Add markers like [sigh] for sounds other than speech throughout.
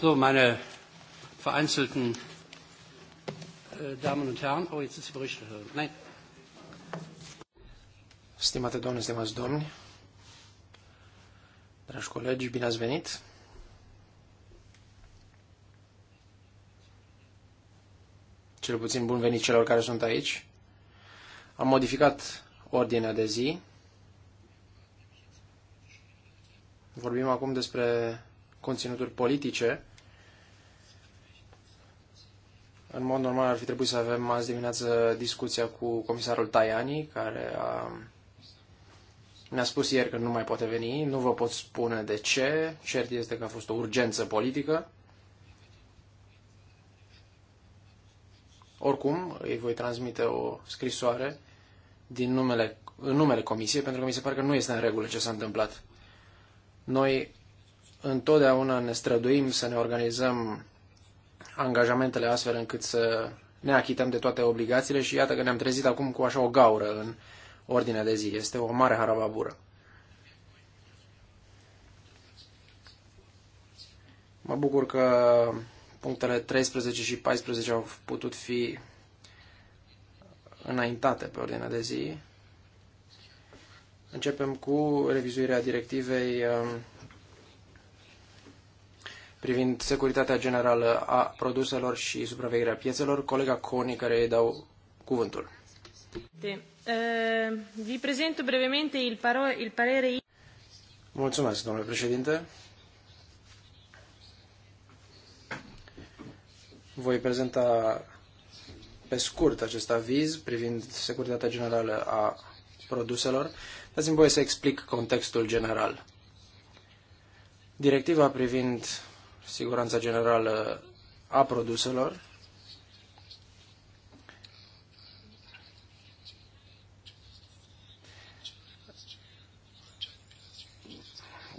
So, meine vereinzelten äh, Damen und Herren. Oh, jetzt ist die Nein. Stimate doamne, stimați domni, dragi colegi, bine ați venit! Cel puțin bun venit celor care sunt aici. Am modificat ordinea de zi. Vorbim acum despre conținuturi politice în mod normal ar fi trebuit să avem azi dimineață discuția cu comisarul Tajani, care a, ne-a spus ieri că nu mai poate veni. Nu vă pot spune de ce. Cert este că a fost o urgență politică. Oricum, îi voi transmite o scrisoare din numele, în numele comisiei, pentru că mi se pare că nu este în regulă ce s-a întâmplat. Noi întotdeauna ne străduim să ne organizăm angajamentele astfel încât să ne achităm de toate obligațiile și iată că ne-am trezit acum cu așa o gaură în ordinea de zi. Este o mare harababură. Mă bucur că punctele 13 și 14 au putut fi înaintate pe ordinea de zi. Începem cu revizuirea directivei um, privind securitatea generală a produselor și supravegherea piețelor, colega Coni, care îi dau cuvântul. De, uh, vi prezint brevemente il, paro- il parere... Mulțumesc, domnule președinte. Voi prezenta pe scurt acest aviz privind securitatea generală a produselor. Dați-mi voie să explic contextul general. Directiva privind siguranța generală a produselor.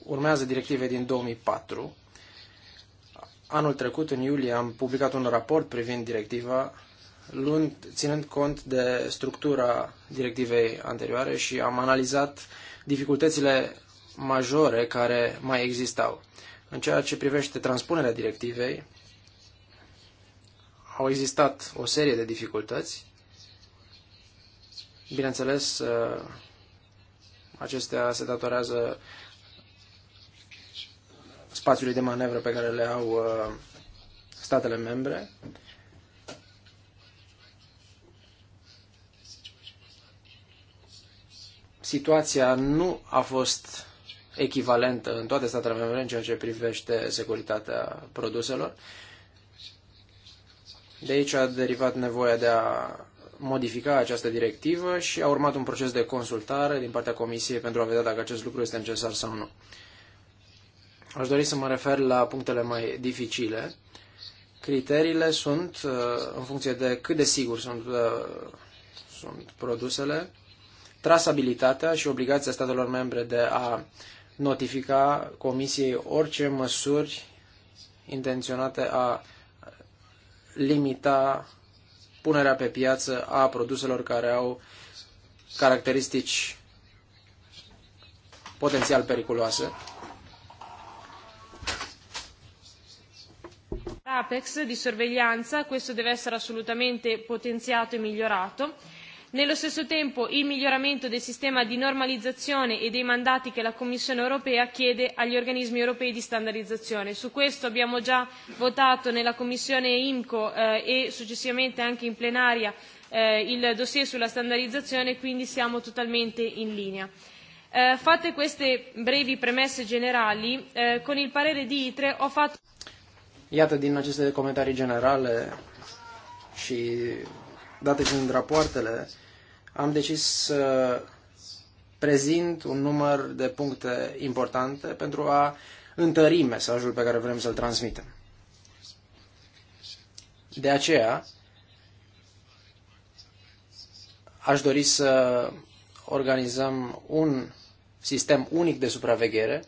Urmează directive din 2004. Anul trecut, în iulie, am publicat un raport privind directiva, luând, ținând cont de structura directivei anterioare și am analizat dificultățile majore care mai existau. În ceea ce privește transpunerea directivei, au existat o serie de dificultăți. Bineînțeles, uh, acestea se datorează spațiului de manevră pe care le au uh, statele membre. Situația nu a fost echivalentă în toate statele membre în ceea ce privește securitatea produselor. De aici a derivat nevoia de a modifica această directivă și a urmat un proces de consultare din partea Comisiei pentru a vedea dacă acest lucru este necesar sau nu. Aș dori să mă refer la punctele mai dificile. Criteriile sunt uh, în funcție de cât de sigur sunt, uh, sunt produsele, trasabilitatea și obligația statelor membre de a notifica Comisiei orice măsuri intenționate a limita punerea pe piață a produselor care au caracteristici potențial periculoase. Apex di sorveglianza, questo deve essere assolutamente potenziato e migliorato Nello stesso tempo il miglioramento del sistema di normalizzazione e dei mandati che la Commissione europea chiede agli organismi europei di standardizzazione. Su questo abbiamo già votato nella Commissione IMCO eh, e successivamente anche in plenaria eh, il dossier sulla standardizzazione, quindi siamo totalmente in linea. Eh, fatte queste brevi premesse generali, eh, con il parere di ITRE ho fatto... Iată, din aceste comentarii generale și date fiind rapoartele, am decis să prezint un număr de puncte importante pentru a întări mesajul pe care vrem să-l transmitem. De aceea, aș dori să organizăm un sistem unic de supraveghere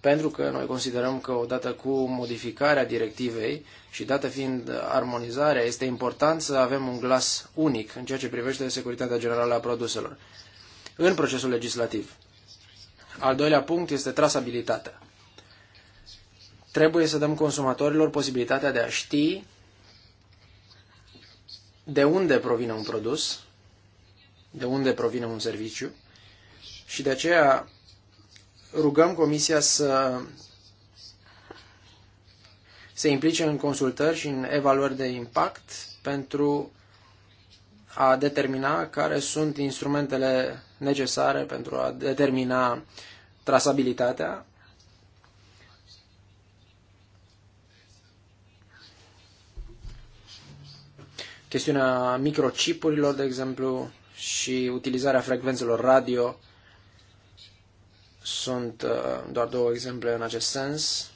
pentru că noi considerăm că odată cu modificarea directivei și dată fiind armonizarea, este important să avem un glas unic în ceea ce privește securitatea generală a produselor în procesul legislativ. Al doilea punct este trasabilitatea. Trebuie să dăm consumatorilor posibilitatea de a ști de unde provine un produs, de unde provine un serviciu și de aceea rugăm Comisia să se implice în consultări și în evaluări de impact pentru a determina care sunt instrumentele necesare pentru a determina trasabilitatea. Chestiunea microchipurilor, de exemplu, și utilizarea frecvențelor radio sunt uh, doar două exemple în acest sens.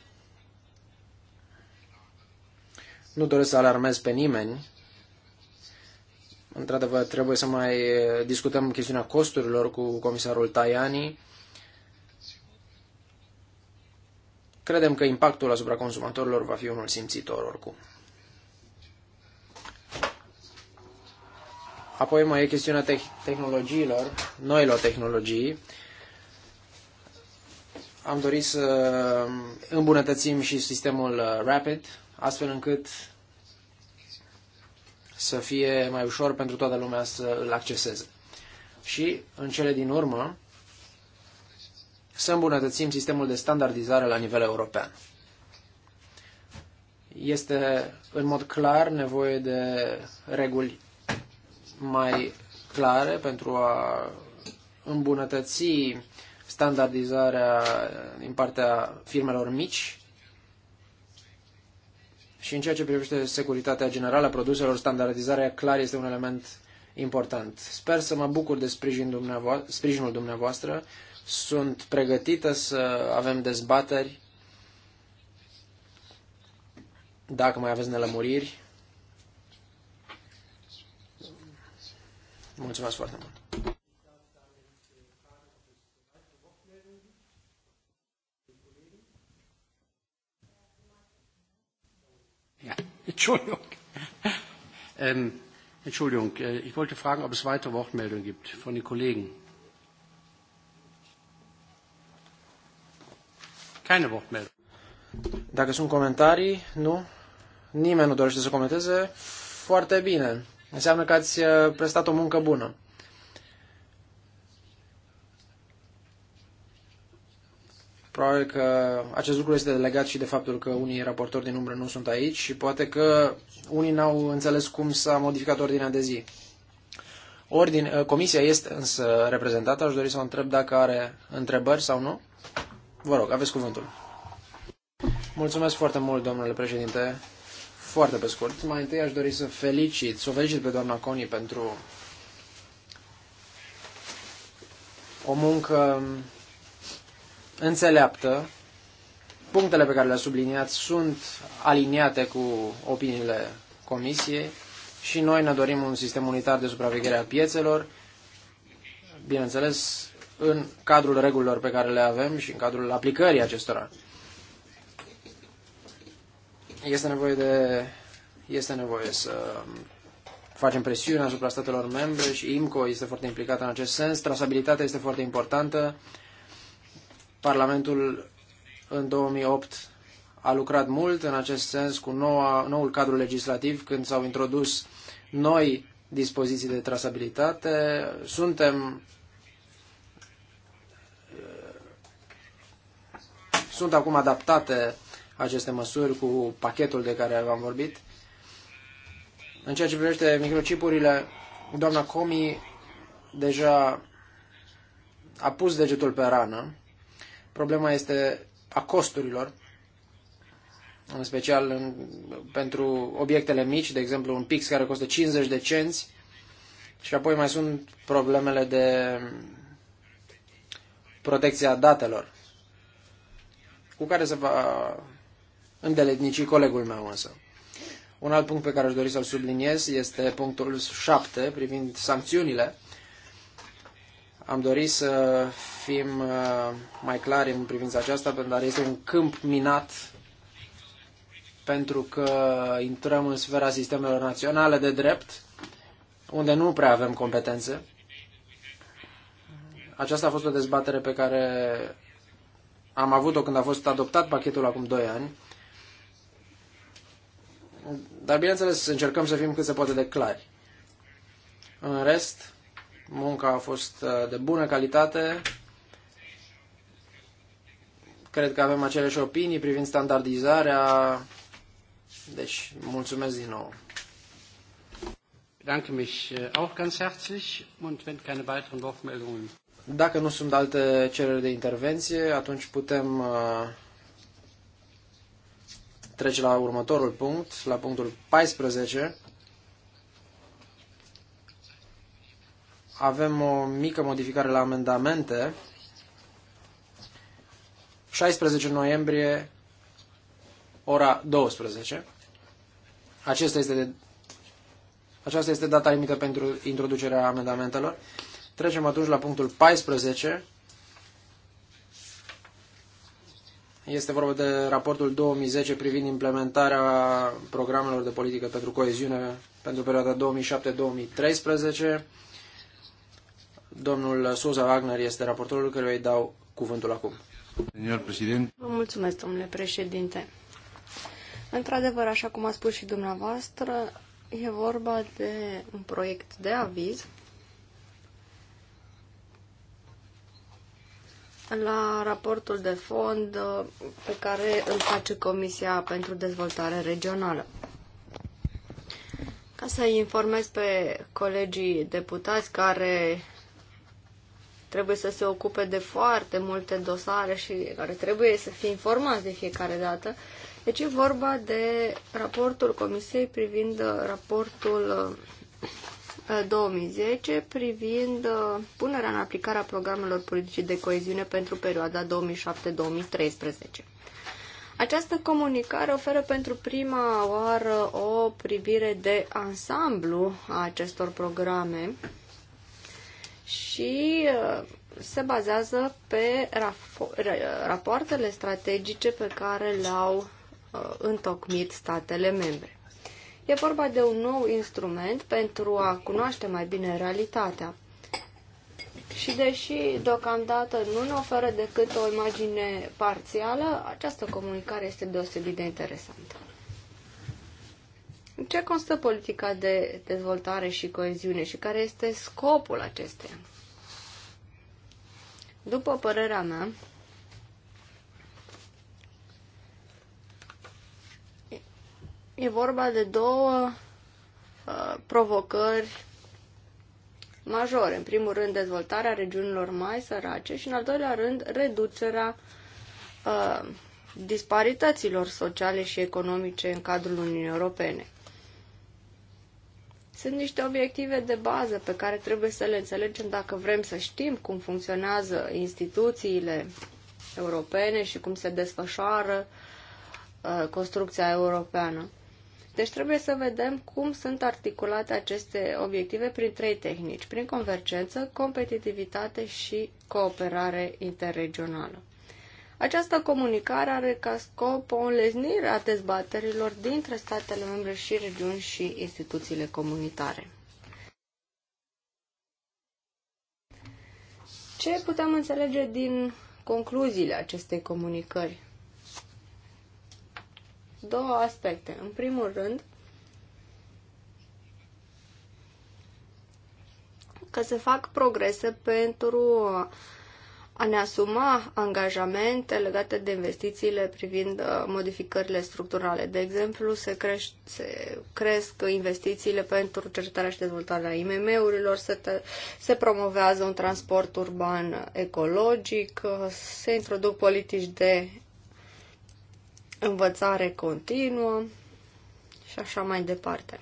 Nu doresc să alarmez pe nimeni. Într-adevăr, trebuie să mai uh, discutăm chestiunea costurilor cu comisarul Tajani. Credem că impactul asupra consumatorilor va fi unul simțitor oricum. Apoi mai e chestiunea te- tehnologiilor, noilor tehnologii am dorit să îmbunătățim și sistemul uh, Rapid, astfel încât să fie mai ușor pentru toată lumea să îl acceseze. Și, în cele din urmă, să îmbunătățim sistemul de standardizare la nivel european. Este, în mod clar, nevoie de reguli mai clare pentru a îmbunătăți standardizarea din partea firmelor mici și în ceea ce privește securitatea generală a produselor, standardizarea clar este un element important. Sper să mă bucur de sprijin dumneavoastră, sprijinul dumneavoastră. Sunt pregătită să avem dezbateri. Dacă mai aveți nelămuriri. Mulțumesc foarte mult. [laughs] Entschuldigung. Ähm, Entschuldigung, äh, ich wollte fragen, ob es weitere Wortmeldungen gibt von den Kollegen. Keine Wortmeldung. Dacă sunt comentarii, nu? Nimeni nu dorește să comenteze? Foarte bine. Înseamnă că ați uh, prestat o muncă bună. Probabil că acest lucru este legat și de faptul că unii raportori din umbră nu sunt aici și poate că unii n-au înțeles cum s-a modificat ordinea de zi. Ordine, uh, comisia este însă reprezentată. Aș dori să o întreb dacă are întrebări sau nu. Vă rog, aveți cuvântul. Mulțumesc foarte mult, domnule președinte. Foarte pe scurt. Mai întâi aș dori să felicit, să o felicit pe doamna Coni pentru o muncă înțeleaptă. Punctele pe care le-a subliniat sunt aliniate cu opiniile Comisiei și noi ne dorim un sistem unitar de supraveghere a piețelor, bineînțeles, în cadrul regulilor pe care le avem și în cadrul aplicării acestora. Este nevoie de este nevoie să facem presiune asupra statelor membre și IMCO este foarte implicat în acest sens. Trasabilitatea este foarte importantă. Parlamentul în 2008 a lucrat mult în acest sens cu noua, noul cadru legislativ când s-au introdus noi dispoziții de trasabilitate. Suntem eh, sunt acum adaptate aceste măsuri cu pachetul de care v-am vorbit. În ceea ce privește microchipurile, doamna Comi deja a pus degetul pe rană Problema este a costurilor, în special în, pentru obiectele mici, de exemplu un pix care costă 50 de cenți și apoi mai sunt problemele de protecția datelor, cu care se va îndeletnici colegul meu însă. Un alt punct pe care aș dori să-l subliniez este punctul 7 privind sancțiunile. Am dorit să fim uh, mai clari în privința aceasta, că este un câmp minat pentru că intrăm în sfera sistemelor naționale de drept, unde nu prea avem competențe. Aceasta a fost o dezbatere pe care am avut-o când a fost adoptat pachetul acum 2 ani. Dar, bineînțeles, încercăm să fim cât se poate de clari. În rest, Munca a fost uh, de bună calitate. Cred că avem aceleași opinii privind standardizarea. Deci, mulțumesc din nou. Danke mich uh, auch ganz herzlich und wenn keine weiteren Wortmeldungen. Dacă nu sunt alte cereri de intervenție, atunci putem uh, trece la următorul punct, la punctul 14. avem o mică modificare la amendamente. 16 noiembrie, ora 12. Acesta este de, aceasta este data limită pentru introducerea amendamentelor. Trecem atunci la punctul 14. Este vorba de raportul 2010 privind implementarea programelor de politică pentru coeziune pentru perioada 2007-2013. Domnul Souza Wagner este raportorul căruia îi dau cuvântul acum. Vă mulțumesc, domnule președinte. Într-adevăr, așa cum a spus și dumneavoastră, e vorba de un proiect de aviz la raportul de fond uh, pe care îl face Comisia pentru Dezvoltare Regională. Ca să informez pe colegii deputați care trebuie să se ocupe de foarte multe dosare și care trebuie să fie informați de fiecare dată. Deci e vorba de raportul Comisiei privind uh, raportul 2010 uh, uh, privind punerea în aplicare a programelor politicii de coeziune pentru perioada 2007-2013. Această comunicare oferă pentru prima oară o privire de ansamblu a acestor programe și uh, se bazează pe rapoartele strategice pe care le-au uh, întocmit statele membre. E vorba de un nou instrument pentru a cunoaște mai bine realitatea. Și deși deocamdată nu ne oferă decât o imagine parțială, această comunicare este deosebit de interesantă ce constă politica de dezvoltare și coeziune și care este scopul acesteia? După părerea mea, e vorba de două uh, provocări majore. În primul rând, dezvoltarea regiunilor mai sărace și, în al doilea rând, reducerea uh, disparităților sociale și economice în cadrul Uniunii Europene. Sunt niște obiective de bază pe care trebuie să le înțelegem dacă vrem să știm cum funcționează instituțiile europene și cum se desfășoară uh, construcția europeană. Deci trebuie să vedem cum sunt articulate aceste obiective prin trei tehnici, prin convergență, competitivitate și cooperare interregională. Această comunicare are ca scop o înleznire a dezbaterilor dintre statele membre și regiuni și instituțiile comunitare. Ce putem înțelege din concluziile acestei comunicări? Două aspecte. În primul rând, că se fac progrese pentru a ne asuma angajamente legate de investițiile privind uh, modificările structurale. De exemplu, se, creș- se cresc investițiile pentru cercetarea și dezvoltarea IMM-urilor, se, se promovează un transport urban ecologic, uh, se introduc politici de învățare continuă și așa mai departe.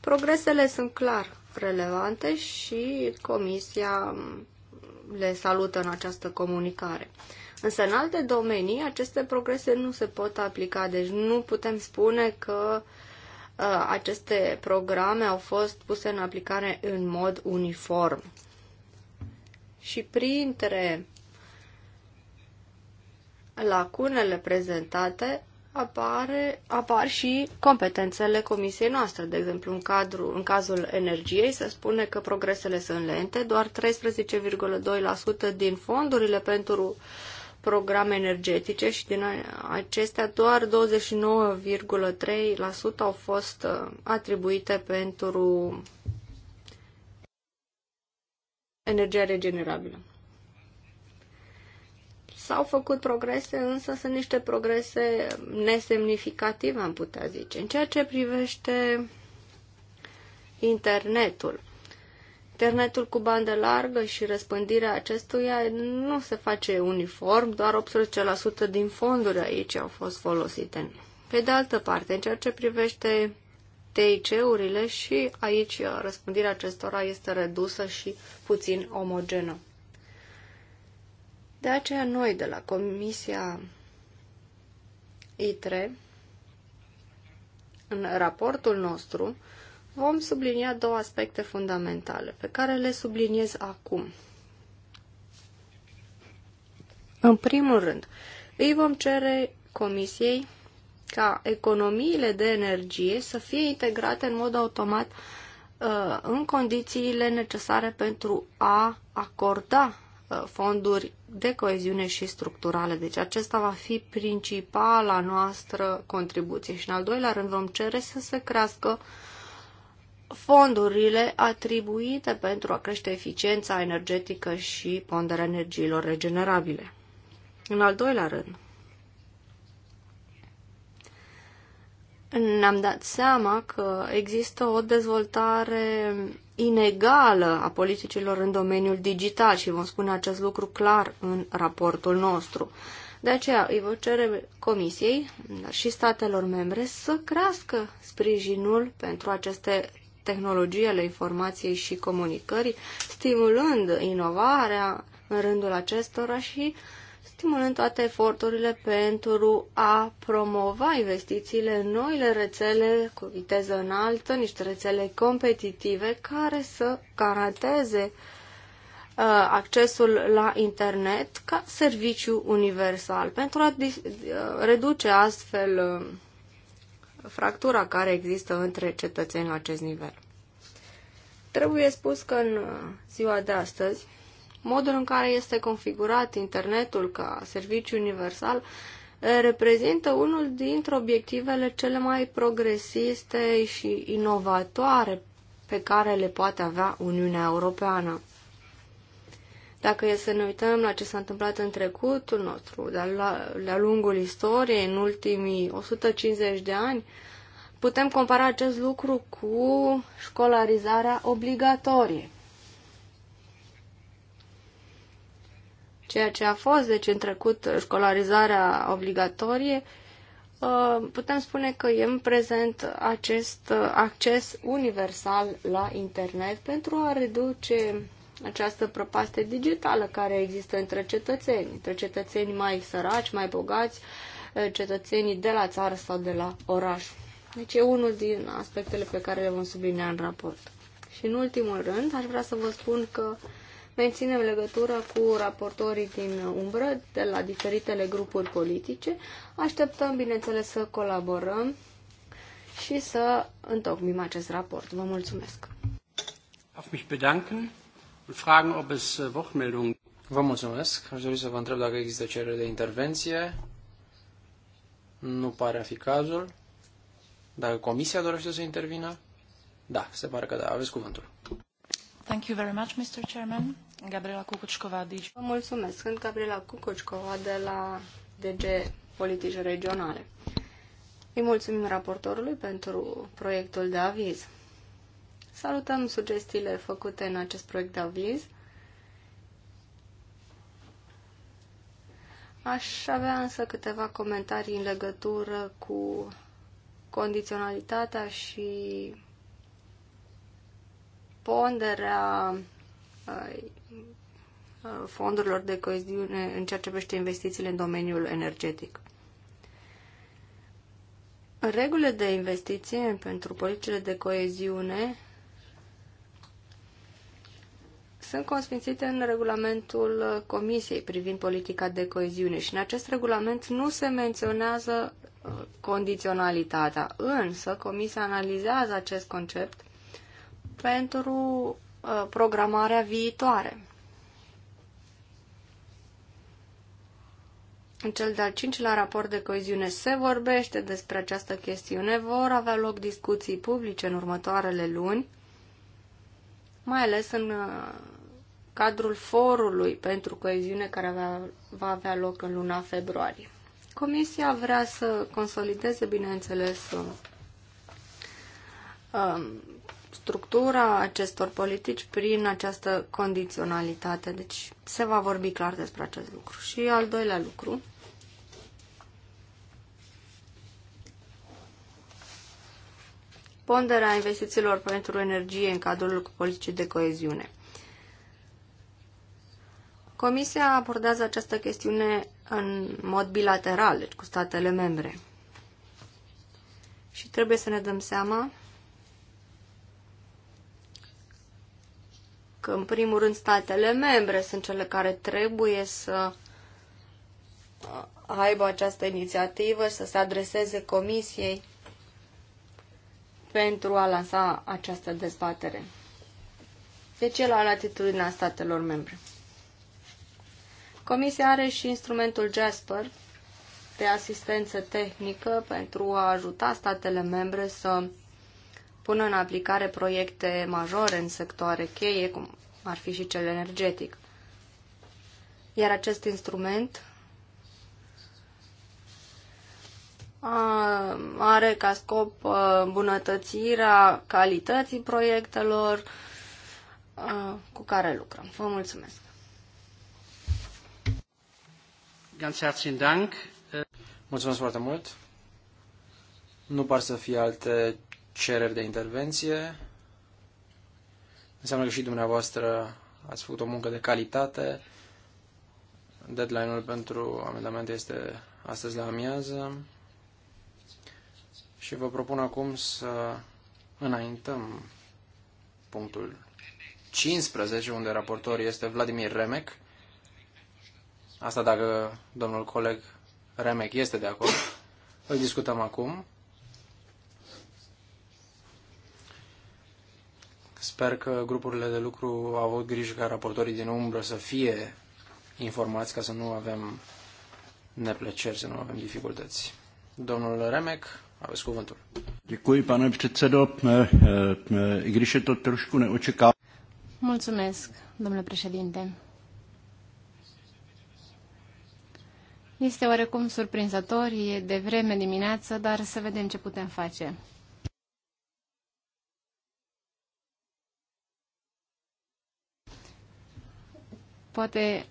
Progresele sunt clar relevante și comisia le salută în această comunicare. Însă în alte domenii aceste progrese nu se pot aplica, deci nu putem spune că uh, aceste programe au fost puse în aplicare în mod uniform. Și printre lacunele prezentate apare, apar și competențele comisiei noastre. De exemplu, în, cadru, în cazul energiei se spune că progresele sunt lente, doar 13,2% din fondurile pentru programe energetice și din acestea doar 29,3% au fost uh, atribuite pentru energia regenerabilă. S-au făcut progrese, însă sunt niște progrese nesemnificative, am putea zice. În ceea ce privește internetul, internetul cu bandă largă și răspândirea acestuia nu se face uniform, doar 18% din fonduri aici au fost folosite. Pe de altă parte, în ceea ce privește TIC-urile și aici răspândirea acestora este redusă și puțin omogenă. De aceea noi de la Comisia ITRE, în raportul nostru, vom sublinia două aspecte fundamentale, pe care le subliniez acum. În primul rând, îi vom cere Comisiei ca economiile de energie să fie integrate în mod automat uh, în condițiile necesare pentru a acorda Uh, fonduri de coeziune și structurale. Deci acesta va fi principala noastră contribuție. Și în al doilea rând vom cere să se crească fondurile atribuite pentru a crește eficiența energetică și ponderea energiilor regenerabile. În al doilea rând, ne-am dat seama că există o dezvoltare inegală a politicilor în domeniul digital și vom spune acest lucru clar în raportul nostru. De aceea îi vă cere Comisiei, dar și statelor membre, să crească sprijinul pentru aceste tehnologii ale informației și comunicării, stimulând inovarea în rândul acestora și uh, stimulând toate eforturile pentru a promova investițiile în noile rețele cu viteză înaltă, niște rețele competitive care să garanteze uh, accesul la internet ca serviciu universal pentru a uh, reduce astfel uh, fractura care există între cetățeni la acest nivel. Trebuie spus că în ziua de astăzi modul în care este configurat internetul ca serviciu universal eh, reprezintă unul dintre obiectivele cele mai progresiste și inovatoare pe care le poate avea Uniunea Europeană. Dacă e să ne uităm la ce s-a întâmplat în trecutul nostru, de-a lungul istoriei, în ultimii 150 de ani, putem compara acest lucru cu școlarizarea obligatorie. ceea ce a fost, deci în trecut, școlarizarea obligatorie, uh, putem spune că e în prezent acest uh, acces universal la internet pentru a reduce această prăpaste digitală care există între cetățeni, între cetățeni mai săraci, mai bogați, uh, cetățenii de la țară sau de la oraș. Deci e unul din aspectele pe care le vom sublinea în raport. Și în ultimul rând, aș vrea să vă spun că uh, menținem legătura cu raportorii din umbră de la diferitele grupuri politice. Așteptăm, bineînțeles, să colaborăm și să întocmim acest raport. Vă mulțumesc! Äh, vă mulțumesc. Aș dori să vă întreb dacă există cerere de intervenție. Nu pare a fi cazul. Dacă comisia dorește să intervină? Da, se pare că da. Aveți cuvântul. Thank you very much, Mr. Chairman. Gabriela Cucucicova, DG. Vă mulțumesc. Sunt Gabriela Cucucicova de la DG Politici Regionale. Îi mulțumim raportorului pentru proiectul de aviz. Salutăm sugestiile făcute în acest proiect de aviz. Aș avea însă câteva comentarii în legătură cu condiționalitatea și ponderea fondurilor de coeziune în ceea ce privește investițiile în domeniul energetic. Regulile de investiție pentru politicile de coeziune sunt consfințite în regulamentul Comisiei privind politica de coeziune și în acest regulament nu se menționează condiționalitatea, însă Comisia analizează acest concept pentru Uh, programarea viitoare. În cel de-al cincilea raport de coeziune se vorbește despre această chestiune. Vor avea loc discuții publice în următoarele luni, mai ales în uh, cadrul forului pentru coeziune care avea, va avea loc în luna februarie. Comisia vrea să consolideze, bineînțeles, um, structura acestor politici prin această condiționalitate. Deci se va vorbi clar despre acest lucru. Și al doilea lucru. Ponderea investițiilor pentru energie în cadrul politicii de coeziune. Comisia abordează această chestiune în mod bilateral, deci cu statele membre. Și trebuie să ne dăm seama că, în primul rând, statele membre sunt cele care trebuie să aibă această inițiativă să se adreseze Comisiei pentru a lansa această dezbatere. Deci e la latitudinea statelor membre. Comisia are și instrumentul Jasper de asistență tehnică pentru a ajuta statele membre să pună în aplicare proiecte majore în sectoare cheie, cum ar fi și cel energetic. Iar acest instrument are ca scop uh, bunătățirea calității proiectelor uh, cu care lucrăm. Vă mulțumesc! Ganz herzlichen Dank. Mulțumesc foarte mult. Nu par să fie alte cereri de intervenție. Înseamnă că și dumneavoastră ați făcut o muncă de calitate. Deadline-ul pentru amendamente este astăzi la amiază. Și vă propun acum să înaintăm punctul 15, unde raportor este Vladimir Remek. Asta dacă domnul coleg Remek este de acord. Îl discutăm acum. Sper că grupurile de lucru au avut grijă ca raportorii din umbră să fie informați ca să nu avem neplăceri, să nu avem dificultăți. Domnul Remek, aveți cuvântul. Děkuji, pane předsedo, eh, eh, i když je to trošku neočekávané. Mulțumesc, domnule președinte. Este oarecum surprinzător, e de vreme dimineață, dar să vedem ce putem face. Poate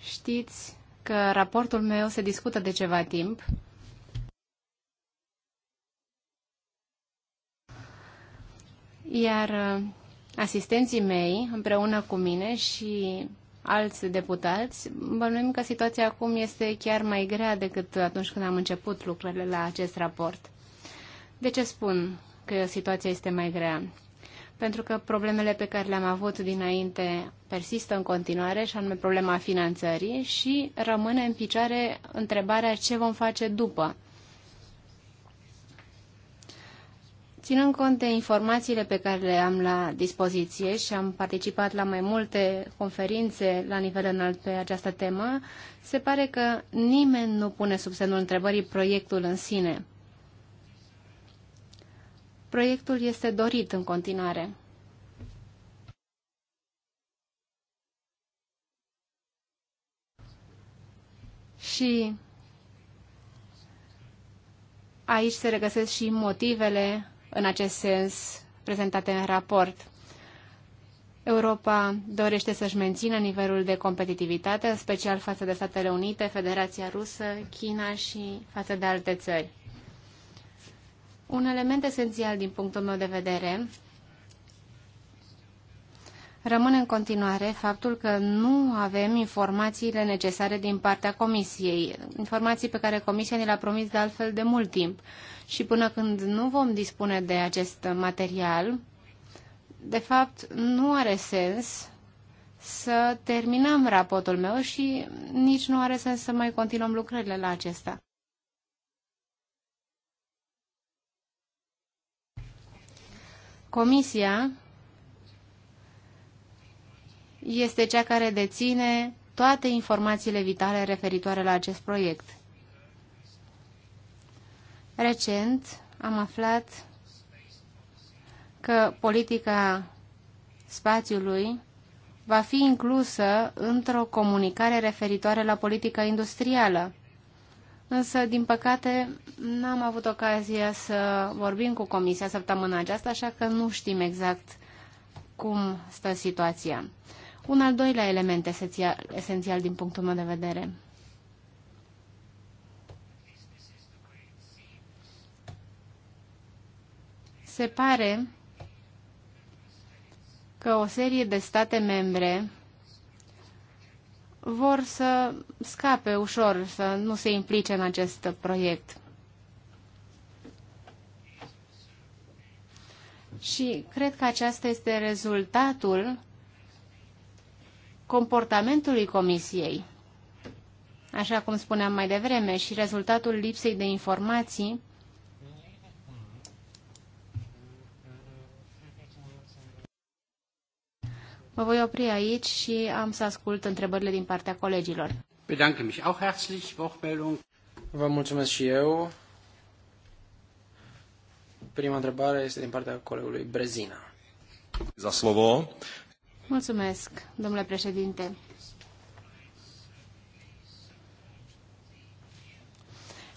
știți că raportul meu se discută de ceva timp. Iar uh, asistenții mei, împreună cu mine și alți deputați, bănuim că situația acum este chiar mai grea decât atunci când am început lucrurile la acest raport. De ce spun că situația este mai grea? pentru că problemele pe care le-am avut dinainte persistă în continuare, și anume problema finanțării, și rămâne în picioare întrebarea ce vom face după. Ținând cont de informațiile pe care le am la dispoziție și am participat la mai multe conferințe la nivel înalt pe această temă, se pare că nimeni nu pune sub semnul întrebării proiectul în sine proiectul este dorit în continuare. Și aici se regăsesc și motivele în acest sens prezentate în raport. Europa dorește să-și mențină nivelul de competitivitate, în special față de Statele Unite, Federația Rusă, China și față de alte țări. Un element esențial din punctul meu de vedere rămâne în continuare faptul că nu avem informațiile necesare din partea Comisiei, informații pe care Comisia ne le-a promis de altfel de mult timp. Și până când nu vom dispune de acest material, de fapt, nu are sens să terminăm raportul meu și nici nu are sens să mai continuăm lucrările la acesta. Comisia este cea care deține toate informațiile vitale referitoare la acest proiect. Recent am aflat că politica spațiului va fi inclusă într-o comunicare referitoare la politica industrială. Însă, din păcate, n-am avut ocazia să vorbim cu Comisia săptămâna aceasta, așa că nu știm exact cum stă situația. Un al doilea element esențial, esențial din punctul meu de vedere. Se pare că o serie de state membre vor să scape ușor, să nu se implice în acest proiect. Și cred că aceasta este rezultatul comportamentului Comisiei, așa cum spuneam mai devreme, și rezultatul lipsei de informații Mă voi opri aici și am să ascult întrebările din partea colegilor. Bedanke mich auch herzlich. Wortmeldung. Vă mulțumesc și eu. Prima întrebare este din partea colegului Brezina. Za slovo. Mulțumesc, domnule președinte.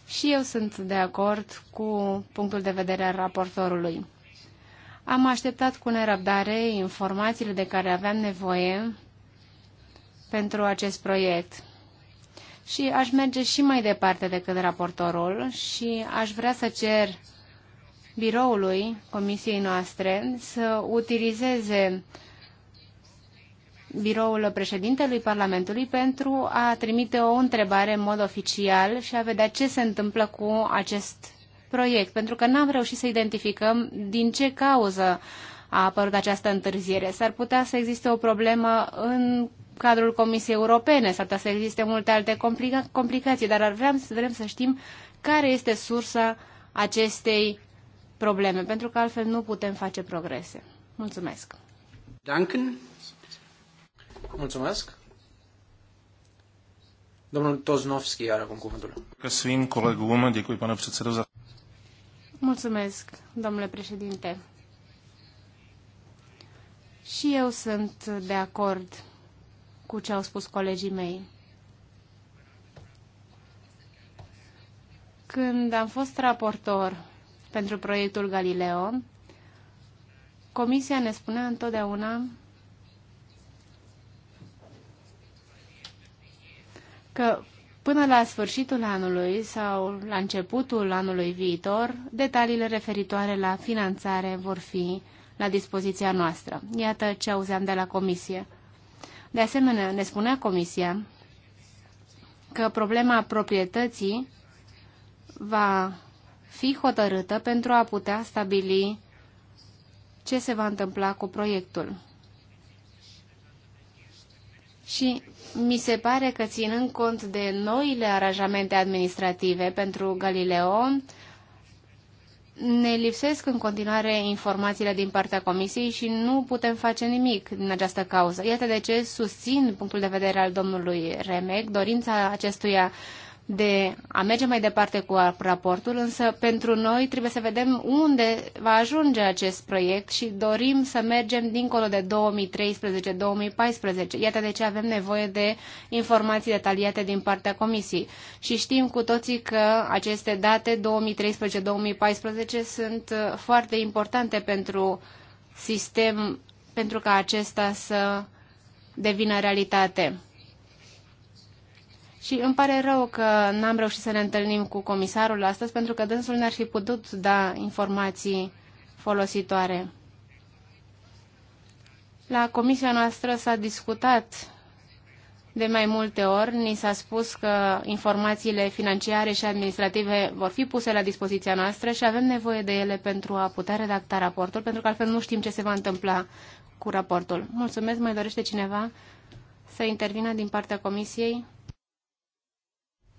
Și eu sunt de acord cu punctul de vedere al raportorului. Am așteptat cu nerăbdare informațiile de care aveam nevoie pentru acest proiect. Și aș merge și mai departe decât raportorul și aș vrea să cer biroului comisiei noastre să utilizeze biroul președintelui Parlamentului pentru a trimite o întrebare în mod oficial și a vedea ce se întâmplă cu acest proiect, pentru că n-am reușit să identificăm din ce cauză a apărut această întârziere. S-ar putea să existe o problemă în cadrul Comisiei Europene, s-ar putea să existe multe alte complica- complicații, dar ar vrea să vrem să știm care este sursa acestei probleme, pentru că altfel nu putem face progrese. Mulțumesc. Duncan? Mulțumesc. Domnul Toznovski are acum cuvântul. Că colegul Umă, de cui până za... Mulțumesc, domnule președinte. Și eu sunt de acord cu ce au spus colegii mei. Când am fost raportor pentru proiectul Galileo, Comisia ne spunea întotdeauna că până la sfârșitul anului sau la începutul anului viitor, detaliile referitoare la finanțare vor fi la dispoziția noastră. Iată ce auzeam de la Comisie. De asemenea, ne spunea Comisia că problema proprietății va fi hotărâtă pentru a putea stabili ce se va întâmpla cu proiectul și mi se pare că ținând cont de noile aranjamente administrative pentru Galileo, ne lipsesc în continuare informațiile din partea Comisiei și nu putem face nimic din această cauză. Iată de ce susțin punctul de vedere al domnului Remec, dorința acestuia uh, de a merge mai departe cu raportul, însă pentru noi trebuie să vedem unde va ajunge acest proiect și dorim să mergem dincolo de 2013-2014. Iată de ce avem nevoie de informații detaliate din partea Comisiei. Și știm cu toții că aceste date 2013-2014 sunt foarte importante pentru sistem, pentru ca acesta să devină realitate. Și îmi pare rău că n-am reușit să ne întâlnim cu comisarul astăzi, pentru că dânsul ne-ar fi putut da informații folositoare. La comisia noastră s-a discutat de mai multe ori ni s-a spus că informațiile financiare și administrative vor fi puse la dispoziția noastră și avem nevoie de ele pentru a putea redacta raportul, pentru că altfel nu știm ce se va întâmpla cu raportul. Mulțumesc. Mai dorește cineva să intervină din partea Comisiei?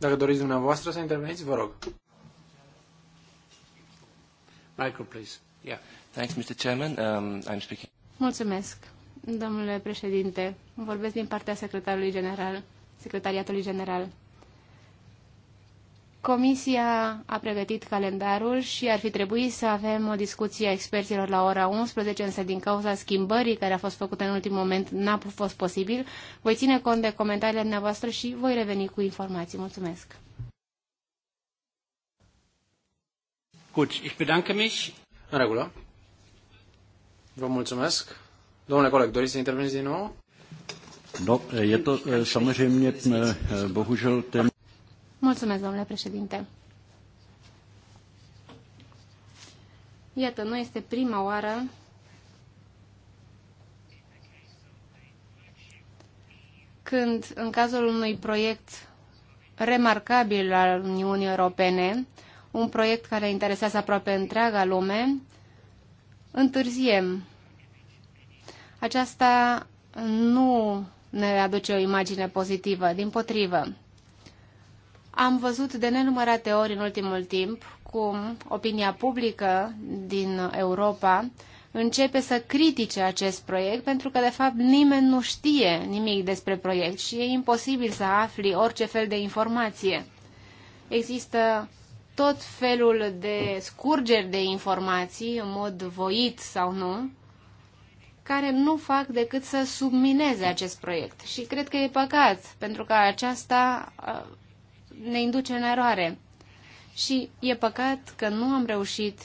Dacă doriți dumneavoastră să interveniți, vă rog. Micro, please. Yeah. Thanks, Mr. Chairman. Um, I'm speaking. Mulțumesc, domnule președinte. Vorbesc din partea secretarului general, secretariatului general. Comisia a pregătit calendarul și ar fi trebuit să avem o discuție a experților la ora 11, însă din cauza schimbării care a fost făcută în ultimul moment n-a fost posibil. Voi ține cont de comentariile dumneavoastră și voi reveni cu informații. Mulțumesc! Gut, ich bedanke mich. În regulă. Vă mulțumesc. Domnule coleg, doriți să interveniți din nou? No, je to samozřejmě bohužel tem. Mulțumesc, domnule președinte. Iată, nu este prima oară când, în cazul unui proiect remarcabil al Uniunii Europene, un proiect care interesează aproape întreaga lume, întârziem. Aceasta nu ne aduce o imagine pozitivă, din potrivă. Am văzut de nenumărate ori în ultimul timp cum opinia publică din Europa începe să critique acest proiect pentru că, de fapt, nimeni nu știe nimic despre proiect și e imposibil să afli orice fel de informație. Există tot felul de scurgeri de informații, în mod voit sau nu, care nu fac decât să submineze acest proiect. Și cred că e păcat, pentru că aceasta ne induce în eroare. Și e păcat că nu am reușit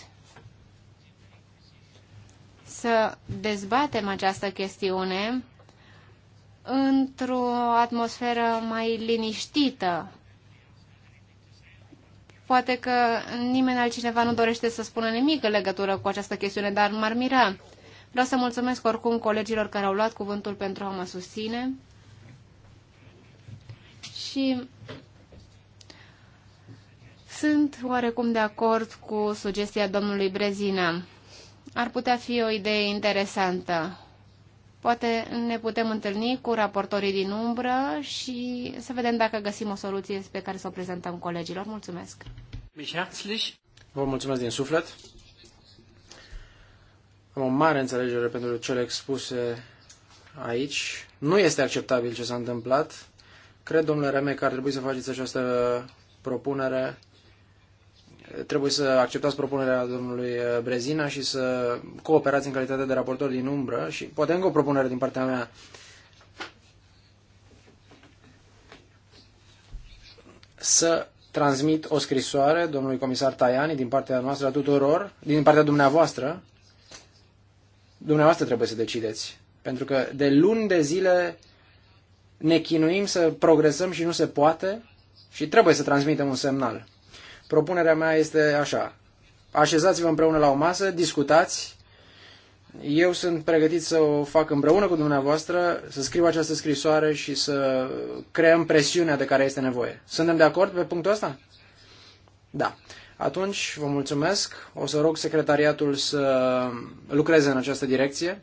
să dezbatem această chestiune într-o atmosferă mai liniștită. Poate că nimeni altcineva nu dorește să spună nimic în legătură cu această chestiune, dar m-ar mira. Vreau să mulțumesc oricum colegilor care au luat cuvântul pentru a mă susține și sunt oarecum de acord cu sugestia domnului Brezina. Ar putea fi o idee interesantă. Poate ne putem întâlni cu raportorii din umbră și să vedem dacă găsim o soluție pe care să o prezentăm colegilor. Mulțumesc! Vă mulțumesc din suflet! Am o mare înțelegere pentru cele expuse aici. Nu este acceptabil ce s-a întâmplat. Cred, domnule Reme, că ar trebui să faceți această propunere trebuie să acceptați propunerea domnului eh, Brezina și să cooperați în calitate de raportor din umbră și poate încă o propunere din partea mea. Să transmit o scrisoare domnului comisar Tajani din partea noastră a tuturor, din partea dumneavoastră. Dumneavoastră trebuie să decideți. Pentru că de luni de zile ne chinuim să progresăm și nu se poate și trebuie să transmitem un semnal. Propunerea mea este așa. Așezați-vă împreună la o masă, discutați. Eu sunt pregătit să o fac împreună cu dumneavoastră, să scriu această scrisoare și să creăm presiunea de care este nevoie. Suntem de acord pe punctul ăsta? Da. Atunci, vă mulțumesc. O să rog secretariatul să lucreze în această direcție.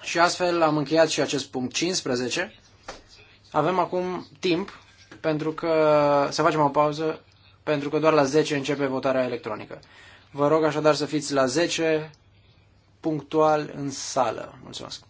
Și astfel am încheiat și acest punct 15. Avem acum timp pentru că să facem o pauză pentru că doar la 10 începe votarea electronică. Vă rog așadar să fiți la 10 punctual în sală. Mulțumesc!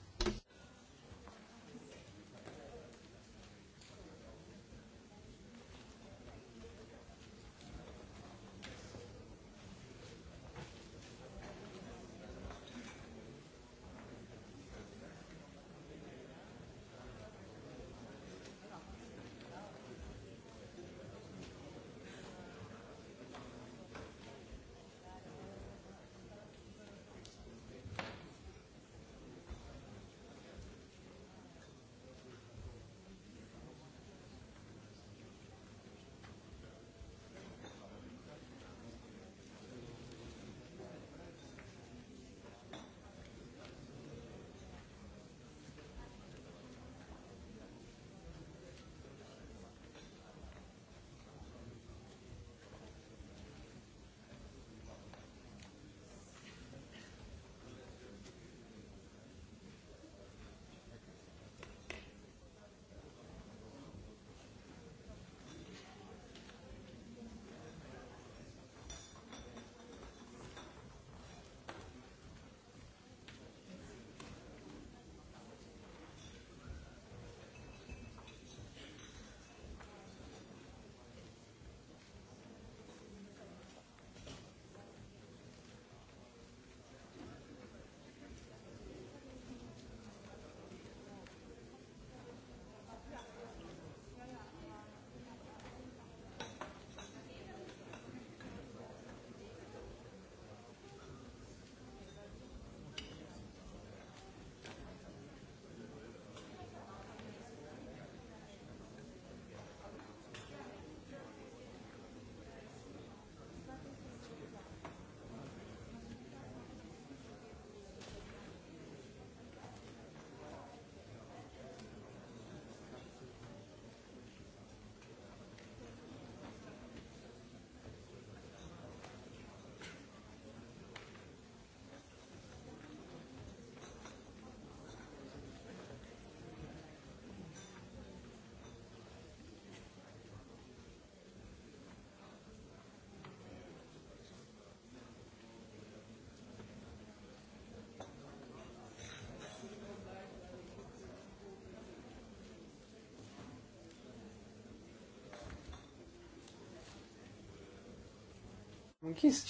închis.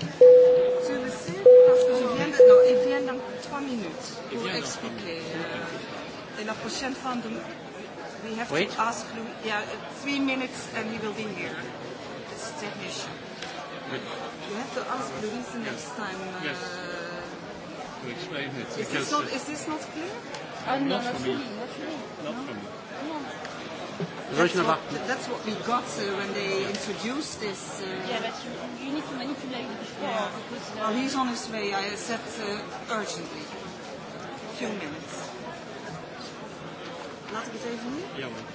Celui-ci, parce que je viens de... Non, il vient dans trois minutes pour euh, la prochaine fois, we have to ask Yeah, three minutes and he will be here. It's technician. You have to ask Louis the next time. Uh, yes. To explain it. Is this, not, is this not clear? Oh, ah, no, not for me. That's what, that's what we got uh, when they introduced this. Uh, yeah, but you, you need to manipulate before. Yeah. uh, well, he's on his way. I said uh, urgently. A few minutes. Laat ik het even nu? Ja, hoor.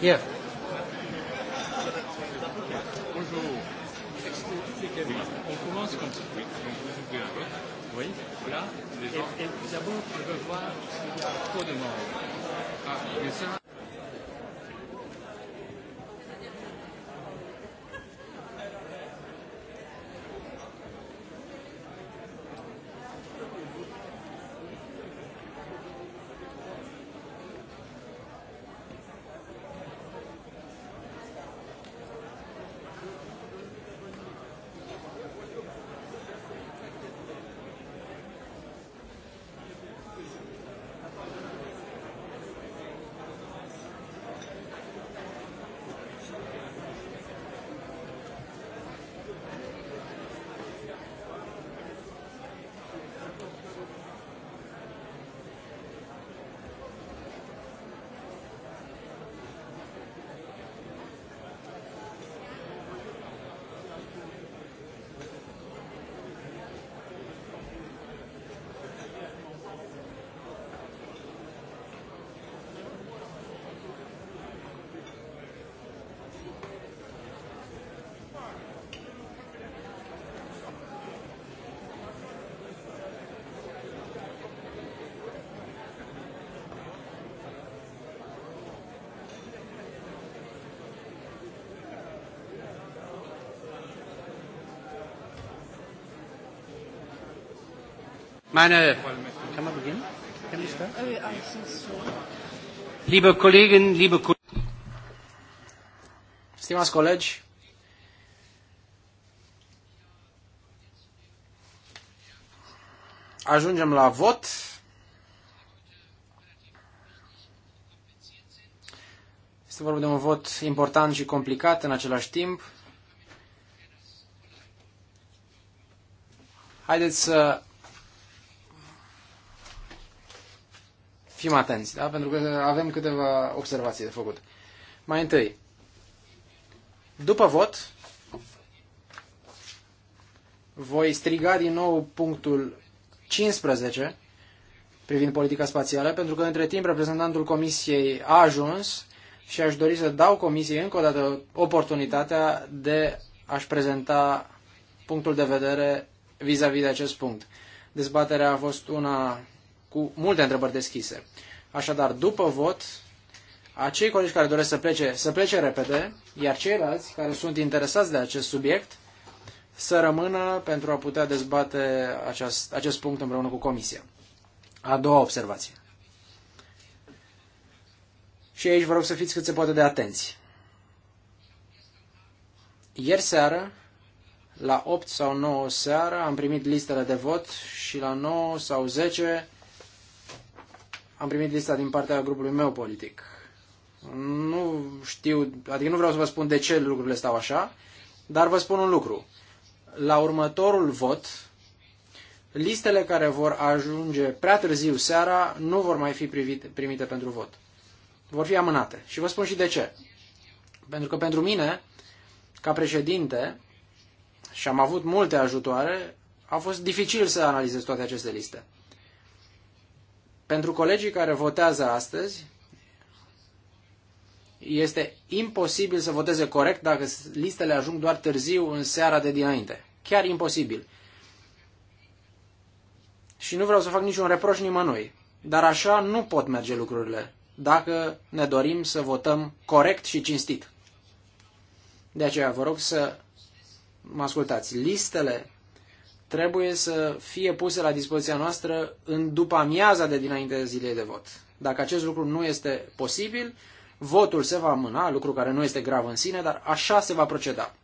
Ja. Yeah. Trop de morts. Ah, mais ça. Meine, kann man beginnen? Can we start? Liebe Kolleginnen, liebe Kollegen. Stimați colegi, ajungem la vot. Este vorba de un vot important și complicat în același timp. Haideți să fim atenți, da? pentru că avem câteva observații de făcut. Mai întâi, după vot, voi striga din nou punctul 15 privind politica spațială, pentru că între timp reprezentantul Comisiei a ajuns și aș dori să dau Comisiei încă o dată oportunitatea de a-și prezenta punctul de vedere vis-a-vis -vis de acest punct. Dezbaterea a fost una cu multe întrebări deschise. Așadar, după vot, acei colegi care doresc să plece, să plece repede, iar ceilalți care sunt interesați de acest subiect, să rămână pentru a putea dezbate acest, acest punct împreună cu Comisia. A doua observație. Și aici vă rog să fiți cât se poate de atenți. Ieri seară, la 8 sau 9 seara, am primit listele de vot și la 9 sau 10 am primit lista din partea grupului meu politic. Nu știu, adică nu vreau să vă spun de ce lucrurile stau așa, dar vă spun un lucru. La următorul vot, listele care vor ajunge prea târziu seara nu vor mai fi privite, primite pentru vot. Vor fi amânate. Și vă spun și de ce. Pentru că pentru mine, ca președinte, și am avut multe ajutoare, a fost dificil să analizez toate aceste liste. Pentru colegii care votează astăzi, este imposibil să voteze corect dacă listele ajung doar târziu în seara de dinainte. Chiar imposibil. Și nu vreau să fac niciun reproș nimănui. Dar așa nu pot merge lucrurile dacă ne dorim să votăm corect și cinstit. De aceea vă rog să mă ascultați. Listele trebuie să fie puse la dispoziția noastră în după amiaza de dinainte zilei de vot. Dacă acest lucru nu este posibil, votul se va amâna, lucru care nu este grav în sine, dar așa se va proceda.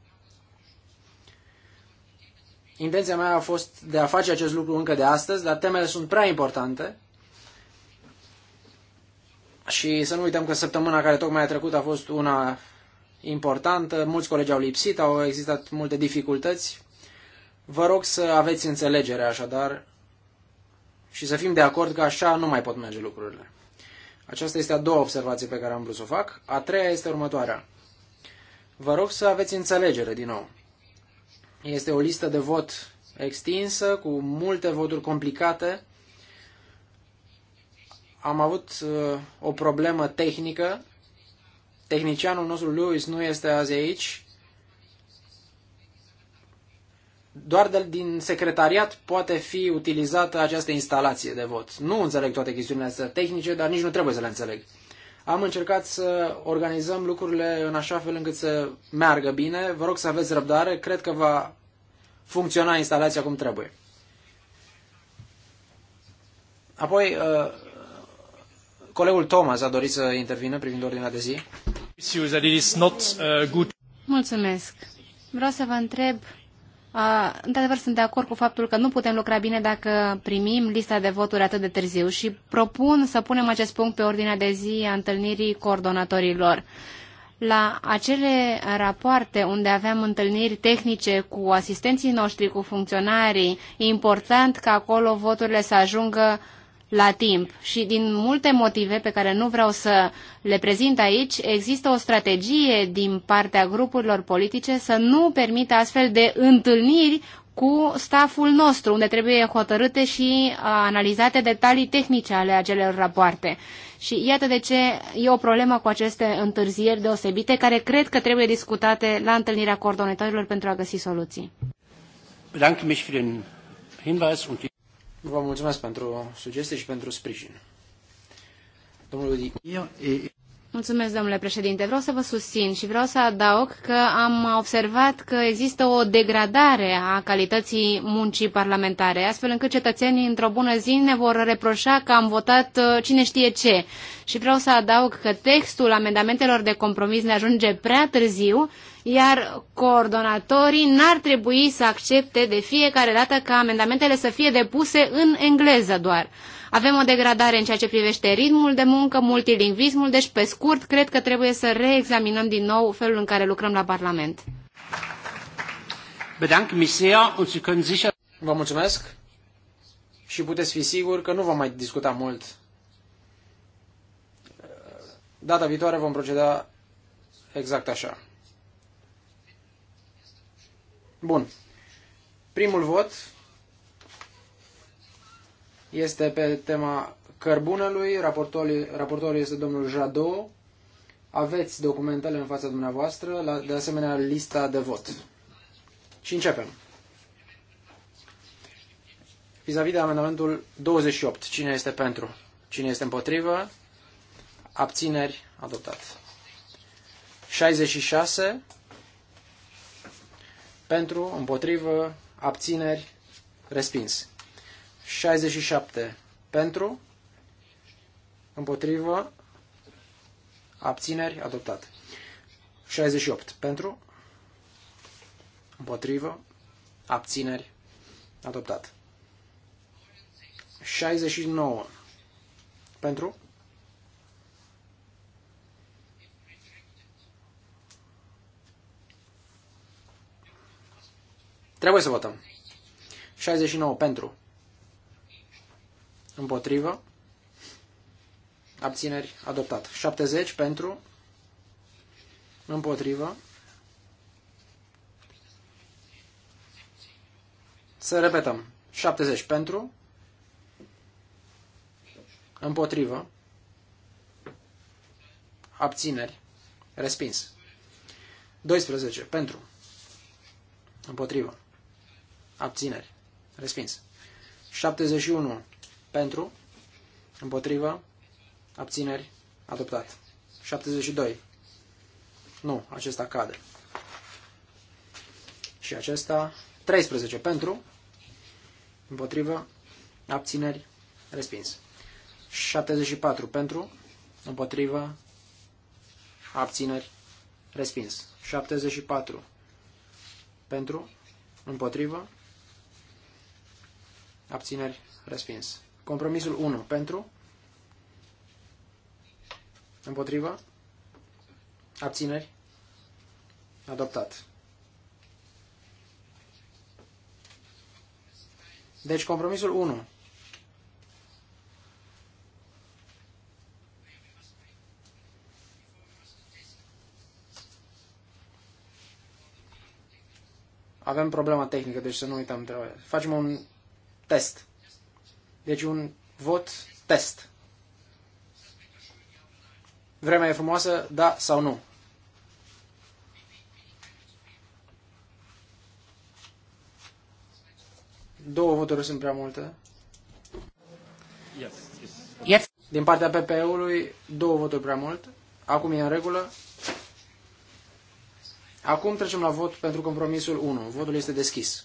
Intenția mea a fost de a face acest lucru încă de astăzi, dar temele sunt prea importante și să nu uităm că săptămâna care tocmai a trecut a fost una importantă, mulți colegi au lipsit, au existat multe dificultăți Vă rog să aveți înțelegere așadar și să fim de acord că așa nu mai pot merge lucrurile. Aceasta este a doua observație pe care am vrut să o fac. A treia este următoarea. Vă rog să aveți înțelegere din nou. Este o listă de vot extinsă, cu multe voturi complicate. Am avut uh, o problemă tehnică. Tehnicianul nostru, Lewis, nu este azi aici doar de, din secretariat poate fi utilizată această instalație de vot. Nu înțeleg toate chestiunile astea tehnice, dar nici nu trebuie să le înțeleg. Am încercat să organizăm lucrurile în așa fel încât să meargă bine. Vă rog să aveți răbdare. Cred că va funcționa instalația cum trebuie. Apoi, uh, colegul Thomas a dorit să intervină privind ordinea de zi. Uh, Mulțumesc. Vreau să vă întreb Într-adevăr, sunt de acord cu faptul că nu putem lucra bine dacă primim lista de voturi atât de târziu și propun să punem acest punct pe ordinea de zi a întâlnirii coordonatorilor. La acele rapoarte unde aveam întâlniri tehnice cu asistenții noștri, cu funcționarii, e important ca acolo voturile să ajungă la timp și din multe motive pe care nu vreau să le prezint aici, există o strategie din partea grupurilor politice să nu permită astfel de întâlniri cu staful nostru, unde trebuie hotărâte și analizate detalii tehnice ale acelor rapoarte. Și iată de ce e o problemă cu aceste întârzieri deosebite, care cred că trebuie discutate la întâlnirea coordonatorilor pentru a găsi soluții. Vă mulțumesc pentru sugestii și pentru sprijin. Domnul Mulțumesc, domnule președinte. Vreau să vă susțin și vreau să adaug că am observat că există o degradare a calității muncii parlamentare, astfel încât cetățenii într-o bună zi ne vor reproșa că am votat uh, cine știe ce. Și vreau să adaug că textul amendamentelor de compromis ne ajunge prea târziu iar coordonatorii n-ar trebui să accepte de fiecare dată ca amendamentele să fie depuse în engleză doar. Avem o degradare în ceea ce privește ritmul de muncă, multilingvismul, deci pe scurt cred că trebuie să reexaminăm din nou felul în care lucrăm la Parlament. Vă mulțumesc și puteți fi siguri că nu vom mai discuta mult. Data viitoare vom proceda exact așa. Bun. Primul vot este pe tema cărbunelui. Raportorul, este domnul Jadot. Aveți documentele în fața dumneavoastră, la, de asemenea lista de vot. Și începem. vis a -vis de amendamentul 28. Cine este pentru? Cine este împotrivă? Abțineri? Adoptat. 66 pentru, împotrivă, abțineri, respins. 67 pentru, împotrivă, abțineri, adoptat. 68 pentru, împotrivă, abțineri, adoptat. 69 pentru, Trebuie să votăm. 69 pentru. Împotrivă. Abțineri. Adoptat. 70 pentru. Împotrivă. Să repetăm. 70 pentru. Împotrivă. Abțineri. Respins. 12 pentru. Împotrivă abțineri, respins. 71 pentru, împotrivă, abțineri, adoptat. 72. Nu, acesta cade. Și acesta 13 pentru, împotrivă, abțineri, respins. 74 pentru, împotrivă, abțineri, respins. 74 pentru, împotrivă, abțineri, respins. Compromisul 1 pentru, împotriva, abțineri, adoptat. Deci compromisul 1. Avem problema tehnică, deci să nu uităm. Trebuie. Facem un test. Deci un vot test. Vremea e frumoasă, da sau nu? Două voturi sunt prea multe. Yes. Yes. Din partea PPE-ului, două voturi prea mult. Acum e în regulă. Acum trecem la vot pentru compromisul 1. Votul este deschis.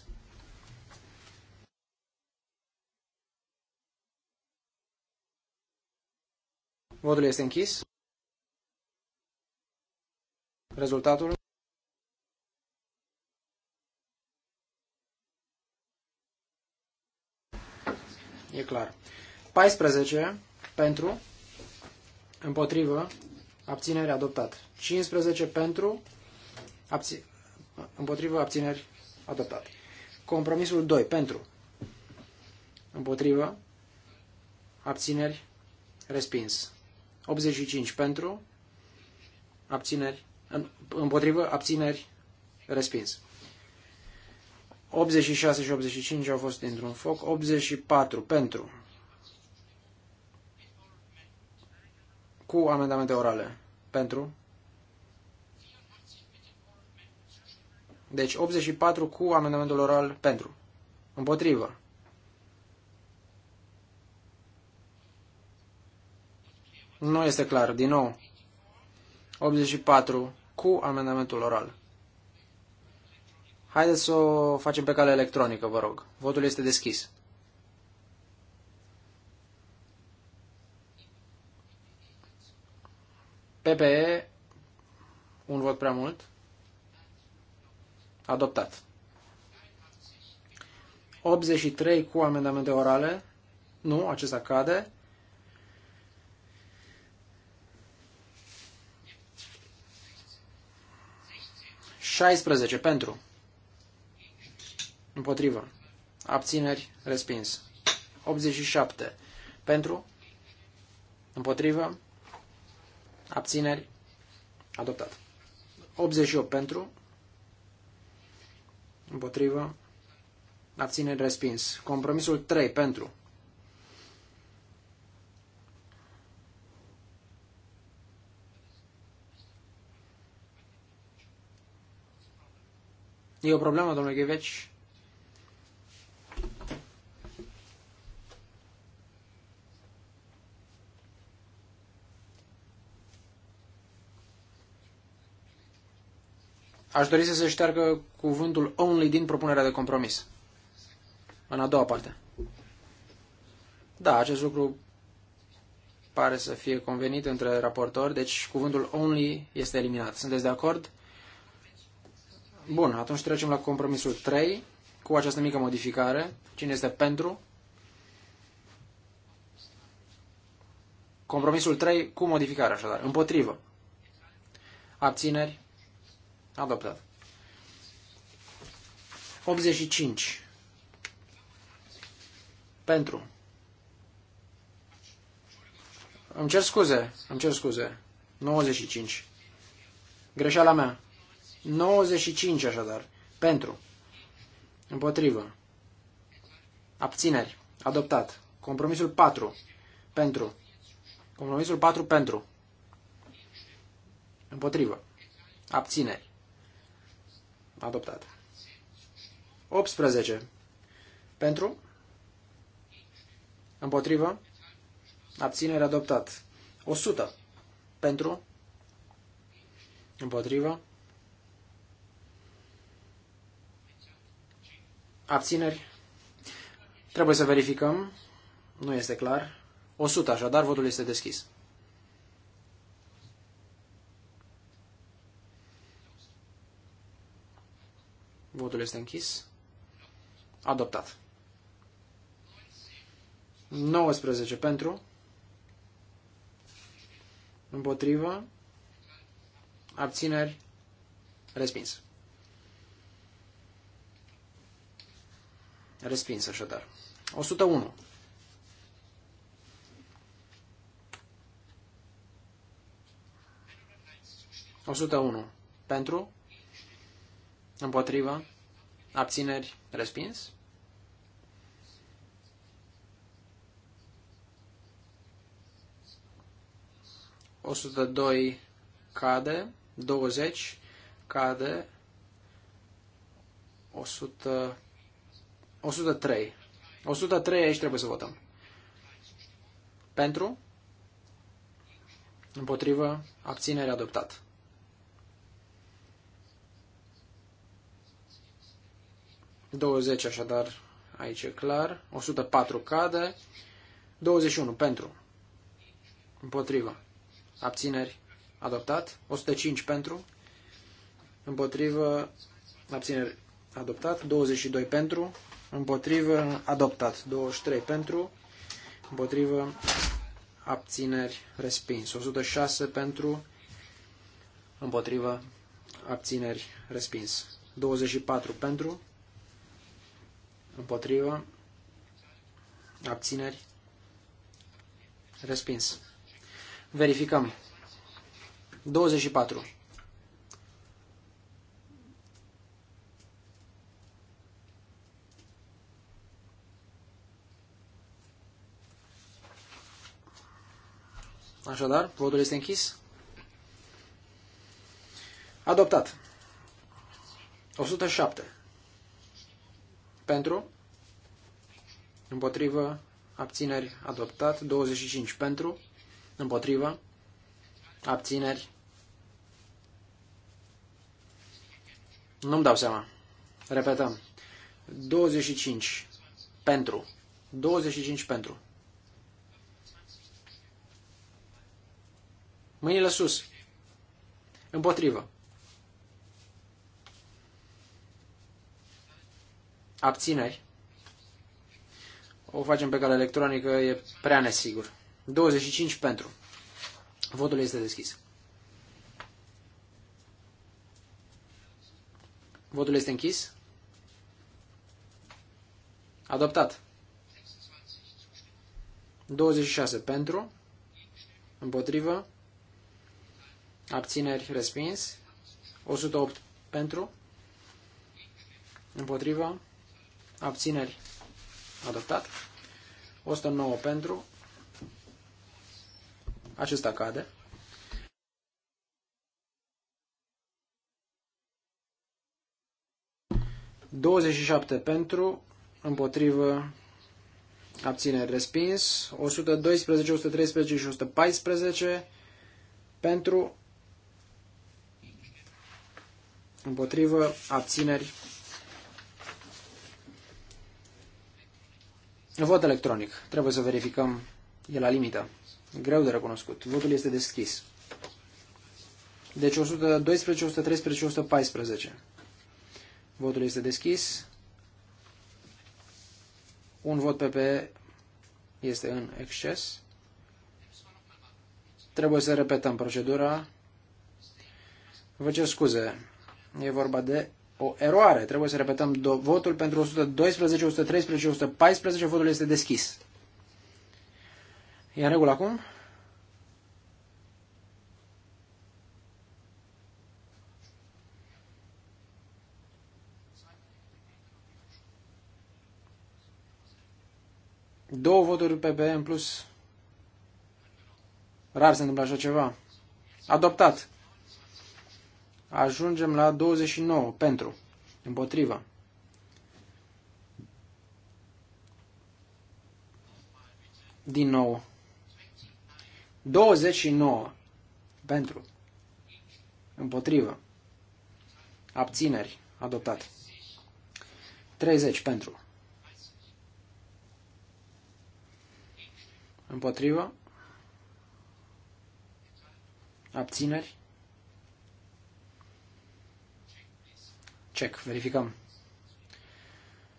Votul este închis. Rezultatul. E clar. 14 pentru, împotrivă, abțineri adoptat. 15 pentru, abți împotrivă, abțineri adoptat. Compromisul 2 pentru, împotrivă, abțineri respins. 85 pentru, abțineri, împotrivă, abțineri, respins. 86 și 85 au fost dintr-un foc, 84 pentru, cu amendamente orale, pentru, deci 84 cu amendamentul oral pentru, împotrivă, Nu este clar. Din nou, 84 cu amendamentul oral. Haideți să o facem pe cale electronică, vă rog. Votul este deschis. PPE, un vot prea mult. Adoptat. 83 cu amendamente orale. Nu, acesta cade. 16 pentru. Împotrivă. Abțineri. Respins. 87 pentru. Împotrivă. Abțineri. Adoptat. 88 pentru. Împotrivă. Abțineri. Respins. Compromisul 3 pentru. E o problemă, domnule Gheveci? Aș dori să se șteargă cuvântul only din propunerea de compromis. În a doua parte. Da, acest lucru pare să fie convenit între raportori, deci cuvântul only este eliminat. Sunteți de acord? Bun, atunci trecem la compromisul 3 cu această mică modificare. Cine este pentru? Compromisul 3 cu modificare, așadar. Împotrivă. Abțineri. Adoptat. 85. Pentru. Îmi cer scuze, îmi cer scuze. 95. Greșeala mea. 95 așadar. Pentru. Împotrivă. Abțineri. Adoptat. Compromisul 4. Pentru. Compromisul 4 pentru. Împotrivă. Abțineri. Adoptat. 18. Pentru. Împotrivă. Abținere adoptat. 100. Pentru. Împotrivă. Abțineri? Trebuie să verificăm. Nu este clar. 100, așadar, votul este deschis. Votul este închis. Adoptat. 19 pentru. Împotrivă. Abțineri. Respins. Respins așadar. 101. Osută unu. Pentru? Împotriva? Abțineri? Respins? Osută doi cade, 20 cade, 100 103. 103 aici trebuie să votăm. Pentru? Împotrivă? Abținere adoptat. Douăzeci așadar aici e clar. 104 cade. 21 pentru. Împotrivă. Abțineri. Adoptat. 105 pentru. Împotrivă. Abțineri. Adoptat. 22 pentru împotrivă, adoptat. 23 pentru, împotrivă, abțineri, respins. 106 pentru, împotrivă, abțineri, respins. 24 pentru, împotrivă, abțineri, respins. Verificăm. 24. Așadar, votul este închis. Adoptat. 107. Pentru. Împotrivă. Abțineri. Adoptat. 25. Pentru. Împotrivă. Abțineri. Nu-mi dau seama. Repetăm. 25. Pentru. 25 pentru. Mâinile sus. Împotrivă. Abțineri. O facem pe cale electronică, e prea nesigur. 25 pentru. Votul este deschis. Votul este închis. Adoptat. 26 pentru. Împotrivă abțineri, respins. 108 pentru, împotriva, abțineri, adoptat. 109 pentru, acesta cade. Douăzeci și șapte pentru, împotrivă, abțineri respins, 112, 113 și 114 pentru împotrivă, abțineri. Vot electronic. Trebuie să verificăm. E la limită. Greu de recunoscut. Votul este deschis. Deci 112, 113, 114. Votul este deschis. Un vot PP este în exces. Trebuie să repetăm procedura. Vă cer scuze. E vorba de o eroare. Trebuie să repetăm votul pentru 112, 113, 114. Votul este deschis. E în regulă acum? Două voturi pe în plus. Rar se întâmplă așa ceva. Adoptat. Ajungem la 29 pentru, împotriva. Din nou. 29 pentru, împotriva. Abțineri, adoptat. 30 pentru. Împotrivă. Abțineri. Check. Verificăm.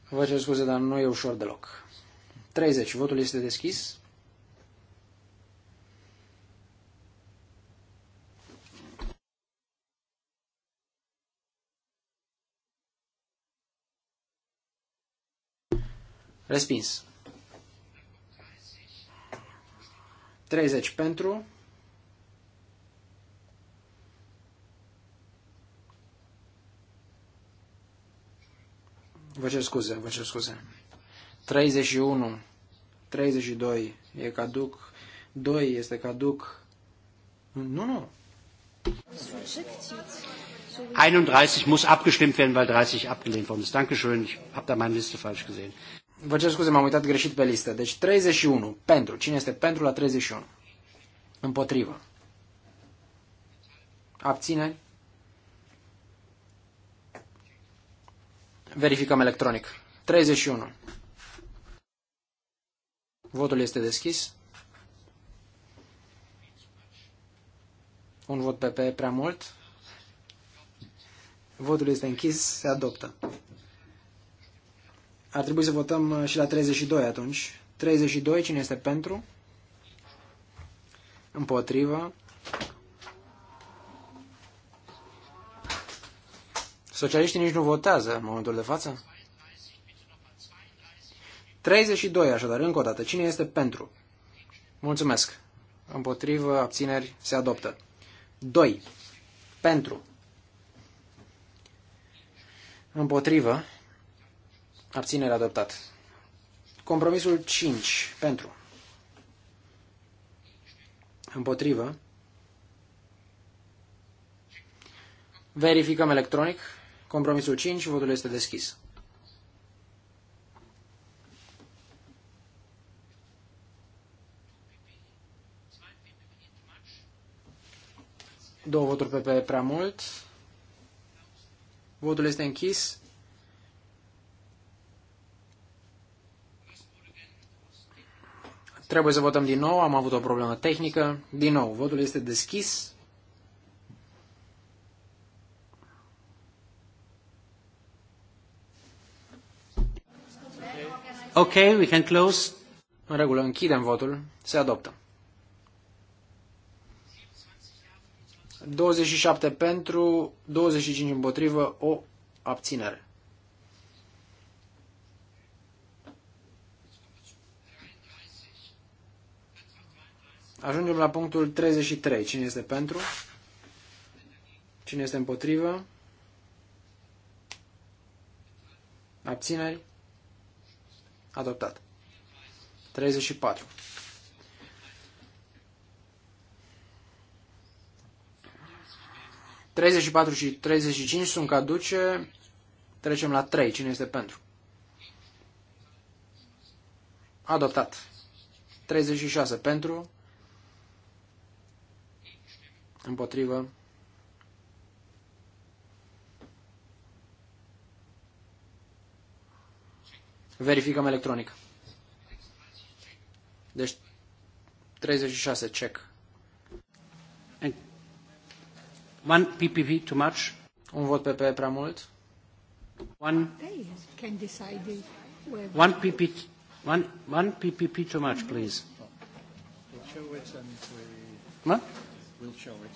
Vă cer scuze, dar nu e ușor deloc. 30. Votul este deschis. Respins. 30 pentru, Vă cer scuze, vă cer scuze. 31, 32 e caduc, 2 este caduc. Nu, nu. 31 muss abgestimmt werden, weil 30 abgelehnt worden ist. Dankeschön, ich habe da meine Liste falsch gesehen. Vă cer scuze, m-am uitat greșit pe listă. Deci 31, pentru. Cine este pentru la 31? Împotrivă. Abțineri? Verificăm electronic. 31. Votul este deschis. Un vot PP prea mult. Votul este închis, se adoptă. Ar trebui să votăm uh, și la 32 atunci. 32, cine este pentru? Împotrivă. Socialiștii nici nu votează în momentul de față. 32, așadar, încă o dată. Cine este pentru? Mulțumesc. Împotrivă, abțineri, se adoptă. 2. Pentru. Împotrivă, abținere adoptat. Compromisul 5. Pentru. Împotrivă. Verificăm electronic. Compromisul 5, votul este deschis. Două voturi pe prea mult. Votul este închis. Trebuie să votăm din nou, am avut o problemă tehnică. Din nou, votul este deschis. Ok, we can close. În regulă, închidem votul. Se adoptă. 27 pentru, 25 împotrivă, o abținere. Ajungem la punctul 33. Cine este pentru? Cine este împotrivă? Abțineri? Adoptat. 34. Treizeci și patru și treizeci și cinci sunt caduce. Trecem la trei. Cine este pentru? Adoptat. 36 pentru. Împotrivă. Verificăm electronic. Deci 36, check. And one PPP too much. Un vot PP prea mult. One, can decide one, PP, one, one PPP too much, please. We'll show it and we... What? We'll show it.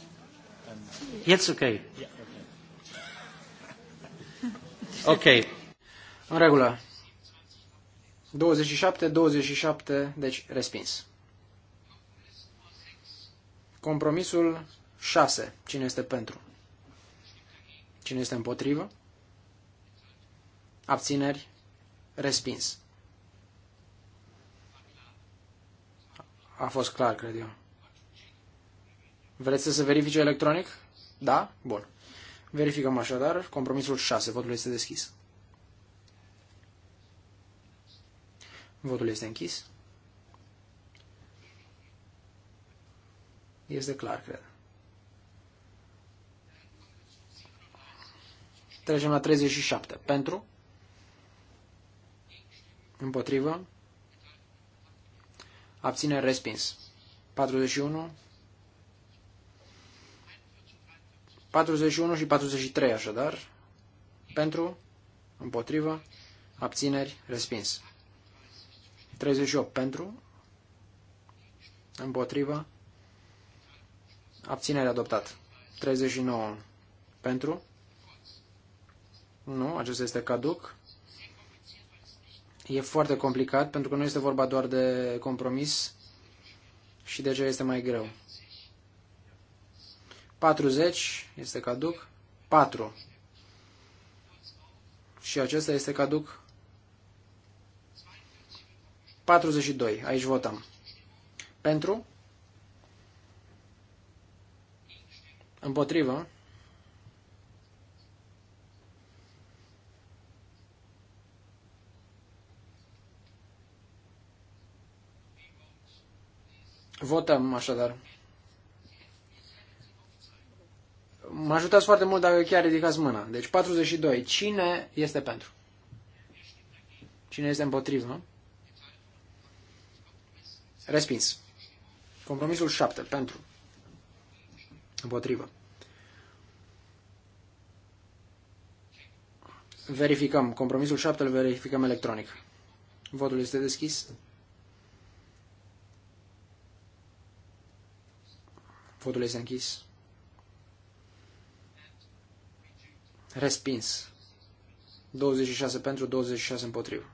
And... It's okay. Yeah, okay. okay. În regulă. 27, 27, deci respins. Compromisul 6. Cine este pentru? Cine este împotrivă? Abțineri? Respins. A fost clar, cred eu. Vreți să se verifice electronic? Da? Bun. Verificăm așadar. Compromisul 6. Votul este deschis. Votul este închis. Este clar, cred. Trecem la 37. Pentru? Împotrivă? Abține respins. 41. 41 și 43, așadar. Pentru? Împotrivă? Abțineri? Respins. 38 pentru, împotriva, abținere adoptat. 39 pentru, nu, acesta este caduc. E foarte complicat pentru că nu este vorba doar de compromis și de ce este mai greu. 40 este caduc. 4. Și acesta este caduc. 42. Aici votăm. Pentru? Împotrivă? Votăm, așadar. Mă ajutați foarte mult dacă chiar ridicați mâna. Deci 42. Cine este pentru? Cine este împotrivă? Respins. Compromisul 7. Pentru. Împotrivă. Verificăm. Compromisul 7 îl verificăm electronic. Votul este deschis. Votul este închis. Respins. 26 pentru, 26 împotrivă.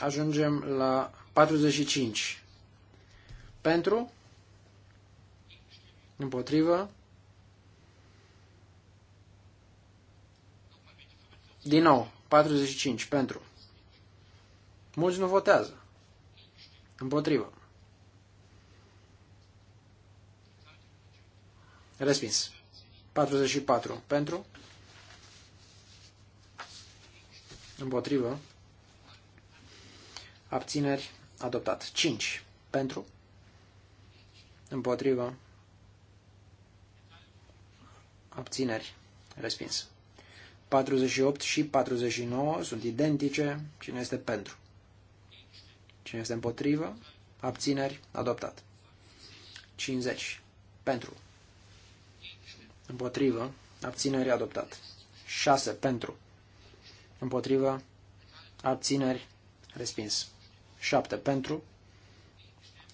Ajungem la 45. Pentru, împotrivă, din nou, 45, pentru. Mulți nu votează. Împotrivă. Respins. 44. Pentru. Împotrivă abțineri, adoptat. 5 pentru, împotrivă, abțineri, respins. 48 și 49 sunt identice. Cine este pentru? Cine este împotrivă? Abțineri, adoptat. 50. Pentru. Împotrivă. Abțineri, adoptat. 6. Pentru. Împotrivă. Abțineri, respins. 7 pentru,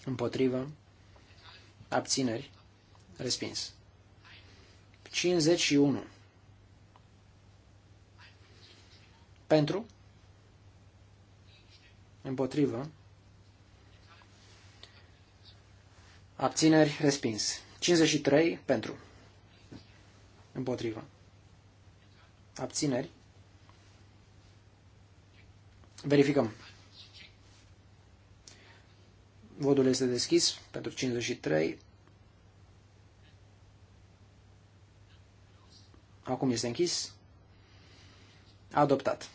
împotrivă, abțineri, respins. 51 pentru, împotrivă, abțineri, respins. 53 pentru, împotrivă, abțineri, verificăm. Vodul este deschis pentru 53. Acum este închis. Adoptat.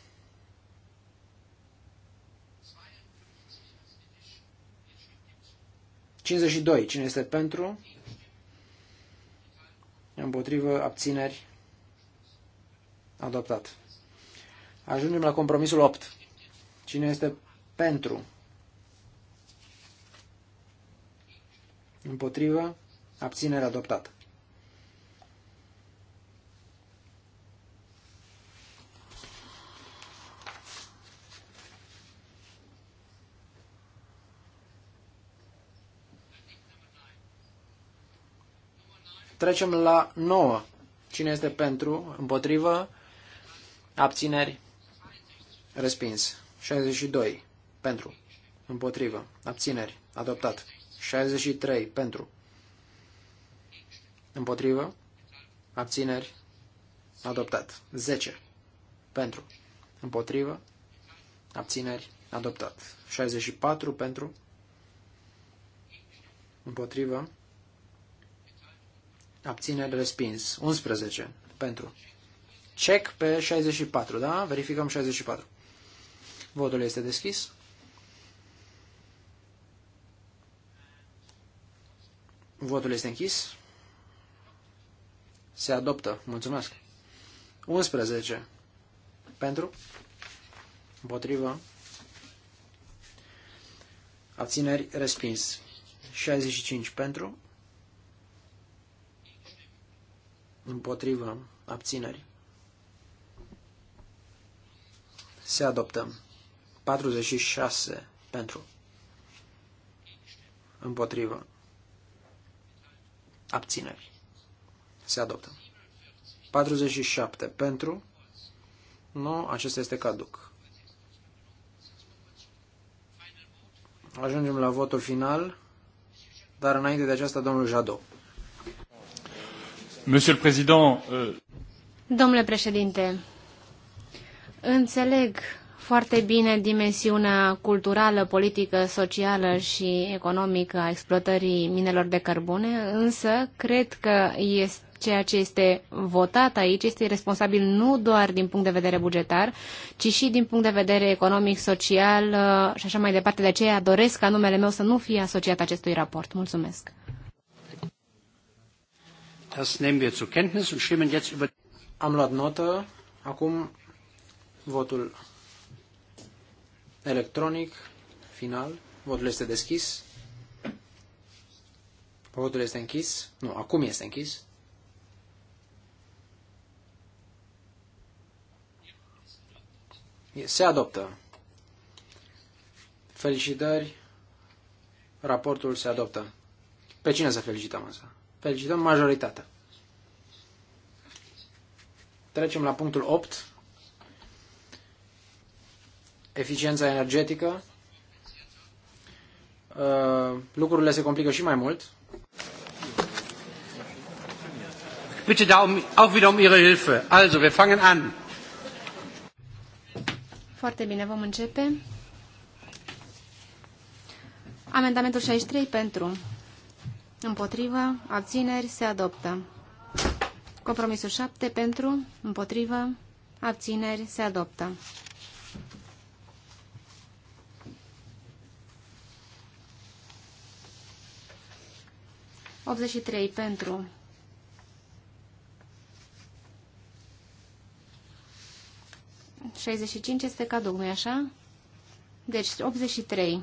Cincizeci doi. Cine este pentru? Împotrivă, abțineri. Adoptat. Ajungem la compromisul 8. Cine este pentru? Împotrivă. Abținere adoptată. Trecem la 9. Cine este pentru? Împotrivă? Abțineri? Respins. 62. Pentru. Împotrivă. Abțineri. Adoptat. 63 pentru. Împotrivă. Abțineri. Adoptat. 10 pentru. Împotrivă. Abțineri. Adoptat. 64 pentru. Împotrivă. Abțineri. Respins. 11 pentru. Check pe 64, da? Verificăm 64. Votul este deschis. Votul este închis. Se adoptă. Mulțumesc. 11. Pentru. Împotrivă. Abțineri. Respins. 65 pentru. Împotrivă. Abțineri. Se adoptă. 46 pentru. Împotrivă. Abțineri. Se adoptă. 47 pentru. Nu, acesta este caduc. Ajungem la votul final, dar înainte de aceasta, domnul Jadot. Monsieur le Président, euh, Domnule președinte, înțeleg foarte bine dimensiunea culturală, politică, socială și economică a exploatării minelor de cărbune, însă cred că este ceea ce este votat aici este responsabil nu doar din punct de vedere bugetar, ci și din punct de vedere economic, social uh, și așa mai departe. De aceea doresc ca numele meu să nu fie asociat acestui raport. Mulțumesc. Am luat notă. Acum votul Electronic, final, votul este deschis. Votul este închis. Nu, acum este închis. Se adoptă. Felicitări. Raportul se adoptă. Pe cine să felicităm asta? Felicităm majoritatea. Trecem la punctul 8 eficiența energetică, uh, lucrurile se complică și mai mult. Bitte da um- auch wieder um Ihre Hilfe. Also, wir fangen an. Foarte bine, vom începe. Amendamentul 63 pentru. Împotrivă, abțineri, se adoptă. Compromisul 7 pentru, împotrivă, abțineri, se adoptă. 83 pentru. ...65 este cadou, nu-i așa? Deci, 83.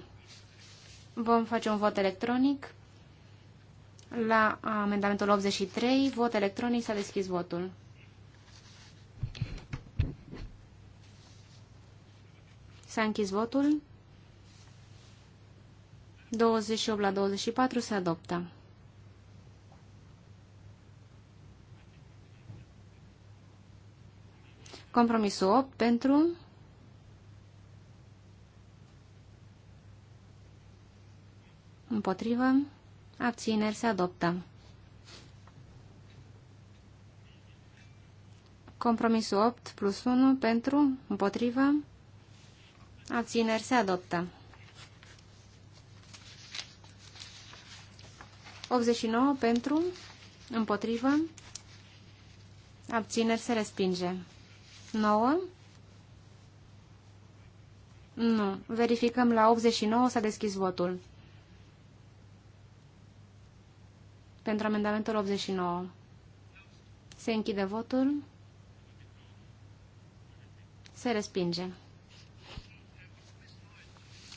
Vom face un vot electronic. La amendamentul 83, vot electronic, s-a deschis votul. S-a închis votul. 28 la 24 se adoptă. Compromisul 8 pentru împotrivă, abțineri se adoptă. Compromisul 8 plus 1 pentru, împotrivă, abțineri se adoptă. 89 pentru, împotrivă, abțineri se respinge. 9. Nu. Verificăm la 89 s-a deschis votul. Pentru amendamentul 89. Se închide votul. Se respinge.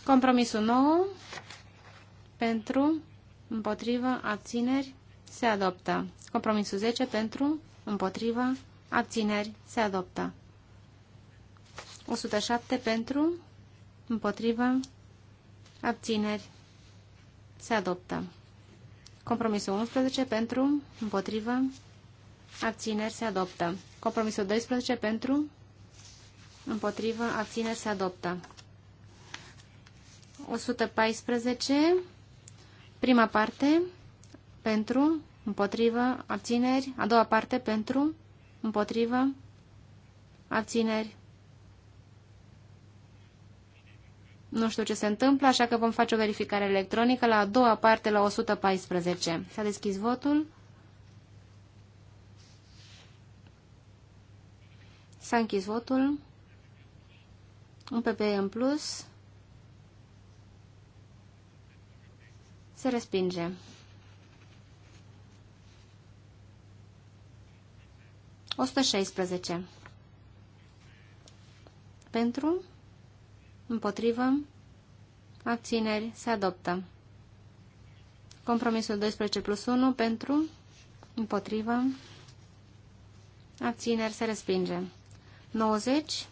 Compromisul 9. Pentru, împotrivă, abțineri, se adoptă. Compromisul 10 pentru, împotrivă, abțineri, se adoptă. 107 pentru, împotrivă, abțineri, se adoptă. Compromisul 11 pentru, împotrivă, abțineri, se adoptă. Compromisul 12 pentru, împotrivă, abțineri, se adoptă. 114, prima parte, pentru, împotrivă, abțineri, a doua parte, pentru, împotrivă, abțineri, Nu știu ce se întâmplă, așa că vom face o verificare electronică la a doua parte, la 114. S-a deschis votul. S-a închis votul. Un PP în plus. Se respinge. Osta 116. Pentru Împotrivă. Abțineri. Se adoptă. Compromisul 12 plus 1 pentru. Împotrivă. Abțineri. Se respinge. 90.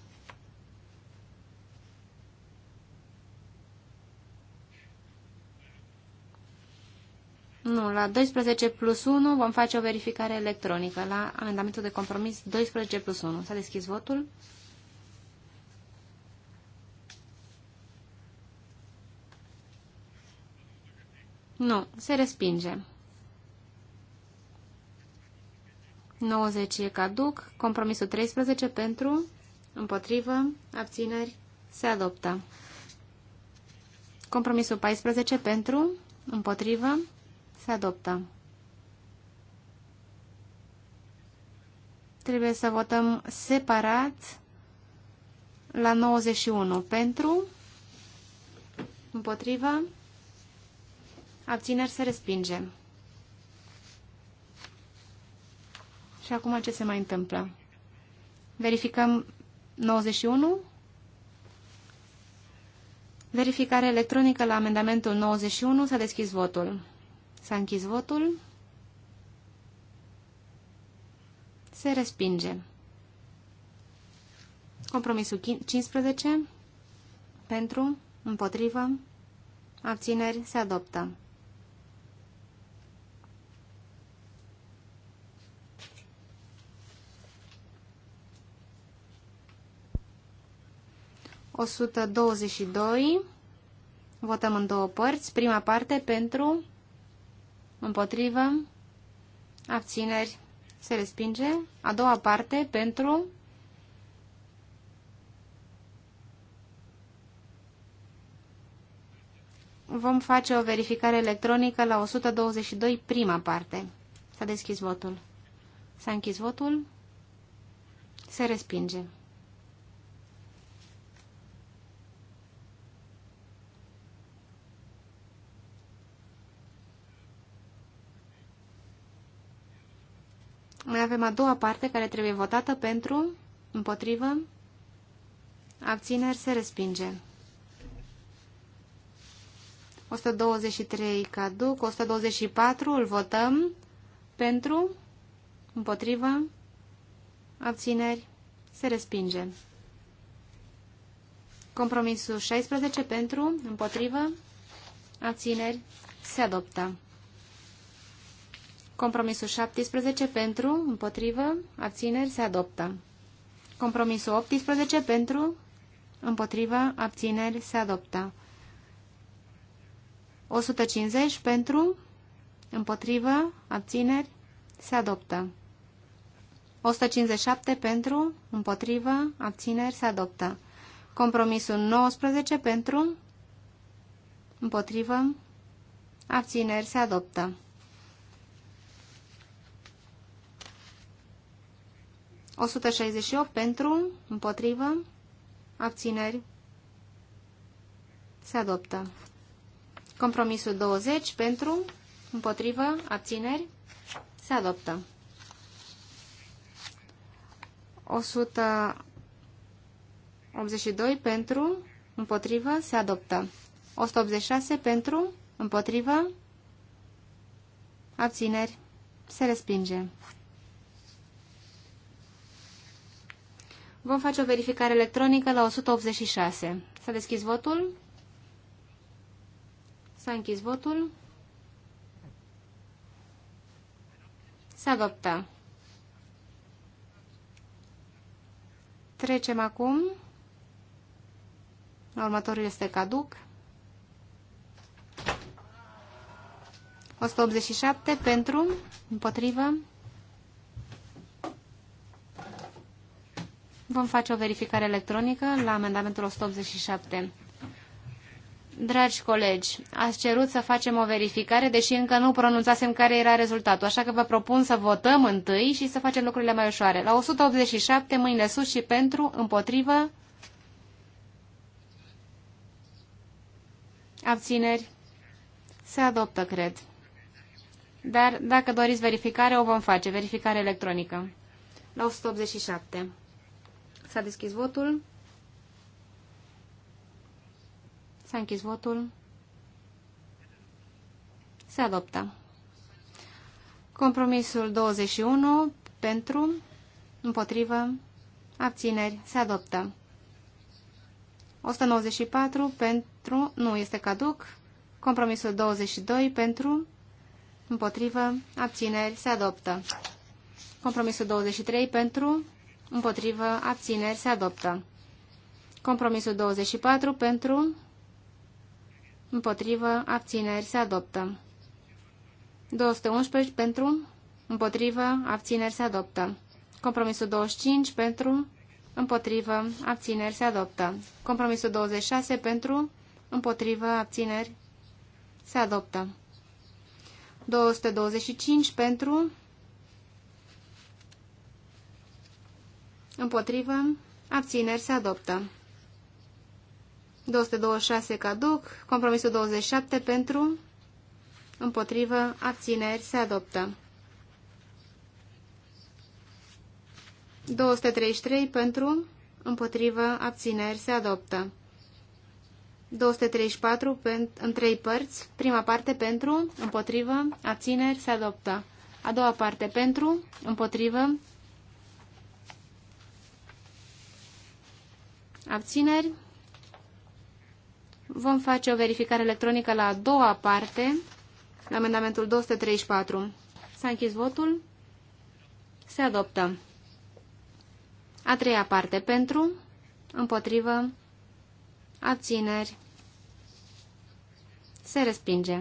Nu, la 12 plus 1 vom face o verificare electronică la amendamentul de compromis 12 plus 1. S-a deschis votul. Nu, se respinge. 90 e caduc, compromisul 13 pentru, împotrivă, abțineri, se adoptă. Compromisul 14 pentru, împotrivă, se adoptă. Trebuie să votăm separat la 91 pentru, împotrivă, Abțineri se respinge. Și acum ce se mai întâmplă? Verificăm 91. Verificare electronică la amendamentul 91. S-a deschis votul. S-a închis votul. Se respinge. Compromisul 15. Pentru, împotrivă, abțineri se adoptă. 122. Votăm în două părți. Prima parte pentru, împotrivă, abțineri, se respinge. A doua parte pentru, vom face o verificare electronică la 122, prima parte. S-a deschis votul. S-a închis votul. Se respinge. Mai avem a doua parte care trebuie votată pentru, împotrivă, abțineri se respinge. 123 caduc, 124 îl votăm pentru, împotrivă, abțineri se respinge. Compromisul 16 pentru, împotrivă, abțineri se adoptă. Compromisul 17 pentru, împotrivă, abțineri se adoptă. Compromisul 18 pentru, împotrivă, abțineri se adoptă. 150 pentru, împotrivă, abțineri se adoptă. 157 pentru, împotrivă, abțineri se adoptă. Compromisul 19 pentru, împotrivă, abțineri se adoptă. 168 pentru, împotrivă, abțineri, se adoptă. Compromisul 20 pentru, împotrivă, abțineri, se adoptă. 182 pentru, împotrivă, se adoptă. 186 pentru, împotrivă, abțineri, se respinge. Vom face o verificare electronică la 186. S-a deschis votul. S-a închis votul. Se adoptă. Trecem acum. Următorul este caduc. 187 pentru, împotrivă, Vom face o verificare electronică la amendamentul 187. Dragi colegi, ați cerut să facem o verificare, deși încă nu pronunțasem care era rezultatul, așa că vă propun să votăm întâi și să facem lucrurile mai ușoare. La 187, mâinile sus și pentru, împotrivă, abțineri, se adoptă, cred. Dar dacă doriți verificare, o vom face, verificare electronică. La 187. S-a deschis votul. S-a închis votul. Se adoptă. Compromisul 21 pentru, împotrivă, abțineri. Se adoptă. 194 pentru, nu este caduc. Compromisul 22 pentru, împotrivă, abțineri. Se adoptă. Compromisul 23 pentru, împotrivă, abțineri, se adoptă. Compromisul 24 pentru, împotrivă, abțineri, se adoptă. 211 pentru, împotrivă, abțineri, se adoptă. Compromisul 25 pentru, împotrivă, abțineri, se adoptă. Compromisul 26 pentru, împotrivă, abțineri, se adoptă. 225 pentru, Împotrivă. Abțineri se adoptă. 226 caduc. Compromisul 27 pentru. Împotrivă. Abțineri se adoptă. 233 pentru. Împotrivă. Abțineri se adoptă. 234 pentru, în trei părți. Prima parte pentru, împotrivă, abțineri, se adoptă. A doua parte pentru, împotrivă, Abțineri. Vom face o verificare electronică la a doua parte, la amendamentul 234. S-a închis votul. Se adoptă. A treia parte pentru, împotrivă, abțineri, se respinge.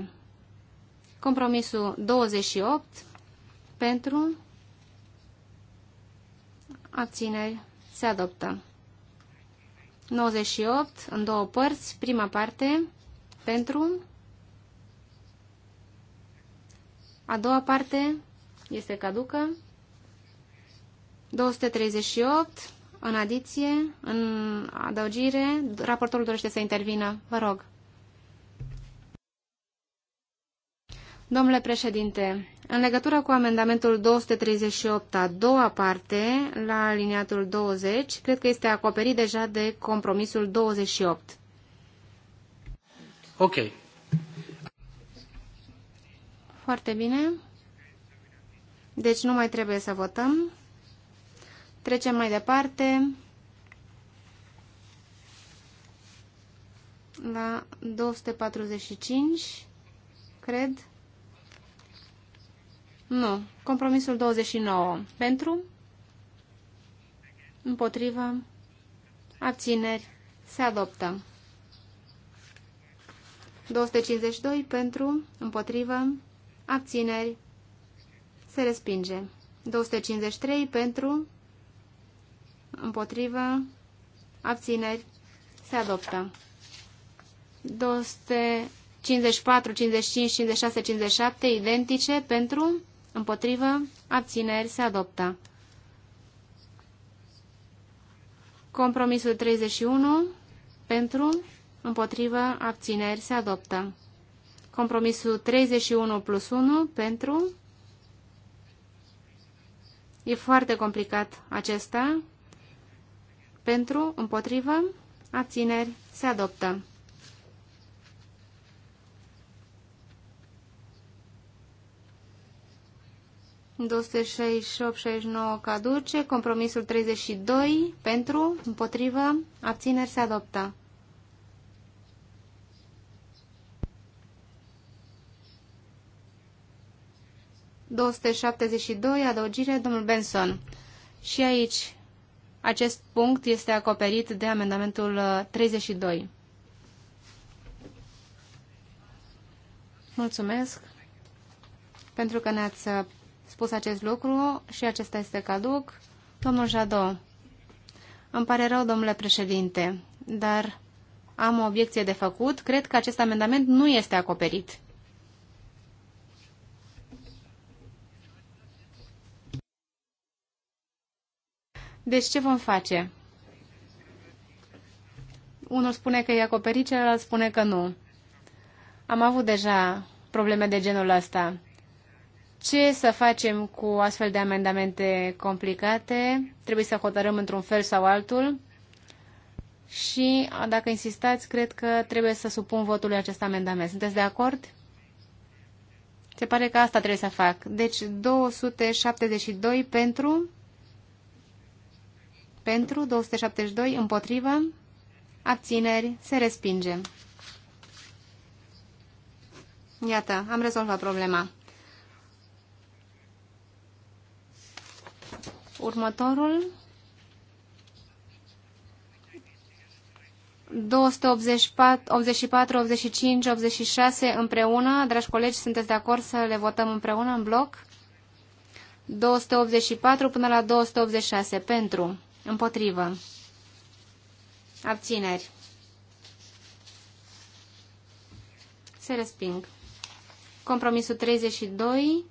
Compromisul 28 pentru, abțineri, se adoptă. 98 în două părți, prima parte pentru, a doua parte este caducă, 238 în adiție, în adăugire, raportorul dorește să intervină, vă rog. Domnule președinte, în legătură cu amendamentul 238, a doua parte, la aliniatul 20, cred că este acoperit deja de compromisul 28. Ok. Foarte bine. Deci nu mai trebuie să votăm. Trecem mai departe la 245, cred. Nu. Compromisul 29. Pentru? Împotrivă? Abțineri? Se adoptă. 252 pentru, împotrivă, abțineri, se respinge. 253 pentru, împotrivă, abțineri, se adoptă. 254, 55, 56, 57 identice pentru, Împotrivă, abțineri, se adoptă. Compromisul 31, pentru, împotrivă, abțineri, se adoptă. Compromisul 31 plus 1, pentru, e foarte complicat acesta, pentru, împotrivă, abțineri, se adoptă. 268-69 caduce, compromisul 32 pentru, împotrivă, abțineri se adoptă. ...272, adăugire, domnul Benson. Și aici, acest punct este acoperit de amendamentul 32. Uh, Mulțumesc pentru că ne-ați uh, spus acest lucru și acesta este caduc. Domnul Jadot, îmi pare rău, domnule președinte, dar am o obiecție de făcut. Cred că acest amendament nu este acoperit. Deci ce vom face? Unul spune că e acoperit, celălalt spune că nu. Am avut deja probleme de genul ăsta ce să facem cu astfel de amendamente complicate. Trebuie să hotărâm într-un fel sau altul. Și dacă insistați, cred că trebuie să supun votului acest amendament. Sunteți de acord? Se pare că asta trebuie să fac. Deci 272 pentru, pentru 272 împotrivă, abțineri, se respinge. Iată, am rezolvat problema. Următorul. 284, 84, 85, 86 împreună. Dragi colegi, sunteți de acord să le votăm împreună în bloc? 284 până la 286. Pentru. Împotrivă. Abțineri. Se resping. Compromisul 32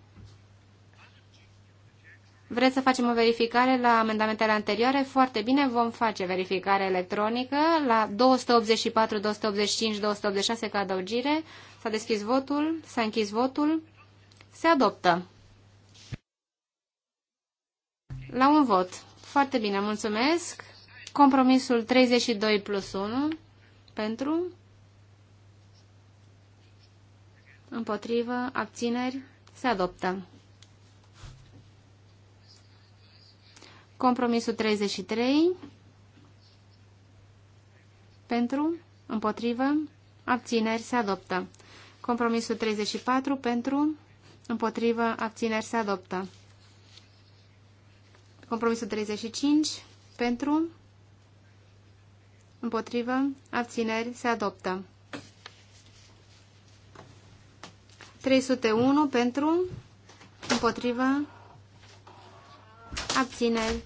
Vreți să facem o verificare la amendamentele anterioare? Foarte bine, vom face verificare electronică la 284, 285, 286 ca adăugire. S-a deschis votul, s-a închis votul, se adoptă. La un vot. Foarte bine, mulțumesc. Compromisul 32 plus 1 pentru, împotrivă, abțineri, se adoptă. Compromisul 33 pentru, împotrivă, abțineri se adoptă. Compromisul 34 pentru, împotrivă, abțineri se adoptă. Compromisul 35 pentru, împotrivă, abțineri se adoptă. 301 pentru, împotrivă, Abțineri.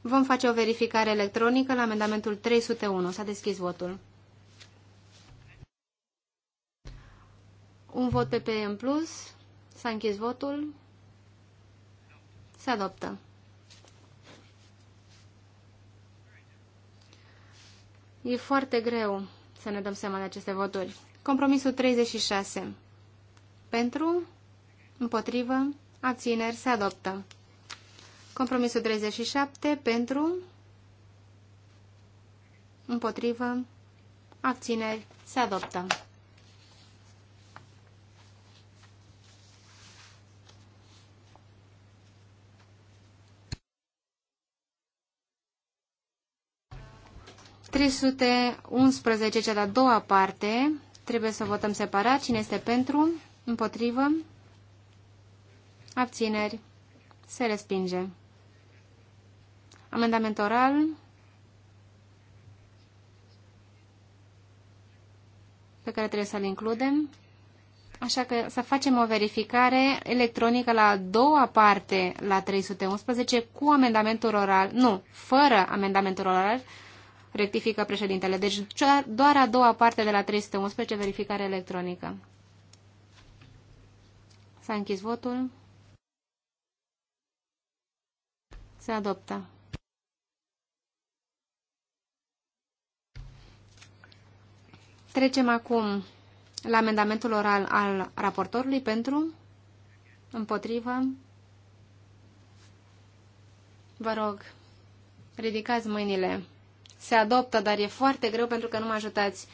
Vom face o verificare electronică la amendamentul 301. S-a deschis votul. Un vot PP în plus. S-a închis votul. Se adoptă. E foarte greu să ne dăm seama de aceste voturi. Compromisul 36. Pentru, împotrivă, abțineri, se adoptă. Compromisul 37 pentru, împotrivă, abțineri, se adoptă. cea de-a doua parte, trebuie să votăm separat. Cine este pentru, împotrivă, abțineri, se respinge. Amendament oral. pe care trebuie să-l includem. Așa că să facem o verificare electronică la a doua parte la 311 cu amendamentul oral, nu, fără amendamentul oral, rectifică președintele. Deci doar a doua parte de la 311, verificare electronică. S-a închis votul. Se adoptă. Trecem acum la amendamentul oral al raportorului pentru, împotrivă, vă rog, ridicați mâinile. Se adoptă, dar e foarte greu pentru că nu mă ajutați.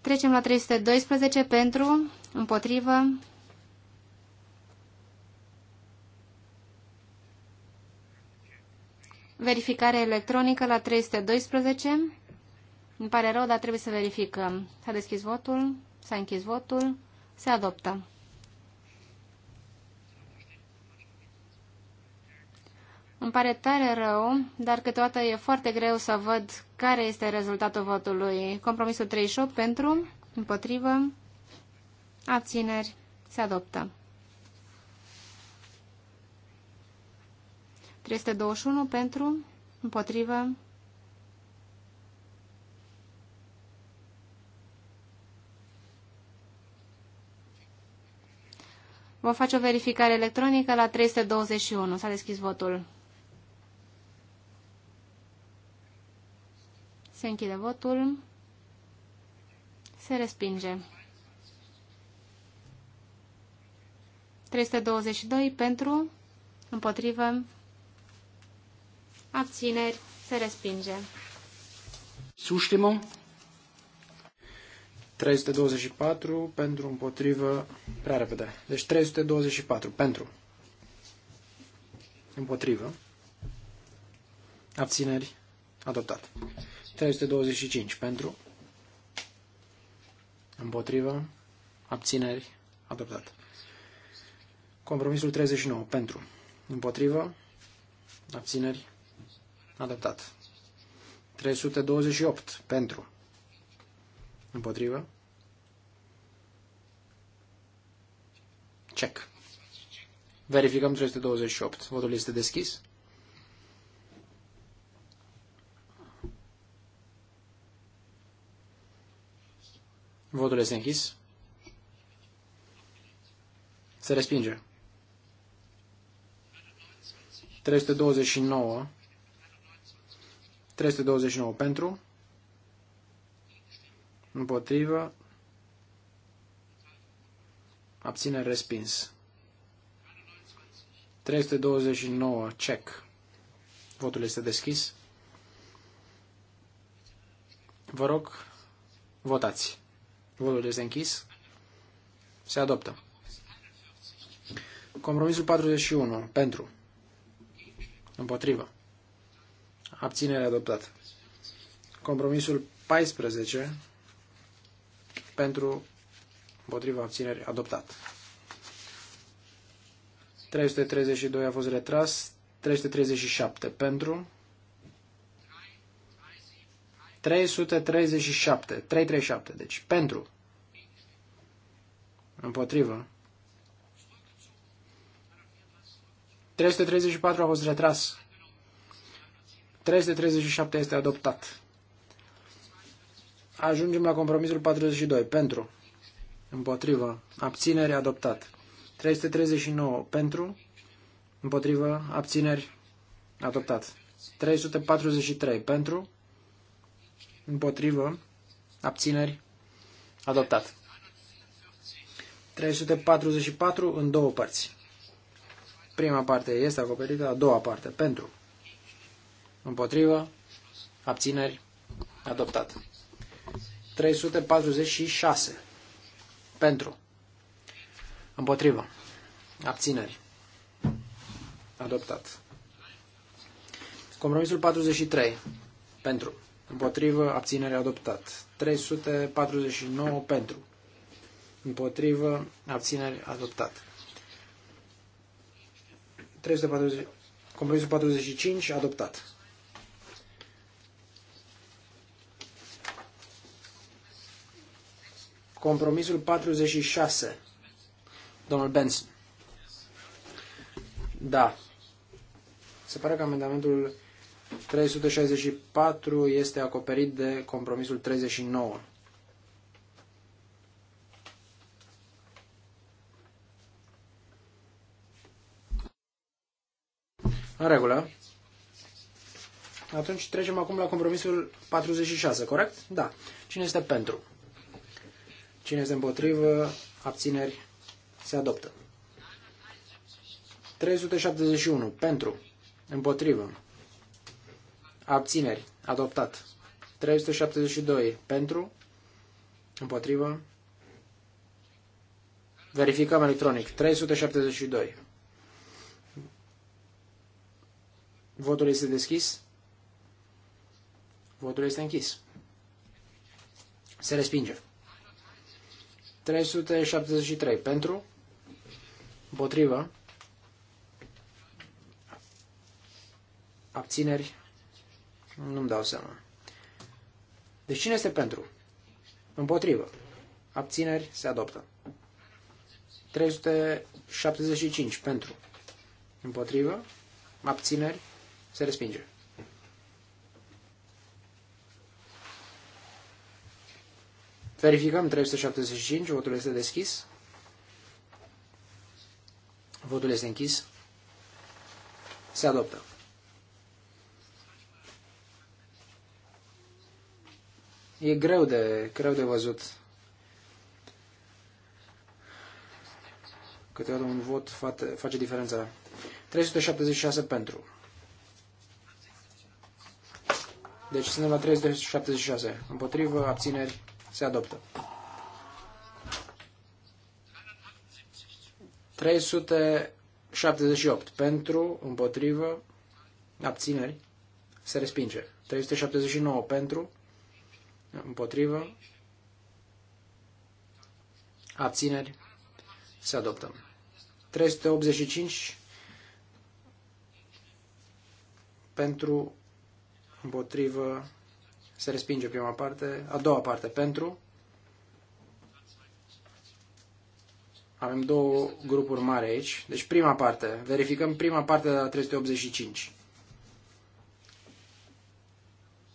Trecem la 312 pentru, împotrivă, verificare electronică la 312. Îmi pare rău, dar trebuie să verificăm. S-a deschis votul, s-a închis votul, se adoptă. Îmi pare tare rău, dar câteodată e foarte greu să văd care este rezultatul votului. Compromisul 38 pentru, împotrivă, abțineri, se adoptă. 321 pentru, împotrivă, Vă face o verificare electronică la 321. S-a deschis votul. Se închide votul. Se respinge. 322 pentru, împotrivă, abțineri, se respinge. Suștimă? 324 pentru împotrivă, prea repede. Deci 324 pentru împotrivă, abțineri, adoptat. 325 pentru împotrivă, abțineri, adoptat. Compromisul 39 pentru împotrivă, abțineri, adoptat. 328 pentru Împotrivă. Check. Verificăm 328. Votul este deschis. Votul este închis. Se respinge. 329. 329 pentru. Împotrivă. Abține respins. 329. Check. Votul este deschis. Vă rog, votați. Votul este închis. Se adoptă. Compromisul 41. Pentru. Împotrivă. Abținere adoptat. Compromisul 14 pentru împotriva abțineri adoptat. 332 a fost retras, 337 pentru 337, 337, deci pentru împotrivă 334 a fost retras. 337 este adoptat. Ajungem la compromisul 42. Pentru. Împotrivă. Abțineri adoptat. 339. Pentru. Împotrivă. Abțineri adoptat. 343. Pentru. Împotrivă. Abțineri adoptat. 344 în două părți. Prima parte este acoperită, a doua parte pentru. Împotrivă. Abțineri. Adoptat. 346. Pentru. Împotrivă. Abțineri. Adoptat. Compromisul 43. Pentru. Împotrivă. Abținere. Adoptat. 349. Pentru. Împotrivă. Abținere. Adoptat. 340. Compromisul 45. Adoptat. Compromisul 46. Domnul Benson. Da. Se pare că amendamentul 364 este acoperit de compromisul 39. În regulă. Atunci trecem acum la compromisul 46, corect? Da. Cine este pentru? Cine este împotrivă? Abțineri. Se adoptă. 371. Pentru. Împotrivă. Abțineri. Adoptat. 372. Pentru. Împotrivă. Verificăm electronic. 372. Votul este deschis. Votul este închis. Se respinge. 373 pentru, împotrivă, abțineri, nu-mi dau seama. Deci cine este pentru? Împotrivă. Abțineri se adoptă. 375 pentru. Împotrivă. Abțineri se respinge. Verificăm 375, votul este deschis. Votul este închis. Se adoptă. E greu de, greu de văzut. Câteodată un vot face, face diferența. 376 pentru. Deci suntem la 376. Împotrivă, abțineri, se adoptă. 378 pentru, împotrivă, abțineri, se respinge. 379 pentru, împotrivă, abțineri, se adoptă. 385 pentru, împotrivă, se respinge prima parte. A doua parte pentru. Avem două grupuri mari aici. Deci prima parte. Verificăm prima parte de la 385.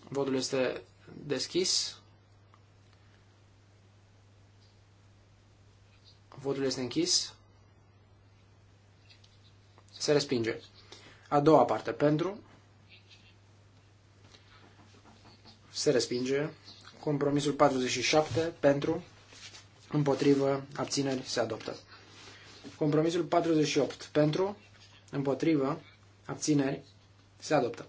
Votul este deschis. Votul este închis. Se respinge. A doua parte pentru. se respinge. Compromisul 47 pentru, împotrivă, abțineri se adoptă. Compromisul 48 pentru, împotrivă, abțineri se adoptă.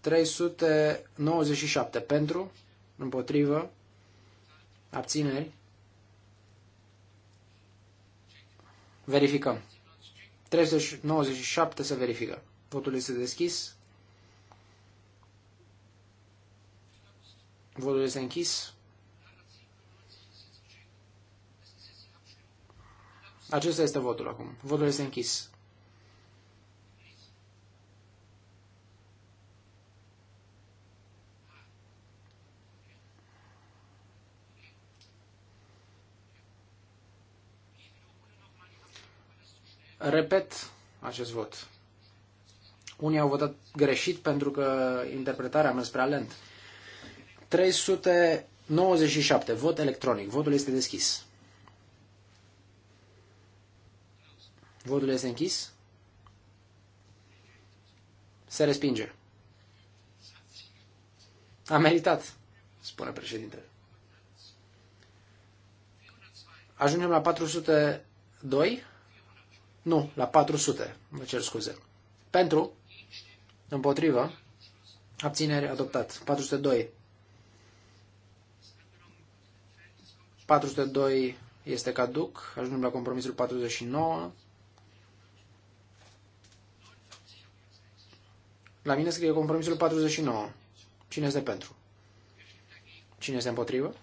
397 pentru, împotrivă, abțineri. Verificăm. 397 se verifică. Votul este deschis. Votul este închis. Acesta este votul acum. Votul este închis. Repet acest vot. Unii au votat greșit pentru că interpretarea a mers prea lent. 397. Vot electronic. Votul este deschis. Votul este închis. Se respinge. A meritat, spune președintele. Ajungem la 402? Nu, la 400. Mă cer scuze. Pentru, împotrivă, abțineri adoptat. 402. 402 este caduc, ajungem la compromisul 49. La mine scrie compromisul 49. Cine este pentru? Cine este împotrivă?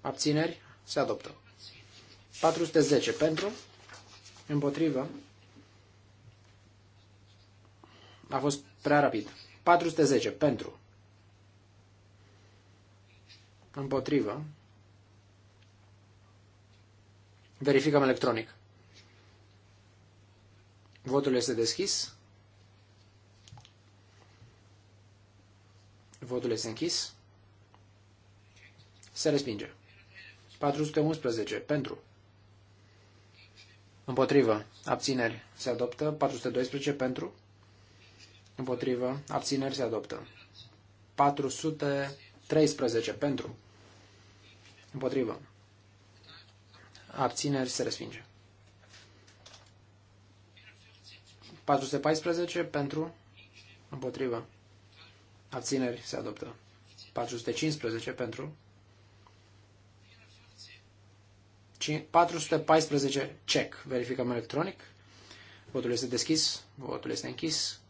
Abțineri? Se adoptă. 410 pentru, împotrivă. A fost prea rapid. 410 pentru, împotrivă. Verificăm electronic. Votul este deschis. Votul este închis. Se respinge. 411. Pentru. Împotrivă. Abțineri. Se adoptă. 412. Pentru. Împotrivă. Abțineri. Se adoptă. 413. Pentru. Împotrivă abțineri, se respinge. 414 pentru, împotrivă, abțineri, se adoptă. 415 pentru, 414 check. Verificăm electronic. Votul este deschis, votul este închis.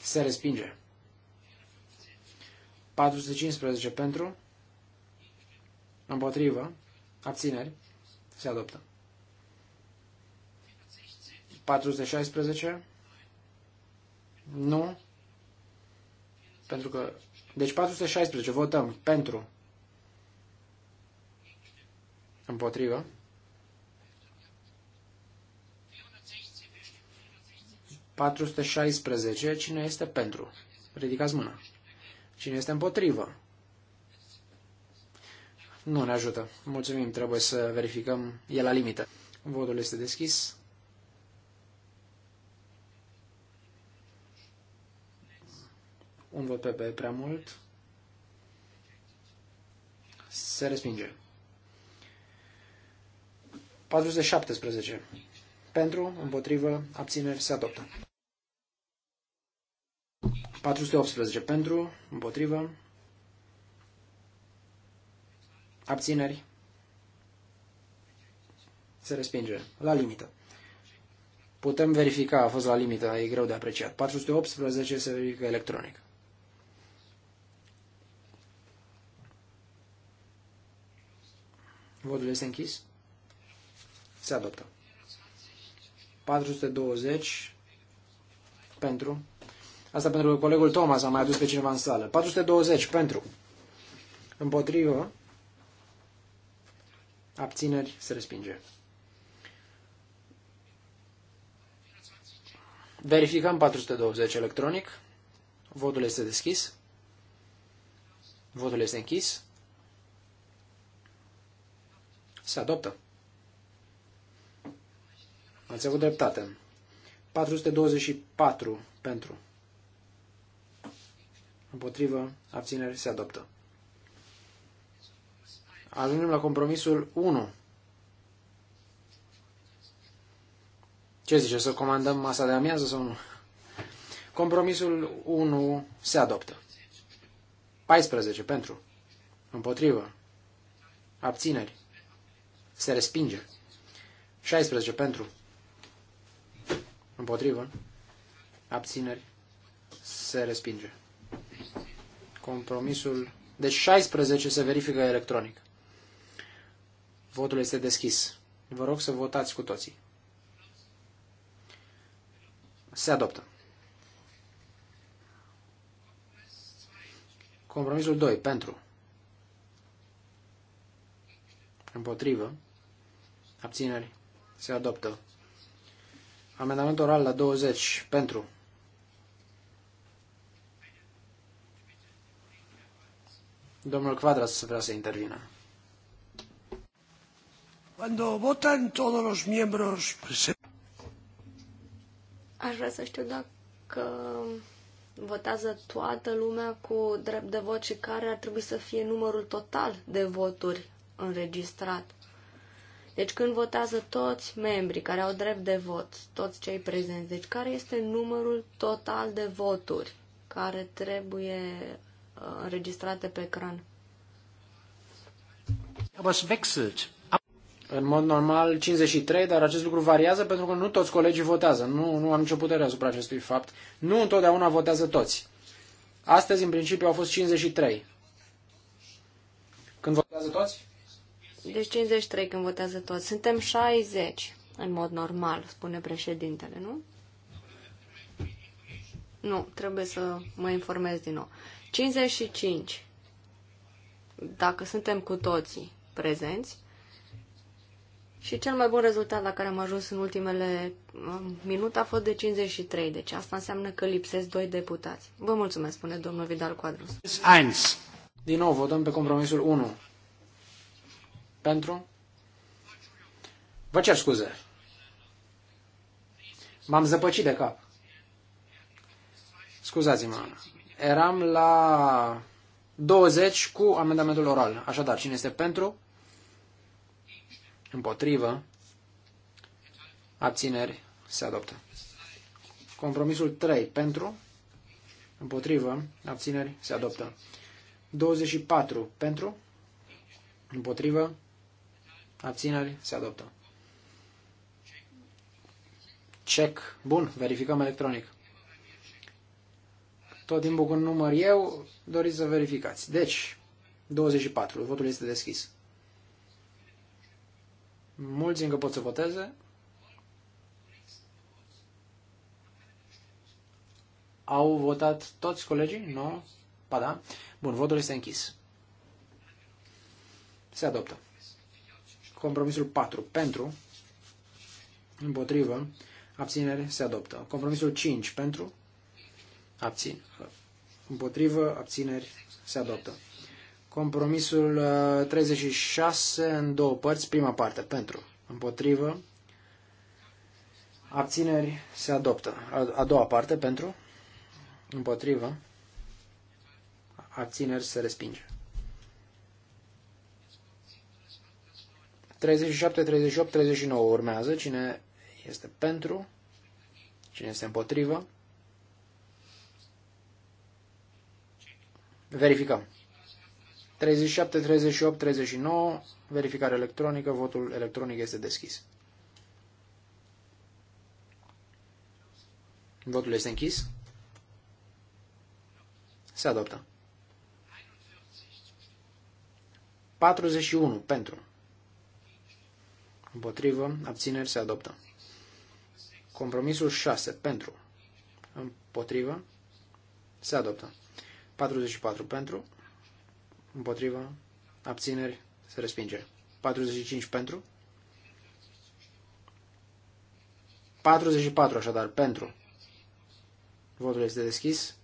Se respinge. 415 pentru, împotrivă, abțineri, se adoptă. 416, nu, pentru că, deci 416, votăm pentru, împotrivă, 416. Cine este pentru? Ridicați mâna. Cine este împotrivă? Nu ne ajută. Mulțumim, trebuie să verificăm. E la limită. Votul este deschis. Un vot pe pe prea mult. Se respinge. 417. Pentru, împotrivă, abțineri, se adoptă. 418 pentru, împotrivă, abțineri, se respinge, la limită. Putem verifica, a fost la limită, e greu de apreciat. 418 se verifică electronic. Votul este închis. Se adoptă. 420 pentru, Asta pentru că colegul Thomas a mai adus pe cineva în sală. 420 pentru. Împotrivă. Abțineri se respinge. Verificăm 420 electronic. Votul este deschis. Votul este închis. Se adoptă. Ați avut dreptate. 424 pentru împotrivă, abțineri, se adoptă. Ajungem la compromisul 1. Ce zice, să comandăm masa de amiază sau nu? Compromisul 1 se adoptă. 14 pentru. Împotrivă. Abțineri. Se respinge. 16 pentru. Împotrivă. Abțineri. Se respinge. Compromisul. Deci 16 se verifică electronic. Votul este deschis. Vă rog să votați cu toții. Se adoptă. Compromisul 2. Pentru. Împotrivă. Abțineri. Se adoptă. Amendamentul oral la 20. Pentru. Domnul Quadras vrea să intervină. Când votan toți los miembros Aș vrea să știu dacă votează toată lumea cu drept de vot și care ar trebui să fie numărul total de voturi înregistrat. Deci când votează toți membrii care au drept de vot, toți cei prezenți, deci care este numărul total de voturi care trebuie înregistrate pe ecran. În mod normal 53, dar acest lucru variază pentru că nu toți colegii votează. Nu, nu am nicio putere asupra acestui fapt. Nu întotdeauna votează toți. Astăzi, în principiu, au fost 53. Când votează toți? Deci 53 când votează toți. Suntem 60 în mod normal, spune președintele, nu? Nu, trebuie să mă informez din nou. 55. Dacă suntem cu toții prezenți. Și cel mai bun rezultat la care am ajuns în ultimele um, minute a fost de 53. Deci asta înseamnă că lipsesc doi deputați. Vă mulțumesc, spune domnul Vidal Quadros. 1. Din nou votăm pe compromisul 1. Pentru? Vă cer scuze. M-am zăpăcit de cap. Scuzați-mă, Ana. Eram la 20 cu amendamentul oral. Așadar, cine este pentru? Împotrivă. Abțineri. Se adoptă. Compromisul 3. Pentru. Împotrivă. Abțineri. Se adoptă. 24. Pentru. Împotrivă. Abțineri. Se adoptă. Check. Bun. Verificăm electronic. Tot timpul când număr eu, doriți să verificați. Deci, 24. Votul este deschis. Mulți încă pot să voteze. Au votat toți colegii? Nu? Pa da? Bun, votul este închis. Se adoptă. Compromisul 4. Pentru. Împotrivă. Abținere. Se adoptă. Compromisul 5. Pentru abțin, împotrivă, abțineri, se adoptă. Compromisul 36 uh, în două părți, prima parte, pentru, împotrivă, abțineri, se adoptă. A, doua parte, pentru, împotrivă, abțineri, se respinge. 37, 38, 39 urmează. Cine este pentru? Cine este împotrivă? Verificăm. 37, 38, 39, verificare electronică, votul electronic este deschis. Votul este închis. Se adoptă. 41 pentru. Împotrivă, abțineri, se adoptă. Compromisul 6 pentru. Împotrivă, se adoptă. 44 pentru, împotriva, abțineri, se respinge. 45 pentru. 44 așadar, pentru. Votul este deschis.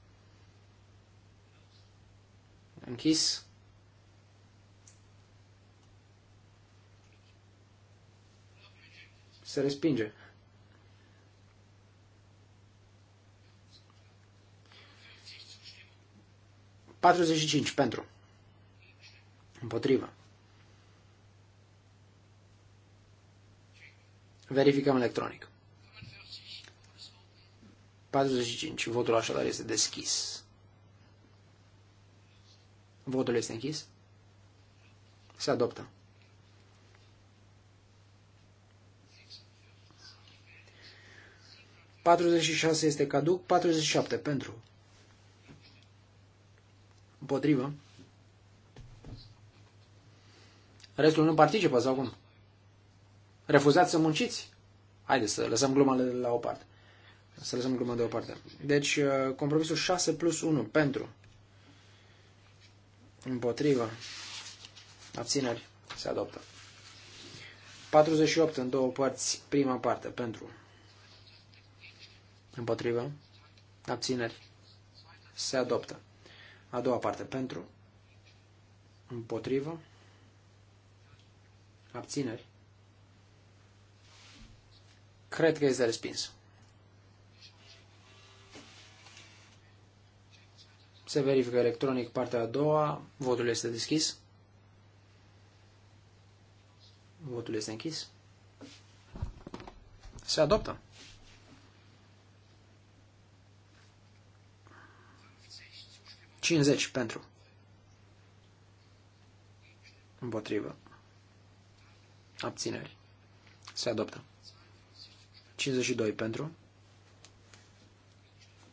Închis. Se respinge. 45 pentru. Împotrivă. Verificăm electronic. 45. Votul așadar este deschis. Votul este închis. Se adoptă. 46 este caduc, 47 pentru. Împotrivă. Restul nu participă sau cum? Refuzați să munciți? Haideți să lăsăm gluma la o parte. Să lăsăm gluma de o parte. Deci, uh, compromisul 6 plus 1 pentru. Împotrivă. Abțineri. Se adoptă. 48 în două părți, prima parte, pentru. Împotrivă. Abțineri. Se adoptă. A doua parte, pentru, împotrivă, abțineri. Cred că este respins. Se verifică electronic partea a doua, votul este deschis. Votul este închis. Se adoptă. 50 pentru. Împotrivă. Abțineri. Se adoptă. 52 pentru.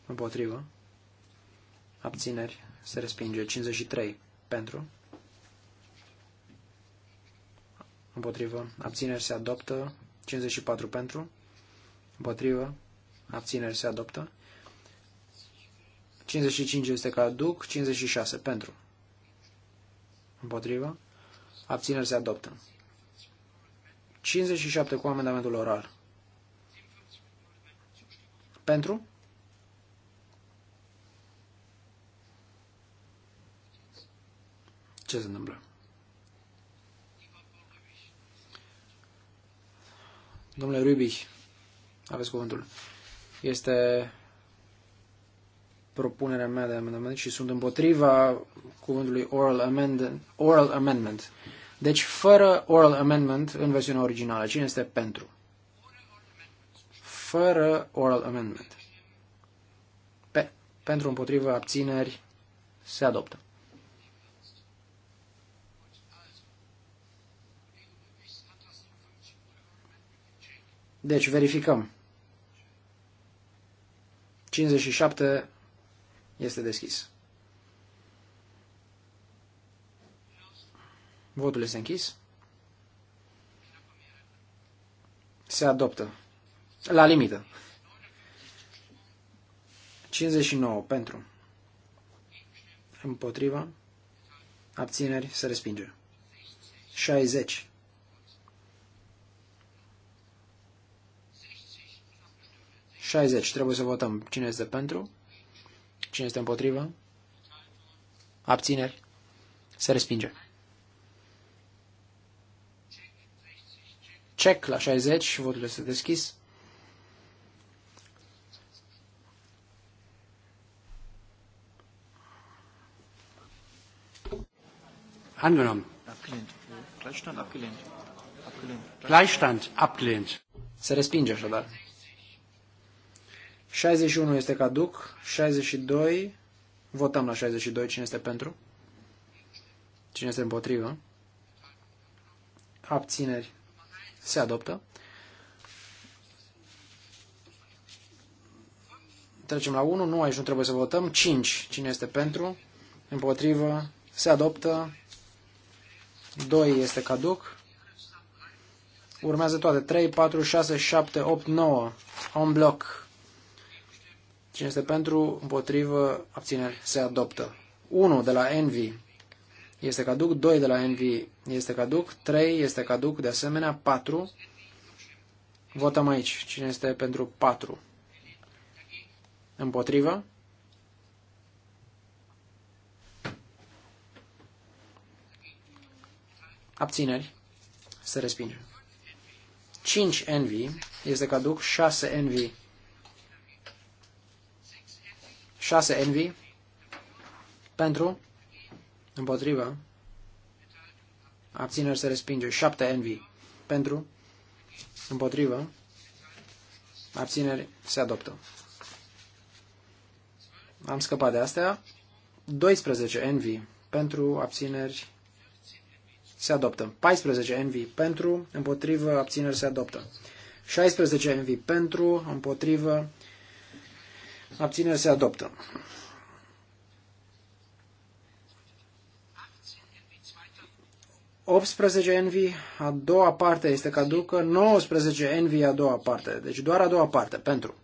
Împotrivă. Abțineri. Se respinge. 53 pentru. Împotrivă. Abțineri se adoptă. 54 pentru. Împotrivă. Abțineri se adoptă. 55 este duc 56 pentru. Împotrivă. Abțineri se adoptă. 57 cu amendamentul oral. Pentru? Ce se întâmplă? Domnule Rubi, aveți cuvântul. Este propunerea mea de amendament și sunt împotriva cuvântului oral amendment. Oral amendment. Deci fără oral amendment în versiunea originală. Cine este pentru? Fără oral amendment. Pe. Pentru împotriva abțineri se adoptă. Deci verificăm. 57 este deschis. Votul este închis. Se adoptă. La limită. 59 pentru. Împotriva. Abțineri. Se respinge. 60. Șaizeci. Trebuie să votăm. Cine este pentru? Cine este împotrivă? Abțineri. Se respinge. Check la 60, votul este deschis. Angenommen. Gleichstand abgelehnt. Gleichstand abgelehnt. Se respinge așadar. 61 este caduc, 62, votăm la 62, cine este pentru? Cine este împotrivă? Abțineri. Se adoptă. Trecem la 1, nu, aici nu trebuie să votăm. 5, cine este pentru? Împotrivă. Se adoptă. 2 este caduc. Urmează toate. 3, 4, 6, 7, 8, 9. On bloc. Cine este pentru, împotrivă, abțineri, se adoptă. 1 de la Envy este caduc, 2 de la Envy este caduc, 3 este caduc, de asemenea, 4. Votăm aici. Cine este pentru 4? Împotrivă? Abțineri. Se respinge. 5 Envy este caduc, 6 Envy 6 Envy pentru, împotrivă, abțineri se respinge. 7 Envy pentru, împotrivă, abțineri se adoptă. Am scăpat de astea. 12 Envy pentru, abțineri se adoptă. 14 Envy pentru, împotrivă, abțineri se adoptă. 16 Envy pentru, împotrivă, Abținere se adoptă. 18 Envy, a doua parte este caducă, 19 Envy, a doua parte. Deci doar a doua parte, pentru.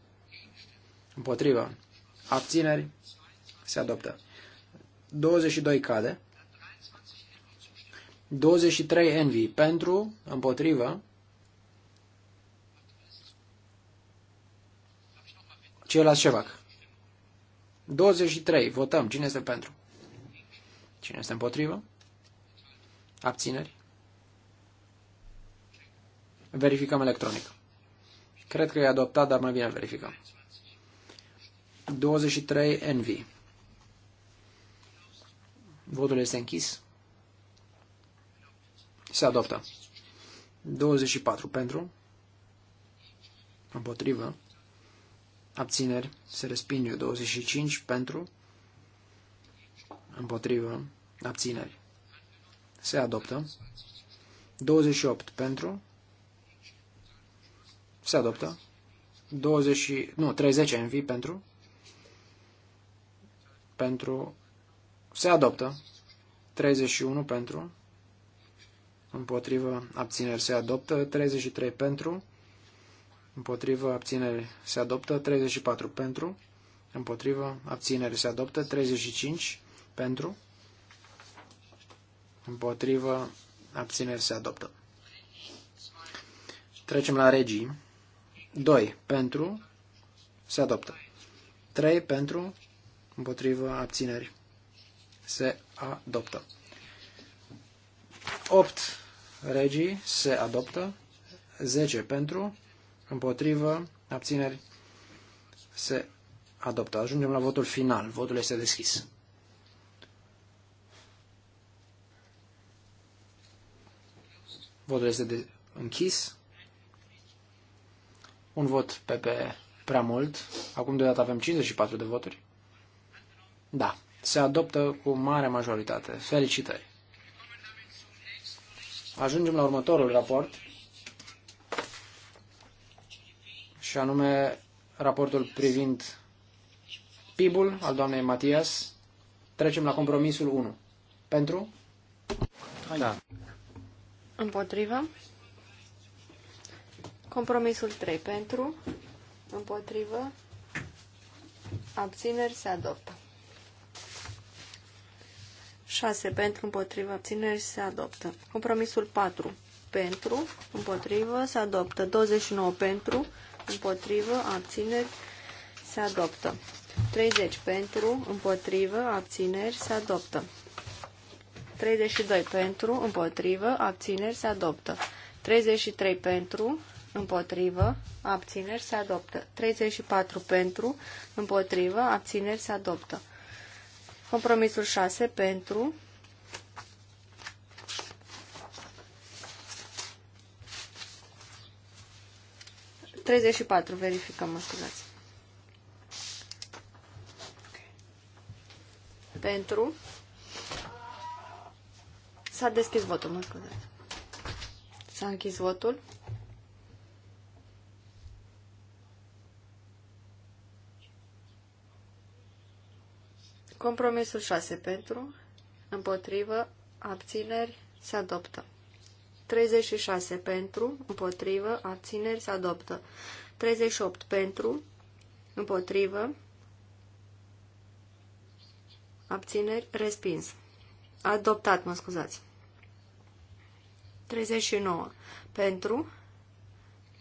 Împotriva. Abțineri, se adoptă. 22 cade. 23 Envy, pentru, împotriva, Ceilalți ce fac? 23. Votăm. Cine este pentru? Cine este împotrivă? Abțineri? Verificăm electronic. Cred că e adoptat, dar mai bine verificăm. 23 NV. Votul este închis. Se adoptă. 24 pentru. Împotrivă abțineri, se respinge 25 pentru, împotrivă, abțineri, se adoptă, 28 pentru, se adoptă, 20, nu, 30 MV pentru, pentru, se adoptă, 31 pentru, împotrivă, abțineri, se adoptă, 33 pentru, împotrivă, abținere, se adoptă, 34 pentru, împotrivă, abținere, se adoptă, 35 pentru, împotrivă, abținere, se adoptă. Trecem la regii. 2 pentru, se adoptă. 3 pentru, împotrivă, abțineri se adoptă. 8 regii se adoptă, 10 pentru, împotrivă, abțineri, se adoptă. Ajungem la votul final. Votul este deschis. Votul este de închis. Un vot pe pe prea mult. Acum deodată avem 54 de voturi. Da, se adoptă cu mare majoritate. Felicitări! Ajungem la următorul raport. și anume raportul privind PIB-ul al doamnei Matias. Trecem la compromisul 1. Pentru? Da. Împotrivă. Compromisul 3 pentru, împotrivă, abțineri se adoptă. 6 pentru, împotrivă, abțineri se adoptă. Compromisul 4 pentru, împotrivă, se adoptă. 29 pentru, împotrivă, abțineri, se adoptă. 30 pentru, împotrivă, abțineri, se adoptă. 32 pentru, împotrivă, abțineri, se adoptă. 33 pentru, împotrivă, abțineri, se adoptă. 34 pentru, împotrivă, abțineri, se adoptă. Compromisul 6 pentru, 34, verificăm, mă scuzați. Pentru. S-a deschis votul, mă scuzați. S-a închis votul. Compromisul 6 pentru, împotrivă, abțineri, se adoptă. 36 pentru, împotrivă, abțineri se adoptă. 38 pentru, împotrivă, abțineri respins. Adoptat, mă scuzați. 39 pentru,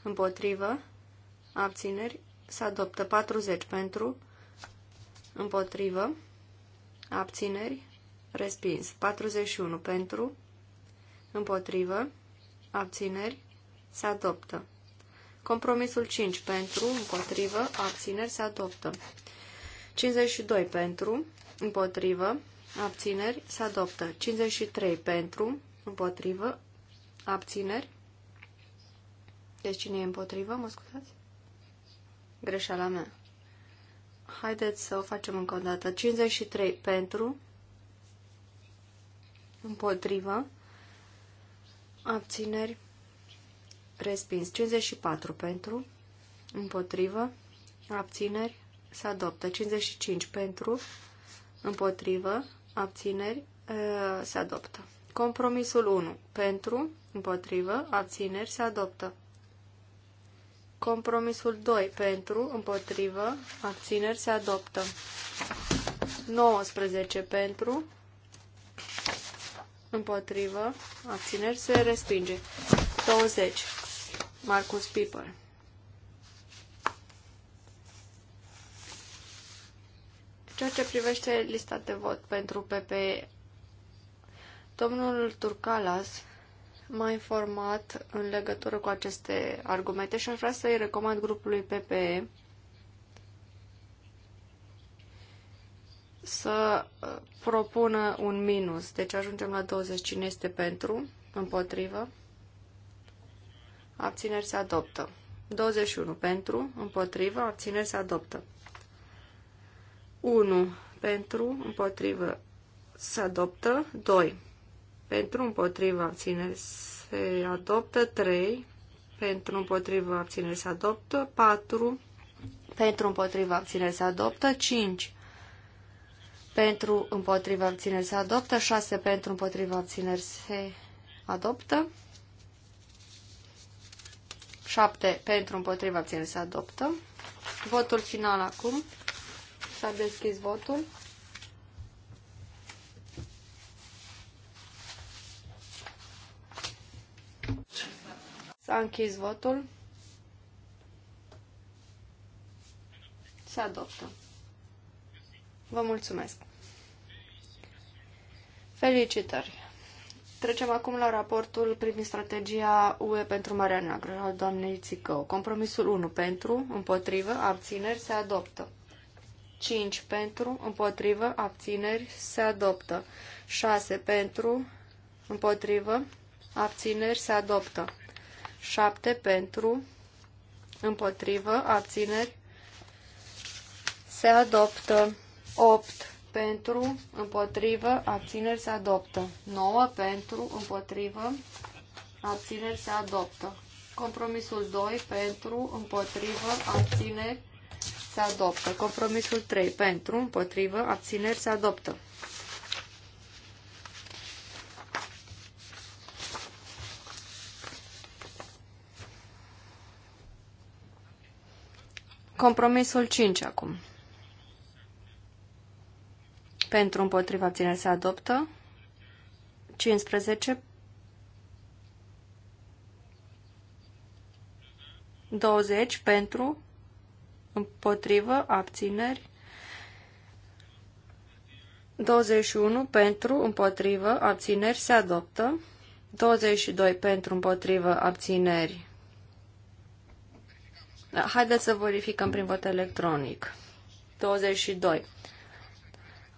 împotrivă, abțineri se adoptă. 40 pentru, împotrivă, abțineri respins. 41 pentru, împotrivă, abțineri, se adoptă. Compromisul 5 pentru, împotrivă, abțineri, se adoptă. 52 pentru, împotrivă, abțineri, se adoptă. 53 pentru, împotrivă, abțineri. Deci cine e împotrivă, mă scuzați? Greșeala mea. Haideți să o facem încă o dată. 53 pentru, împotrivă, abțineri, respins. 54 pentru, împotrivă, abțineri, se adoptă. 55 pentru, împotrivă, abțineri, se adoptă. Compromisul 1. Pentru, împotrivă, abțineri, se adoptă. Compromisul 2. Pentru, împotrivă, abțineri, se adoptă. 19 pentru, împotrivă, abțineri, se respinge. 20. Marcus Piper. Ceea ce privește lista de vot pentru PPE, domnul Turcalas m-a informat în legătură cu aceste argumente și aș vrea să-i recomand grupului PPE să uh, propună un minus. Deci ajungem la 20. Cine este pentru? Împotrivă? Abțineri se adoptă. 21 pentru, împotrivă, abțineri se adoptă. 1 pentru, împotrivă, se adoptă. 2 pentru, împotrivă, abțineri se adoptă. 3 pentru, împotrivă, abțineri se adoptă. 4 pentru, împotrivă, abțineri se adoptă. 5 pentru împotriva abțineri se adoptă, 6 pentru împotriva abțineri se adoptă, 7 pentru împotriva abțineri se adoptă. Votul final acum. S-a deschis votul. S-a închis votul. Se adoptă. Vă mulțumesc! Felicitări! Trecem acum la raportul privind strategia UE pentru Marea Neagră al doamnei Țicău. Compromisul 1 pentru, împotrivă, abțineri se adoptă. 5 pentru, împotrivă, abțineri se adoptă. 6 pentru, împotrivă, abțineri se adoptă. 7 pentru, împotrivă, abțineri se adoptă. 8 pentru, împotrivă, abțineri se adoptă. 9 pentru, împotrivă, abțineri se adoptă. Compromisul 2 pentru, împotrivă, abțineri se adoptă. Compromisul 3 pentru, împotrivă, abțineri se adoptă. Compromisul 5 acum. Pentru împotriva abținere se adoptă. 15. 20 pentru împotrivă abțineri. 21 pentru împotrivă abțineri se adoptă. 22 pentru împotrivă abțineri. Haideți să verificăm prin vot electronic. 22.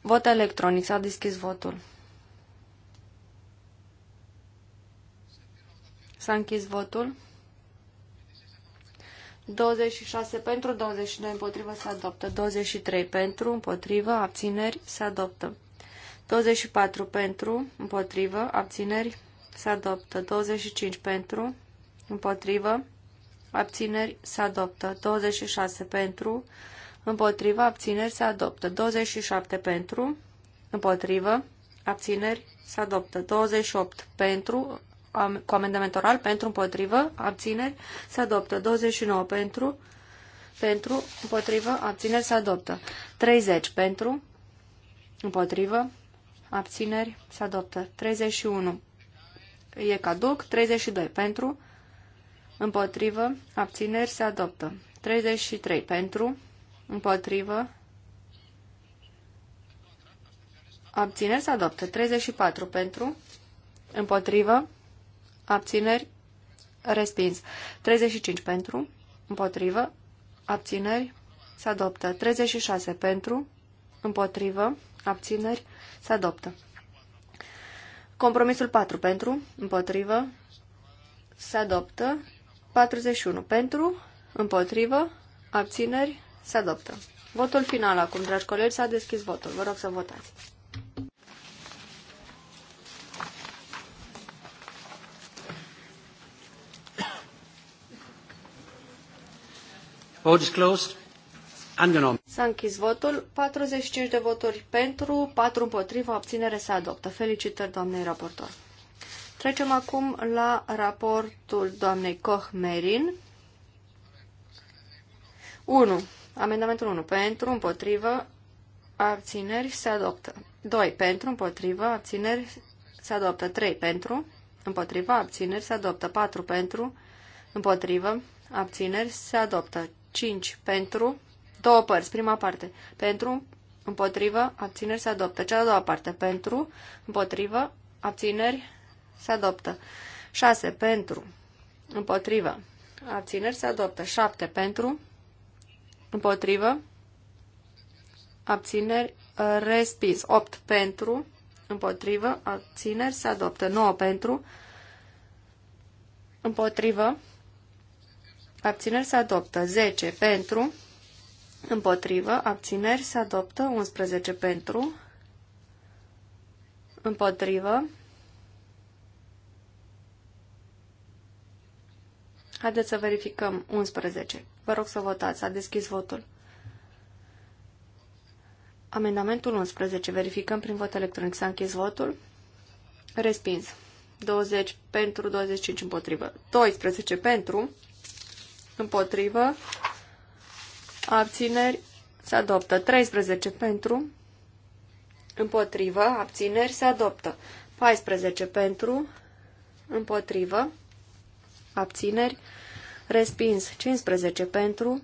Vot electronic. S-a deschis votul. S-a închis votul. 26 pentru, 22 împotrivă se adoptă. 23 pentru, împotrivă, abțineri, se adoptă. 24 pentru, împotrivă, abțineri, se adoptă. 25 pentru, împotrivă, abțineri, se adoptă. 26 pentru, împotrivă, abțineri, se adoptă. 27 pentru, împotrivă, abțineri, se adoptă. 28 pentru, am, cu amendament oral, pentru, împotrivă, abțineri, se adoptă. 29 pentru, pentru, împotrivă, abțineri, se adoptă. 30 pentru, împotrivă, abțineri, se adoptă. 31 e caduc, 32 pentru, împotrivă, abțineri, se adoptă. 33 pentru, Împotrivă. Abțineri se adoptă. 34 pentru. Împotrivă. Abțineri. Respins. 35 pentru. Împotrivă. Abțineri. Se adoptă. 36 pentru. Împotrivă. Abțineri. Se adoptă. Compromisul 4 pentru. Împotrivă. Se adoptă. 41 pentru. Împotrivă. Abțineri. Se adoptă. Votul final acum, dragi colegi, s-a deschis votul. Vă rog să votați. Vote is closed. S-a închis votul. 45 de voturi pentru, 4 împotriva, abținere se adoptă. Felicitări doamnei raportor. Trecem acum la raportul doamnei Koch-Merin. 1. Amendamentul 1. Pentru, împotrivă, abțineri, se adoptă. 2. Pentru, împotrivă, abțineri, se adoptă. 3. Pentru, împotrivă, abțineri, se adoptă. 4. Pentru, împotrivă, abțineri, se adoptă. 5. Pentru, două părți, prima parte. Pentru, împotrivă, abțineri, se adoptă. Cea de-a doua parte. Pentru, împotrivă, abțineri, se adoptă. 6. Pentru, împotrivă, abțineri, se adoptă. 7. Pentru, Împotrivă. Abțineri. Uh, respins. 8 pentru. Împotrivă. Abțineri. Se adoptă. 9 pentru. Împotrivă. Abțineri. Se adoptă. 10 pentru. Împotrivă. Abțineri. Se adoptă. 11 pentru. Împotrivă. Haideți să verificăm 11. Vă rog să votați. a deschis votul. Amendamentul 11. Verificăm prin vot electronic. S-a închis votul. Respins. 20 pentru, 25 împotrivă. 12 pentru, împotrivă, abțineri, se adoptă. 13 pentru, împotrivă, abțineri, se adoptă. 14 pentru, împotrivă, abțineri, Respins 15 pentru,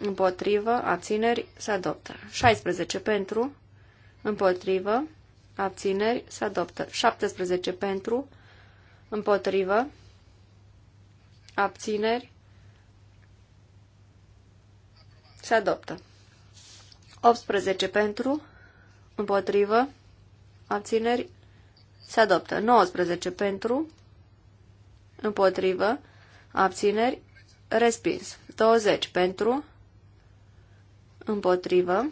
împotrivă, abțineri, se adoptă. 16 pentru, împotrivă, abțineri, se adoptă. 17 pentru, împotrivă, abțineri, se adoptă. 18 pentru, împotrivă, abțineri, se adoptă. 19 pentru, împotrivă, abțineri, abțineri, respins. 20 pentru, împotrivă,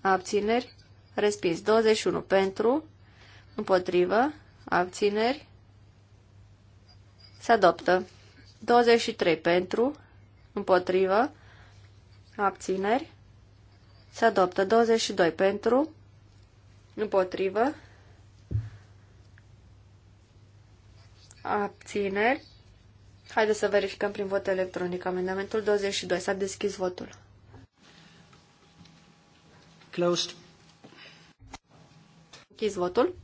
abțineri, respins. 21 pentru, împotrivă, abțineri, se adoptă. 23 pentru, împotrivă, abțineri, se adoptă. 22 pentru, împotrivă, abțineri, Haideți să verificăm prin vot electronic. Amendamentul 22. S-a deschis votul. Closed. Închis votul.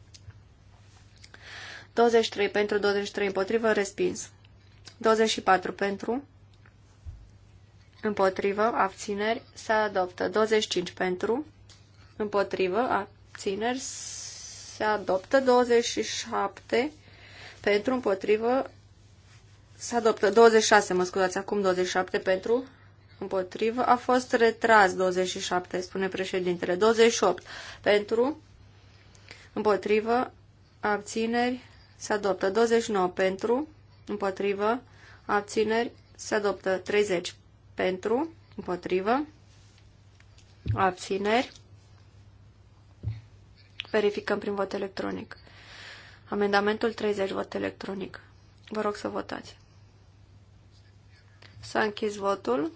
23 pentru, 23 împotrivă, respins. 24 pentru, împotrivă, abțineri, se adoptă. 25 pentru, împotrivă, abțineri, se adoptă. 27 pentru, împotrivă, se adoptă 26, mă scuzați, acum 27 pentru, împotrivă. A fost retras 27, spune președintele. 28 pentru, împotrivă, abțineri, se adoptă 29 pentru, împotrivă, abțineri, se adoptă 30 pentru, împotrivă, abțineri. Verificăm prin vot electronic. Amendamentul 30, vot electronic. Vă rog să votați. S-a închis votul.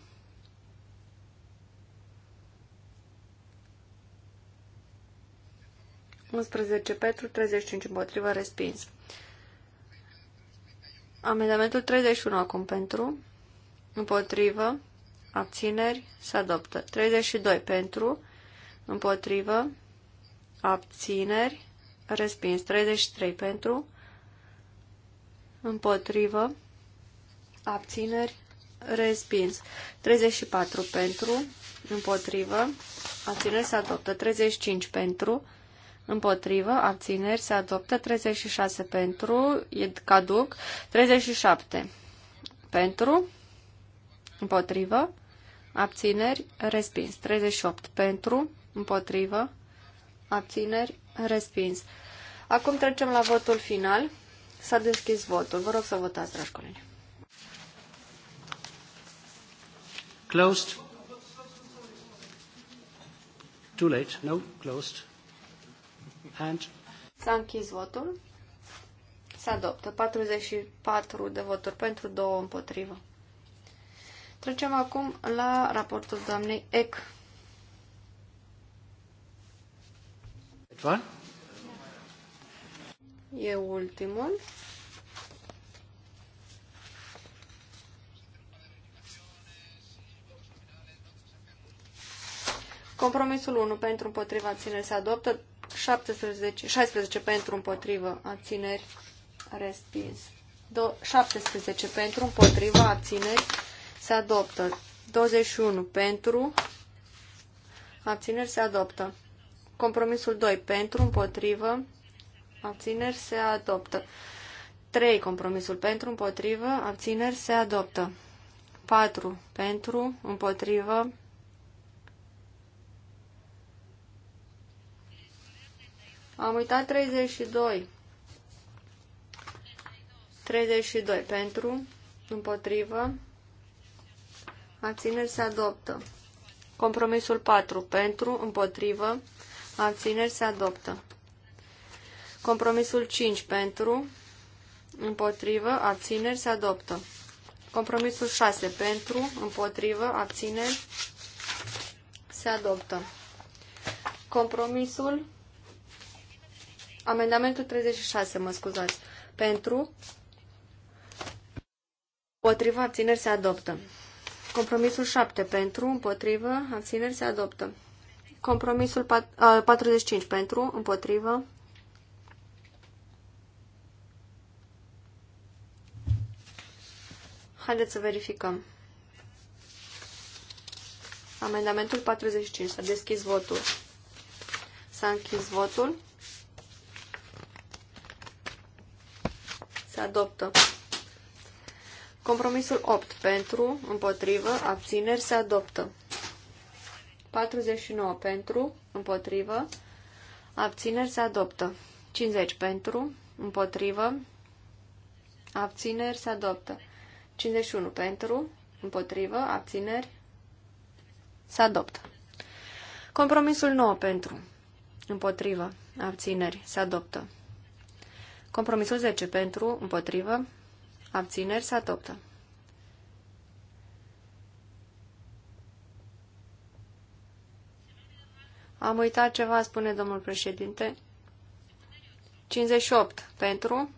Unsprezece pentru, 35 împotrivă, respins. Amendamentul 31 acum pentru, împotrivă, abțineri, se adoptă. 32 pentru, împotrivă, abțineri, respins. 33 pentru, împotrivă, abțineri, respins. 34 pentru, împotrivă, abțineri se adoptă. 35 pentru, împotrivă, abțineri se adoptă. 36 pentru, e caduc. 37 pentru, împotrivă, abțineri, respins. 38 pentru, împotrivă, abțineri, respins. Acum trecem la votul final. S-a deschis votul. Vă rog să votați, dragi colegi. Closed. Too late. No, closed. And. S-a închis votul. Se adoptă 44 de voturi pentru, două împotrivă. Trecem acum la raportul doamnei Eck. E ultimul. Compromisul 1 pentru împotriva abțineri se adoptă, 17, 16 pentru împotriva abțineri respins. Do 17 pentru împotriva abțineri se adoptă, 21 pentru abțineri se adoptă. Compromisul 2 pentru împotrivă abțineri se adoptă. 3. Compromisul pentru, împotrivă, abțineri, se adoptă. 4. Pentru, împotrivă, Am uitat 32. 32 pentru, împotrivă, abțineri se adoptă. Compromisul 4 pentru, împotrivă, abțineri se adoptă. Compromisul 5 pentru, împotrivă, abțineri se adoptă. Compromisul 6 pentru, împotrivă, abțineri se adoptă. Compromisul Amendamentul 36, mă scuzați. Pentru. Împotrivă, abțineri se adoptă. Compromisul 7. Pentru, împotrivă, abțineri se adoptă. Compromisul 45. Pentru, împotrivă. Haideți să verificăm. Amendamentul 45. S-a deschis votul. S-a închis votul. Se adoptă. Compromisul 8. Pentru, împotrivă, abțineri se adoptă. 49. Pentru, împotrivă, abțineri se adoptă. 50. Pentru, împotrivă, abțineri se adoptă. 51. Pentru, împotrivă, abțineri se adoptă. Compromisul 9. Pentru, împotrivă, abțineri se adoptă. Compromisul 10 pentru, împotrivă, abțineri se adoptă. Am uitat ceva, spune domnul președinte. 58 pentru,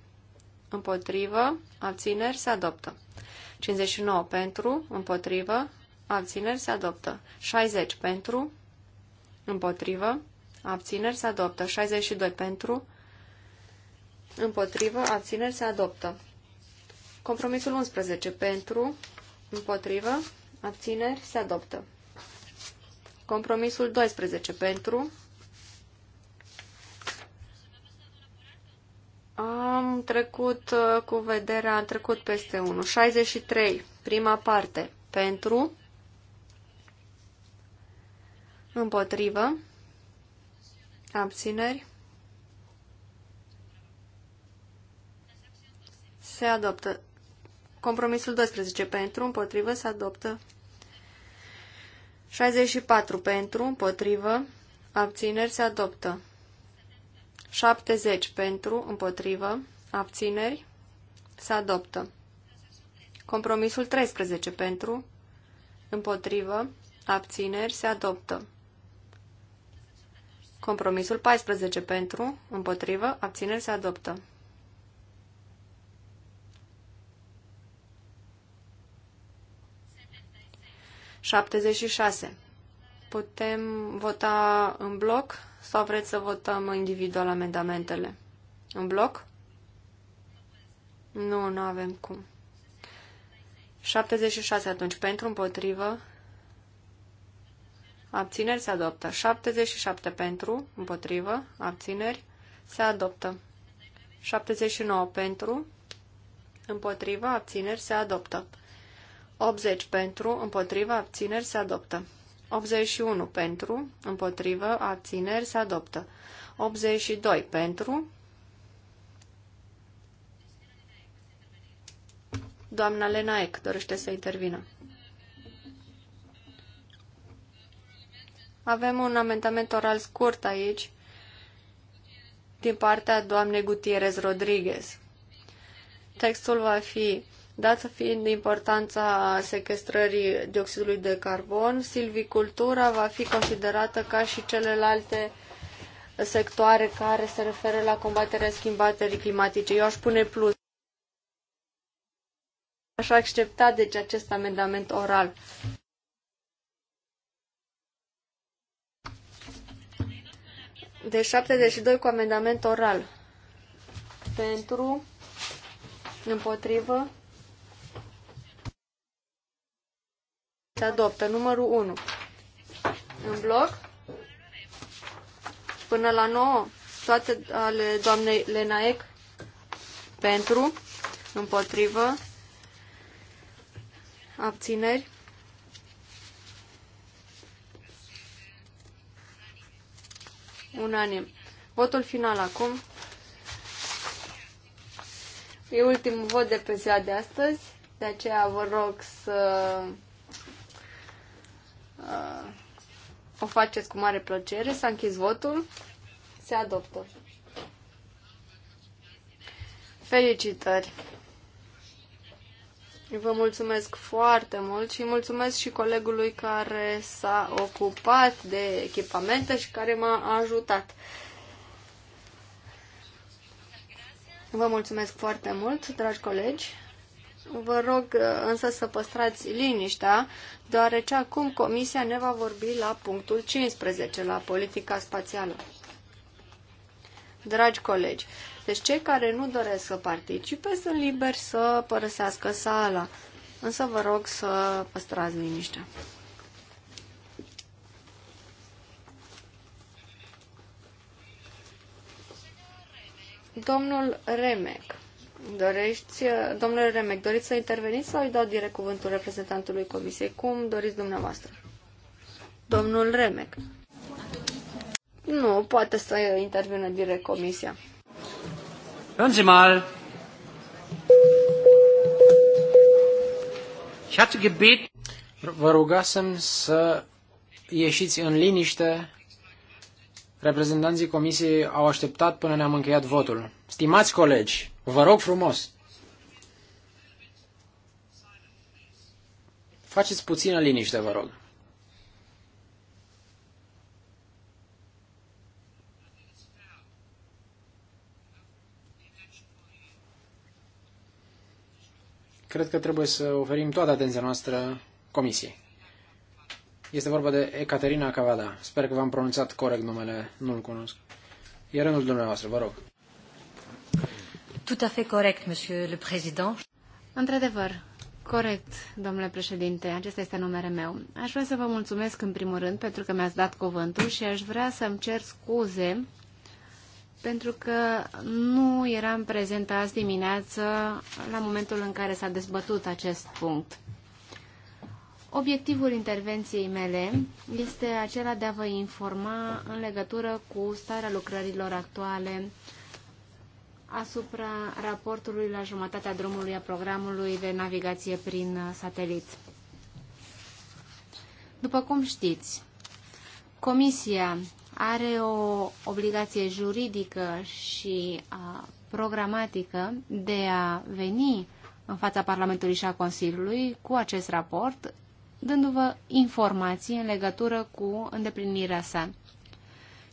împotrivă, abțineri se adoptă. 59 pentru, împotrivă, abțineri se adoptă. 60 pentru, împotrivă, abțineri se adoptă. 62 pentru, împotrivă, abțineri se adoptă. Compromisul 11 pentru, împotrivă, abțineri se adoptă. Compromisul 12 pentru, Am trecut uh, cu vederea, am trecut peste 1. 63, prima parte, pentru, împotrivă, abțineri, se adoptă. Compromisul 12 pentru, împotrivă, se adoptă. 64 pentru, împotrivă, abțineri, se adoptă. 70 pentru, împotrivă, abțineri, se adoptă. Compromisul 13 pentru, împotrivă, abțineri, se adoptă. Compromisul 14 pentru, împotrivă, abțineri, se adoptă. 76. Putem vota în bloc sau vreți să votăm individual amendamentele? În bloc? Nu, nu avem cum. 76 atunci. Pentru, împotrivă. Abțineri se adoptă. 77 pentru, împotrivă. Abțineri se adoptă. 79 pentru, împotrivă. Abțineri se adoptă. 80 pentru, împotrivă, abțineri se adoptă. 81 pentru, împotrivă, abțineri se adoptă. 82 pentru. Doamna Lena Eck dorește să intervină. Avem un amendament oral scurt aici din partea doamnei Gutierrez Rodriguez. Textul va fi Dată fiind importanța sequestrării dioxidului de carbon, silvicultura va fi considerată ca și celelalte sectoare care se referă la combaterea schimbării climatice. Eu aș pune plus. Aș accepta deci acest amendament oral. De 72 cu amendament oral. Pentru, împotrivă, Se adoptă. Numărul 1. În bloc. Până la 9. Toate ale doamnei Lenaec. Pentru. Împotrivă. Abțineri. Unanim. Votul final acum. E ultimul vot de pe ziua de astăzi, de aceea vă rog să Uh, o faceți cu mare plăcere. S-a închis votul. Se adoptă. Felicitări! Vă mulțumesc foarte mult și mulțumesc și colegului care s-a ocupat de echipamente și care m-a ajutat. Vă mulțumesc foarte mult, dragi colegi! Vă rog uh, însă să păstrați liniștea, deoarece acum Comisia ne va vorbi la punctul 15, la politica spațială. Dragi colegi, deci cei care nu doresc să participe sunt liberi să părăsească sala, însă vă rog să păstrați liniștea. Domnul Remec Dorești, domnule Remec, doriți să interveniți sau îi dau direct cuvântul reprezentantului comisiei? Cum doriți dumneavoastră? Domnul Remec. Nu, poate să intervină direct comisia. Hören mal. Ich hatte gebeten. Vă rugasem să ieșiți în liniște. Reprezentanții comisiei au așteptat până ne-am încheiat votul. Stimați colegi, Vă rog frumos! Faceți puțină liniște, vă rog. Cred că trebuie să oferim toată atenția noastră comisiei. Este vorba de Ecaterina Cavada. Sper că v-am pronunțat corect numele, nu-l cunosc. E rândul dumneavoastră, vă rog. Tout à fait monsieur le président. Într-adevăr, corect, domnule președinte, acesta este numele meu. Aș vrea să vă mulțumesc în primul rând pentru că mi-ați dat cuvântul și aș vrea să-mi cer scuze pentru că nu eram prezent azi dimineață la momentul în care s-a dezbătut acest punct. Obiectivul intervenției mele este acela de a vă informa în legătură cu starea lucrărilor actuale asupra raportului la jumătatea drumului a programului de navigație prin uh, satelit. După cum știți, Comisia are o obligație juridică și a, uh, programatică de a veni în fața Parlamentului și a Consiliului cu acest raport, dându-vă informații în legătură cu îndeplinirea sa.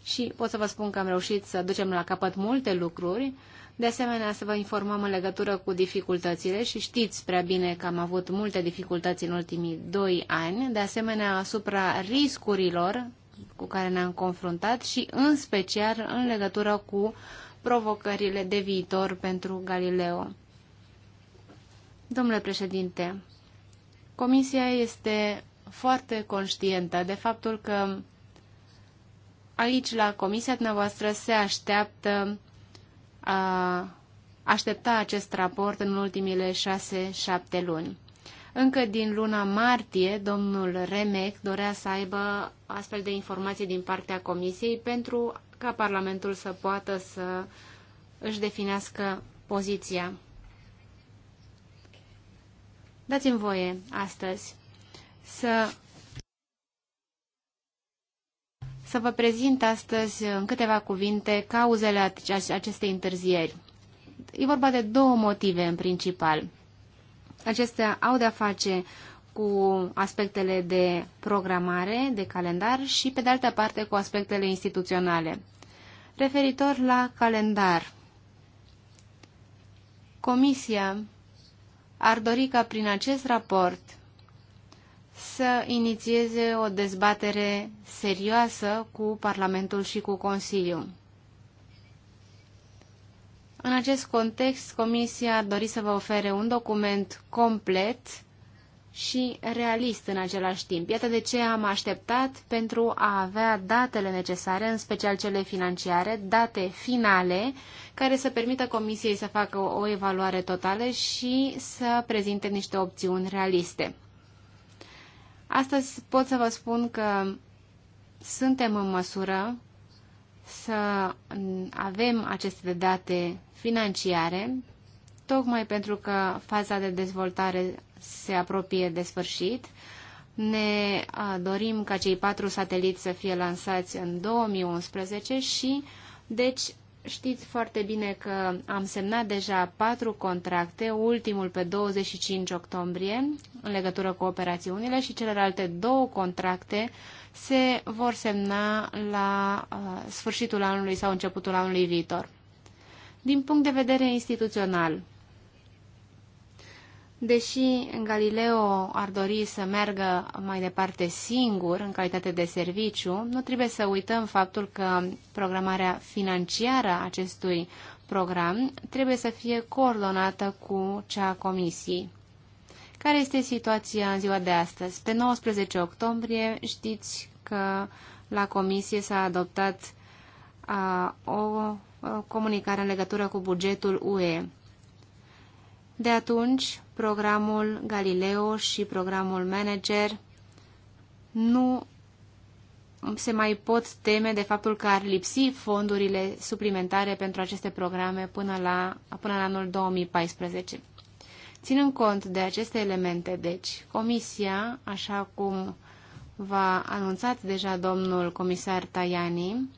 Și pot să vă spun că am reușit să ducem la capăt multe lucruri, de asemenea, să vă informăm în legătură cu dificultățile și știți prea bine că am avut multe dificultăți în ultimii doi ani, de asemenea asupra riscurilor cu care ne-am confruntat și în special în legătură cu provocările de viitor pentru Galileo. Domnule președinte, Comisia este foarte conștientă de faptul că aici, la Comisia dumneavoastră, se așteaptă aștepta acest raport în ultimile șase-șapte luni. Încă din luna martie, domnul Remec dorea să aibă astfel de informații din partea Comisiei pentru ca Parlamentul să poată să își definească poziția. Dați-mi voie astăzi să să vă prezint astăzi în câteva cuvinte cauzele acestei întârzieri. E vorba de două motive în principal. Acestea au de-a face cu aspectele de programare, de calendar și, pe de altă parte, cu aspectele instituționale. Referitor la calendar, Comisia ar dori ca prin acest raport să inițieze o dezbatere serioasă cu Parlamentul și cu Consiliul. În acest context, Comisia ar dori să vă ofere un document complet și realist în același timp. Iată de ce am așteptat pentru a avea datele necesare, în special cele financiare, date finale, care să permită Comisiei să facă o evaluare totală și să prezinte niște opțiuni realiste. Astăzi pot să vă spun că suntem în măsură să avem aceste date financiare, tocmai pentru că faza de dezvoltare se apropie de sfârșit. Ne dorim ca cei patru sateliți să fie lansați în 2011 și, deci, știți foarte bine că am semnat deja patru contracte, ultimul pe 25 octombrie, în legătură cu operațiunile, și celelalte două contracte se vor semna la uh, sfârșitul anului sau începutul anului viitor. Din punct de vedere instituțional, Deși Galileo ar dori să meargă mai departe singur în calitate de serviciu, nu trebuie să uităm faptul că programarea financiară a acestui program trebuie să fie coordonată cu cea a Comisiei. Care este situația în ziua de astăzi? Pe 19 octombrie știți că la Comisie s-a adoptat a, o, o comunicare în legătură cu bugetul UE. De atunci, programul Galileo și programul Manager nu se mai pot teme de faptul că ar lipsi fondurile suplimentare pentru aceste programe până la până la anul 2014. Ținând cont de aceste elemente, deci, Comisia, așa cum v-a anunțat deja domnul comisar Tajani,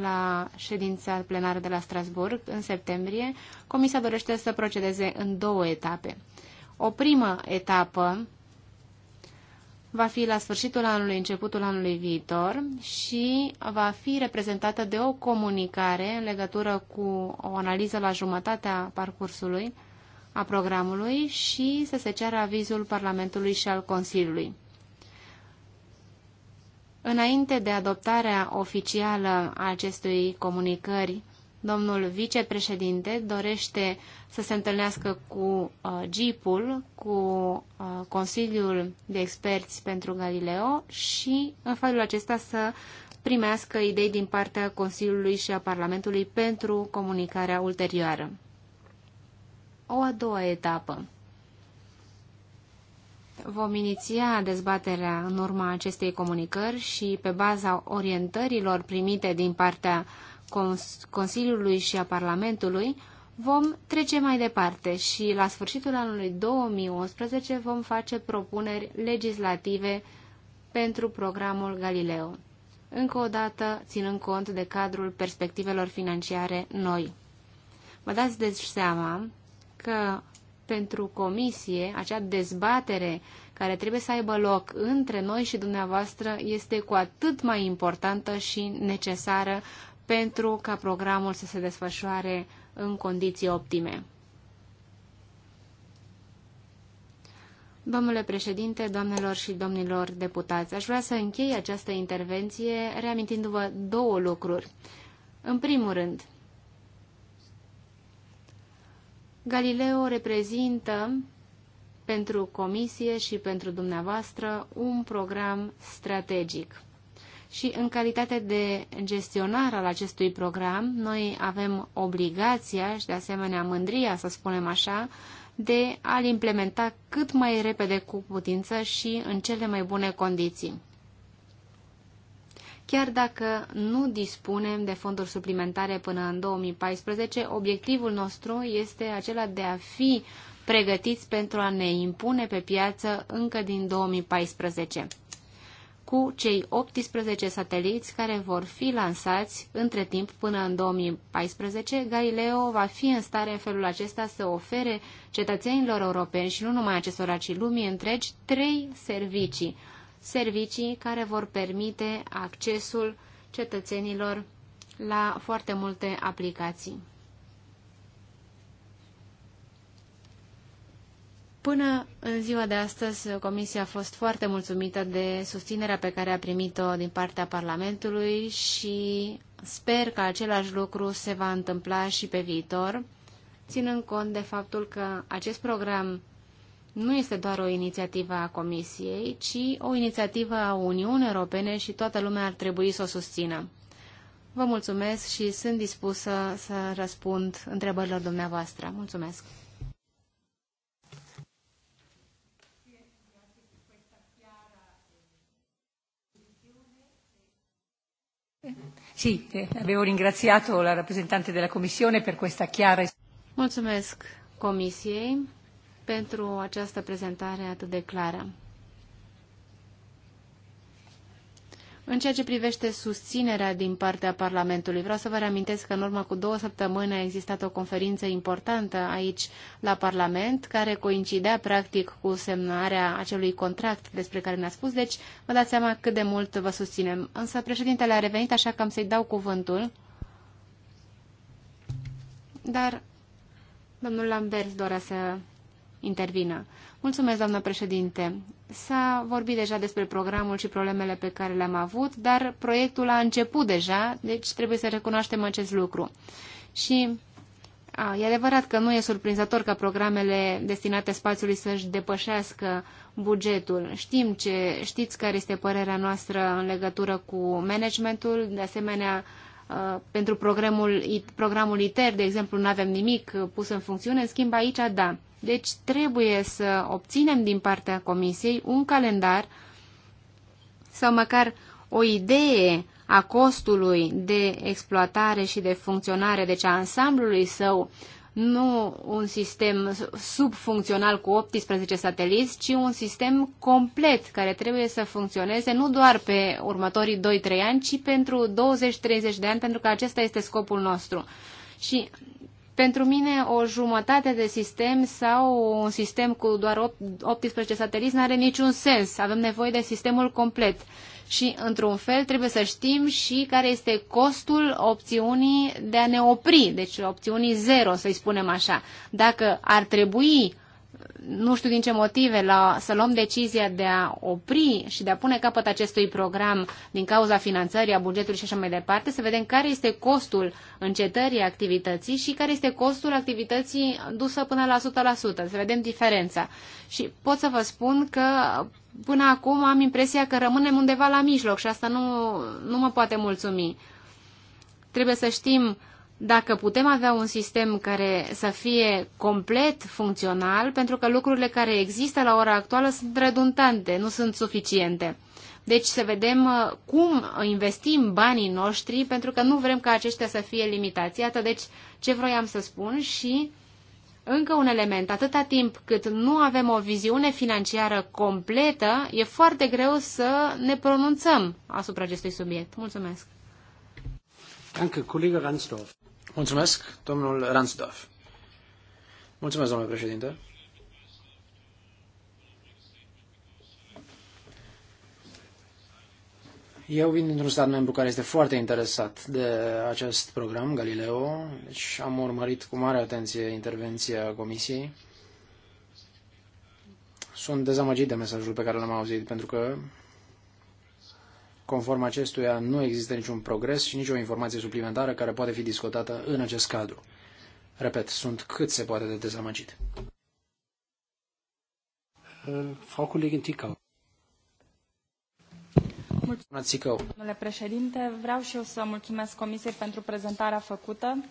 la ședința plenară de la Strasburg în septembrie, Comisia dorește să procedeze în două etape. O primă etapă va fi la sfârșitul anului, începutul anului viitor și va fi reprezentată de o comunicare în legătură cu o analiză la jumătatea parcursului a programului și să se ceară avizul Parlamentului și al Consiliului. Înainte de adoptarea oficială a acestui comunicări, domnul vicepreședinte dorește să se întâlnească cu uh, GIP-ul, cu uh, Consiliul de Experți pentru Galileo și în felul acesta să primească idei din partea Consiliului și a Parlamentului pentru comunicarea ulterioară. O a doua etapă vom iniția dezbaterea în urma acestei comunicări și pe baza orientărilor primite din partea Consiliului și a Parlamentului, vom trece mai departe și la sfârșitul anului 2011 vom face propuneri legislative pentru programul Galileo, încă o dată ținând cont de cadrul perspectivelor financiare noi. Vă dați deci seama că pentru comisie, acea dezbatere care trebuie să aibă loc între noi și dumneavoastră este cu atât mai importantă și necesară pentru ca programul să se desfășoare în condiții optime. Domnule președinte, doamnelor și domnilor deputați, aș vrea să închei această intervenție reamintindu-vă două lucruri. În primul rând, Galileo reprezintă pentru Comisie și pentru dumneavoastră un program strategic. Și în calitate de gestionar al acestui program, noi avem obligația și de asemenea mândria, să spunem așa, de a-l implementa cât mai repede cu putință și în cele mai bune condiții. Chiar dacă nu dispunem de fonduri suplimentare până în 2014, obiectivul nostru este acela de a fi pregătiți pentru a ne impune pe piață încă din 2014 cu cei 18 sateliți care vor fi lansați între timp până în 2014, Galileo va fi în stare în felul acesta să ofere cetățenilor europeni și nu numai acestora, ci lumii întregi, trei servicii servicii care vor permite accesul cetățenilor la foarte multe aplicații. Până în ziua de astăzi, Comisia a fost foarte mulțumită de susținerea pe care a primit-o din partea Parlamentului și sper că același lucru se va întâmpla și pe viitor, ținând cont de faptul că acest program nu este doar o inițiativă a Comisiei, ci o inițiativă a Uniunii Europene și toată lumea ar trebui să o susțină. Vă mulțumesc și sunt dispusă să răspund întrebărilor dumneavoastră. Mulțumesc! Sì, eh, avevo ringraziato la rappresentante della Commissione per questa chiara. Mulțumesc Comisiei pentru această prezentare atât de clară. În ceea ce privește susținerea din partea Parlamentului, vreau să vă reamintesc că în urmă cu două săptămâni a existat o conferință importantă aici la Parlament, care coincidea practic cu semnarea acelui contract despre care ne-a spus, deci vă dați seama cât de mult vă susținem. Însă președintele a revenit, așa că am să-i dau cuvântul. Dar domnul Lambert dorea să intervină. Mulțumesc, doamnă președinte. S-a vorbit deja despre programul și problemele pe care le-am avut, dar proiectul a început deja, deci trebuie să recunoaștem acest lucru. Și a, e adevărat că nu e surprinzător ca programele destinate spațiului să-și depășească bugetul. Știm ce, știți care este părerea noastră în legătură cu managementul, de asemenea pentru programul, programul ITER, de exemplu, nu avem nimic pus în funcțiune, în schimb aici, da. Deci trebuie să obținem din partea Comisiei un calendar sau măcar o idee a costului de exploatare și de funcționare, deci a ansamblului său, nu un sistem subfuncțional cu 18 sateliți, ci un sistem complet care trebuie să funcționeze nu doar pe următorii 2-3 ani, ci pentru 20-30 de ani, pentru că acesta este scopul nostru. Și pentru mine, o jumătate de sistem sau un sistem cu doar 18 sateliți nu are niciun sens. Avem nevoie de sistemul complet. Și, într-un fel, trebuie să știm și care este costul opțiunii de a ne opri, deci opțiunii zero, să-i spunem așa. Dacă ar trebui nu știu din ce motive, la, să luăm decizia de a opri și de a pune capăt acestui program din cauza finanțării, a bugetului și așa mai departe, să vedem care este costul încetării activității și care este costul activității dusă până la 100%, să vedem diferența. Și pot să vă spun că până acum am impresia că rămânem undeva la mijloc și asta nu, nu mă poate mulțumi. Trebuie să știm uh, dacă putem avea un sistem care să fie complet funcțional, pentru că lucrurile care există la ora actuală sunt redundante, nu sunt suficiente. Deci să vedem uh, cum investim banii noștri, pentru că nu vrem ca aceștia să fie limitați. Iată, deci, ce vroiam să spun și încă un element. Atâta timp cât nu avem o viziune financiară completă, e foarte greu să ne pronunțăm asupra acestui subiect. Mulțumesc! Danke, Kollege Ransdorf. Mulțumesc, domnul Ransdorf. Mulțumesc, domnule președinte. Eu vin dintr-un stat membru care este foarte interesat de acest program, Galileo, deci am urmărit cu mare atenție intervenția Comisiei. Sunt dezamăgit de mesajul pe care l-am auzit, pentru că Conform acestuia, nu există niciun progres și nicio informație suplimentară care poate fi discutată în acest cadru. Repet, sunt cât se poate de dezamăgit. Frau Kollegin Domnule președinte, vreau și eu să mulțumesc Comisiei pentru prezentarea făcută.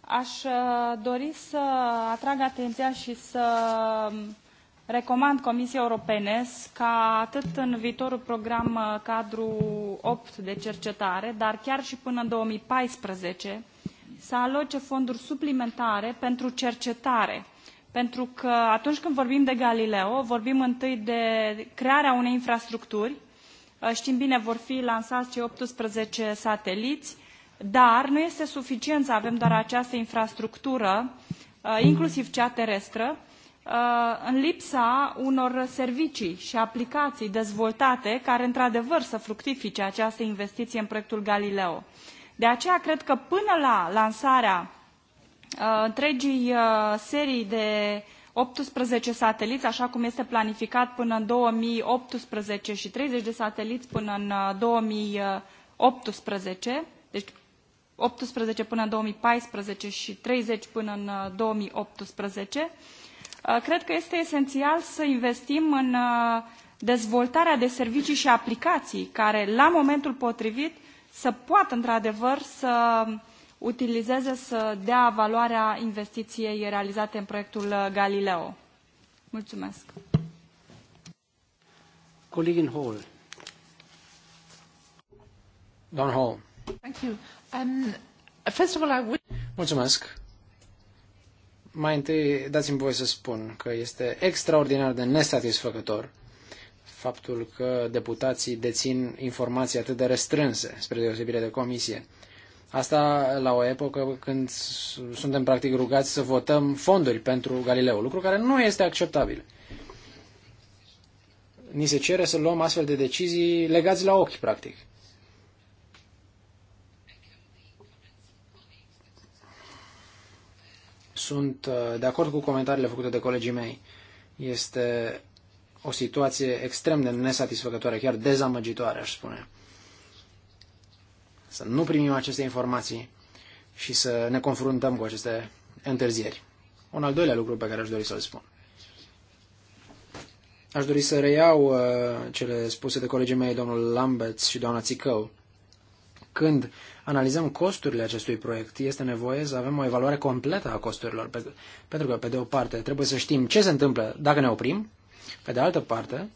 Aș uh, dori să atrag atenția și să recomand Comisiei Europene ca atât în viitorul program uh, cadru opt de cercetare, dar chiar și până în 2014, să aloce fonduri suplimentare pentru cercetare. Pentru că atunci când vorbim de Galileo, vorbim întâi de crearea unei infrastructuri. Uh, știm bine, vor fi lansați cei 18 sateliți, dar nu este suficient să avem doar această infrastructură, uh, inclusiv cea terestră, Uh, în lipsa unor servicii și aplicații dezvoltate care într-adevăr să fructifice această investiție în proiectul Galileo. De aceea cred că până la lansarea uh, întregii uh, serii de 18 sateliți, așa cum este planificat până în 2018 și 30 de sateliți până în 2018, deci 18 până în 2014 și 30 până în 2018, Uh, cred că este esențial să investim în uh, dezvoltarea de servicii și aplicații care, la momentul potrivit, să poată, într-adevăr, să utilizeze, să dea valoarea investiției realizate în proiectul uh, Galileo. Mulțumesc. Colegin Hall. Don Hall. Thank you. Um, first of all, I would... Mulțumesc. Mai întâi dați-mi voie să spun că este extraordinar de nesatisfăcător faptul că deputații dețin informații atât de restrânse, spre deosebire de comisie. Asta la o epocă când suntem practic rugați să votăm fonduri pentru Galileo, lucru care nu este acceptabil. Ni se cere să luăm astfel de decizii legați la ochi, practic. Sunt uh, de acord cu comentariile făcute de colegii mei. Este o situație extrem de nesatisfăcătoare, chiar dezamăgitoare, aș spune. Să nu primim aceste informații și să ne confruntăm cu aceste întârzieri. Un al doilea lucru pe care aș dori să-l spun. Aș dori să reiau uh, cele spuse de colegii mei, domnul Lambert și doamna Țicău când analizăm costurile acestui proiect, este nevoie să avem o evaluare completă a costurilor. Pentru că, pe de o parte, trebuie să știm ce se întâmplă dacă ne oprim, pe de altă parte,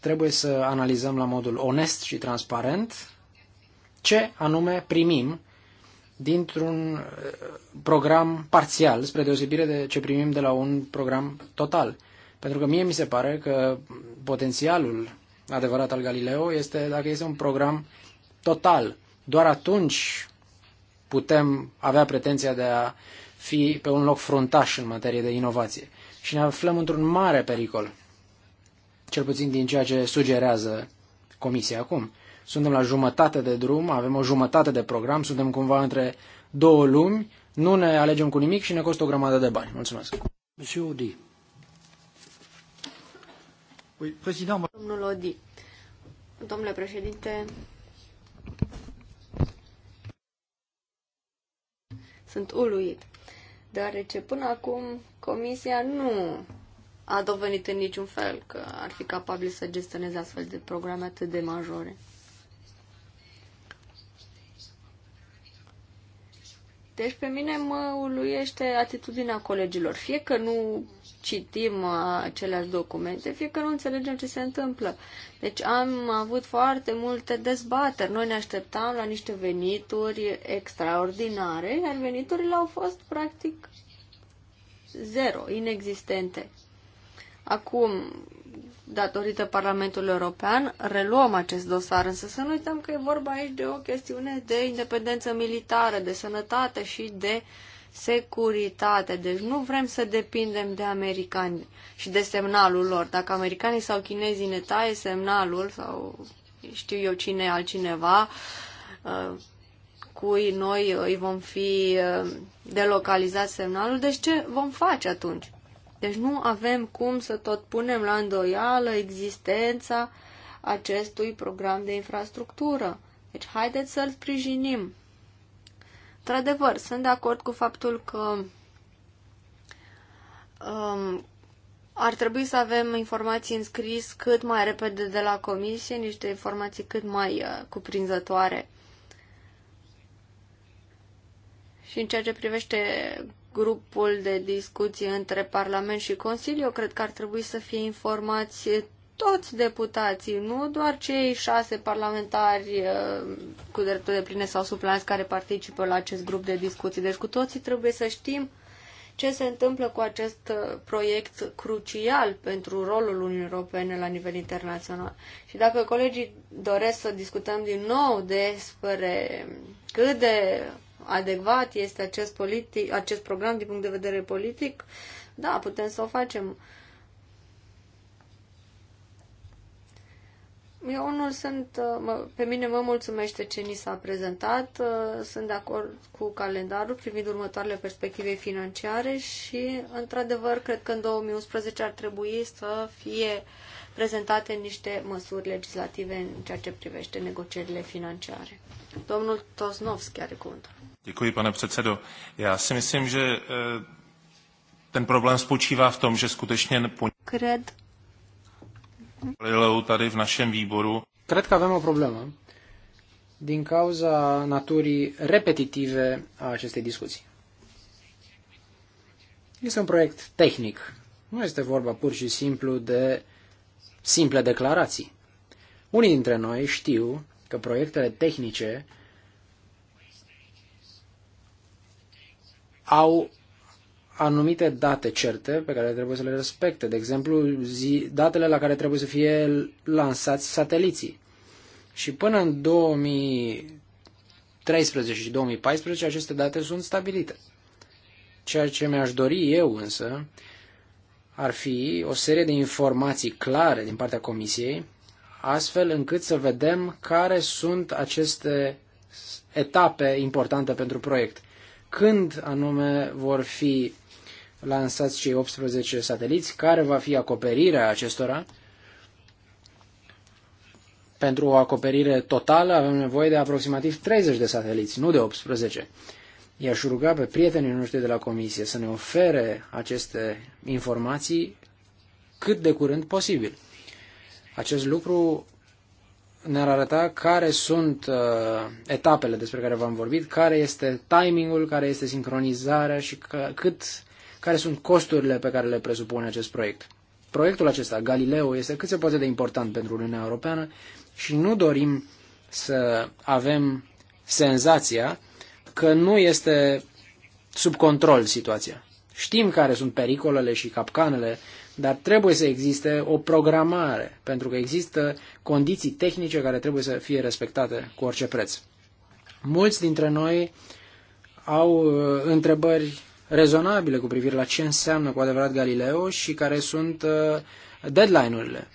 trebuie să analizăm la modul onest și transparent ce anume primim dintr-un eh, program parțial, spre deosebire de ce primim de la un program total. Pentru că mie mi se pare că potențialul adevărat al Galileo este dacă este un program total doar atunci putem avea pretenția de a fi pe un loc frontaș în materie de inovație. Și ne aflăm într-un mare pericol, cel puțin din ceea ce sugerează Comisia acum. Suntem la jumătate de drum, avem o jumătate de program, suntem cumva între două lumi, nu ne alegem cu nimic și ne costă o grămadă de bani. Mulțumesc. Monsieur Audi. Domnul Odi, domnule președinte, sunt uluit, deoarece până acum Comisia nu a dovenit în niciun fel că ar fi capabil să gestioneze astfel de programe atât de majore. Deci pe mine mă uluiește atitudinea colegilor. Fie că nu citim uh, aceleași documente, fie că nu înțelegem ce se întâmplă. Deci am avut foarte multe dezbateri. Noi ne așteptam la niște venituri extraordinare, iar veniturile au fost practic zero, inexistente. Acum, datorită Parlamentului European, reluăm acest dosar, însă să nu uităm că e vorba aici de o chestiune de independență militară, de sănătate și de uh, securitate. Deci nu vrem să depindem de americani și de semnalul lor. Dacă americanii sau chinezii ne taie semnalul sau știu eu cine altcineva, uh, cui noi uh, îi vom fi uh, delocalizat semnalul, deci ce vom face atunci? Deci nu avem cum să tot punem la îndoială existența acestui program de infrastructură. Deci haideți să-l sprijinim. Într-adevăr, sunt de acord cu faptul că um, ar trebui să avem informații în scris cât mai repede de la comisie, niște informații cât mai uh, cuprinzătoare. Și în ceea ce privește grupul de discuții între Parlament și Consiliu, cred că ar trebui să fie informați toți deputații, nu doar cei șase parlamentari uh, cu dreptul de pline sau suplanți care participă la acest grup de discuții. Deci cu toții trebuie să știm ce se întâmplă cu acest uh, proiect crucial pentru rolul Uniunii Europene la nivel internațional. Și dacă colegii doresc să discutăm din nou despre cât de adecvat este acest, politic, acest program din punct de vedere politic, da, putem să o facem. Eu unul sunt, uh, pe mine mă mulțumește ce ni s-a prezentat, uh, sunt de acord cu calendarul privind următoarele perspective financiare și, într-adevăr, cred că în 2011 ar trebui să fie prezentate niște măsuri legislative în ceea ce privește negocierile financiare. Domnul Tosnovski are cuvântul. Děkuji, pane předsedo. Já si myslím, že eh, ten problém spočívá v tom, že skutečně... Cred Cred că avem o problemă din cauza naturii repetitive a acestei discuții. Este un proiect tehnic. Nu este vorba pur și simplu de simple declarații. Unii dintre noi știu că proiectele tehnice au anumite date certe pe care trebuie să le respecte, de exemplu zi, datele la care trebuie să fie lansați sateliții. Și până în 2013 și 2014 aceste date sunt stabilite. Ceea ce mi-aș dori eu însă ar fi o serie de informații clare din partea Comisiei, astfel încât să vedem care sunt aceste etape importante pentru proiect. Când anume vor fi lansați cei 18 sateliți, care va fi acoperirea acestora. Pentru o acoperire totală avem nevoie de aproximativ 30 de sateliți, nu de 18. I-aș ruga pe prietenii noștri de la Comisie să ne ofere aceste informații cât de curând posibil. Acest lucru ne-ar arăta care sunt uh, etapele despre care v-am vorbit, care este timingul, care este sincronizarea și că, cât care sunt costurile pe care le presupune acest proiect. Proiectul acesta, Galileo, este cât se poate de important pentru Uniunea Europeană și nu dorim să avem senzația că nu este sub control situația. Știm care sunt pericolele și capcanele, dar trebuie să existe o programare, pentru că există condiții tehnice care trebuie să fie respectate cu orice preț. Mulți dintre noi au uh, întrebări rezonabile cu privire la ce înseamnă cu adevărat Galileo și care sunt uh, deadline-urile.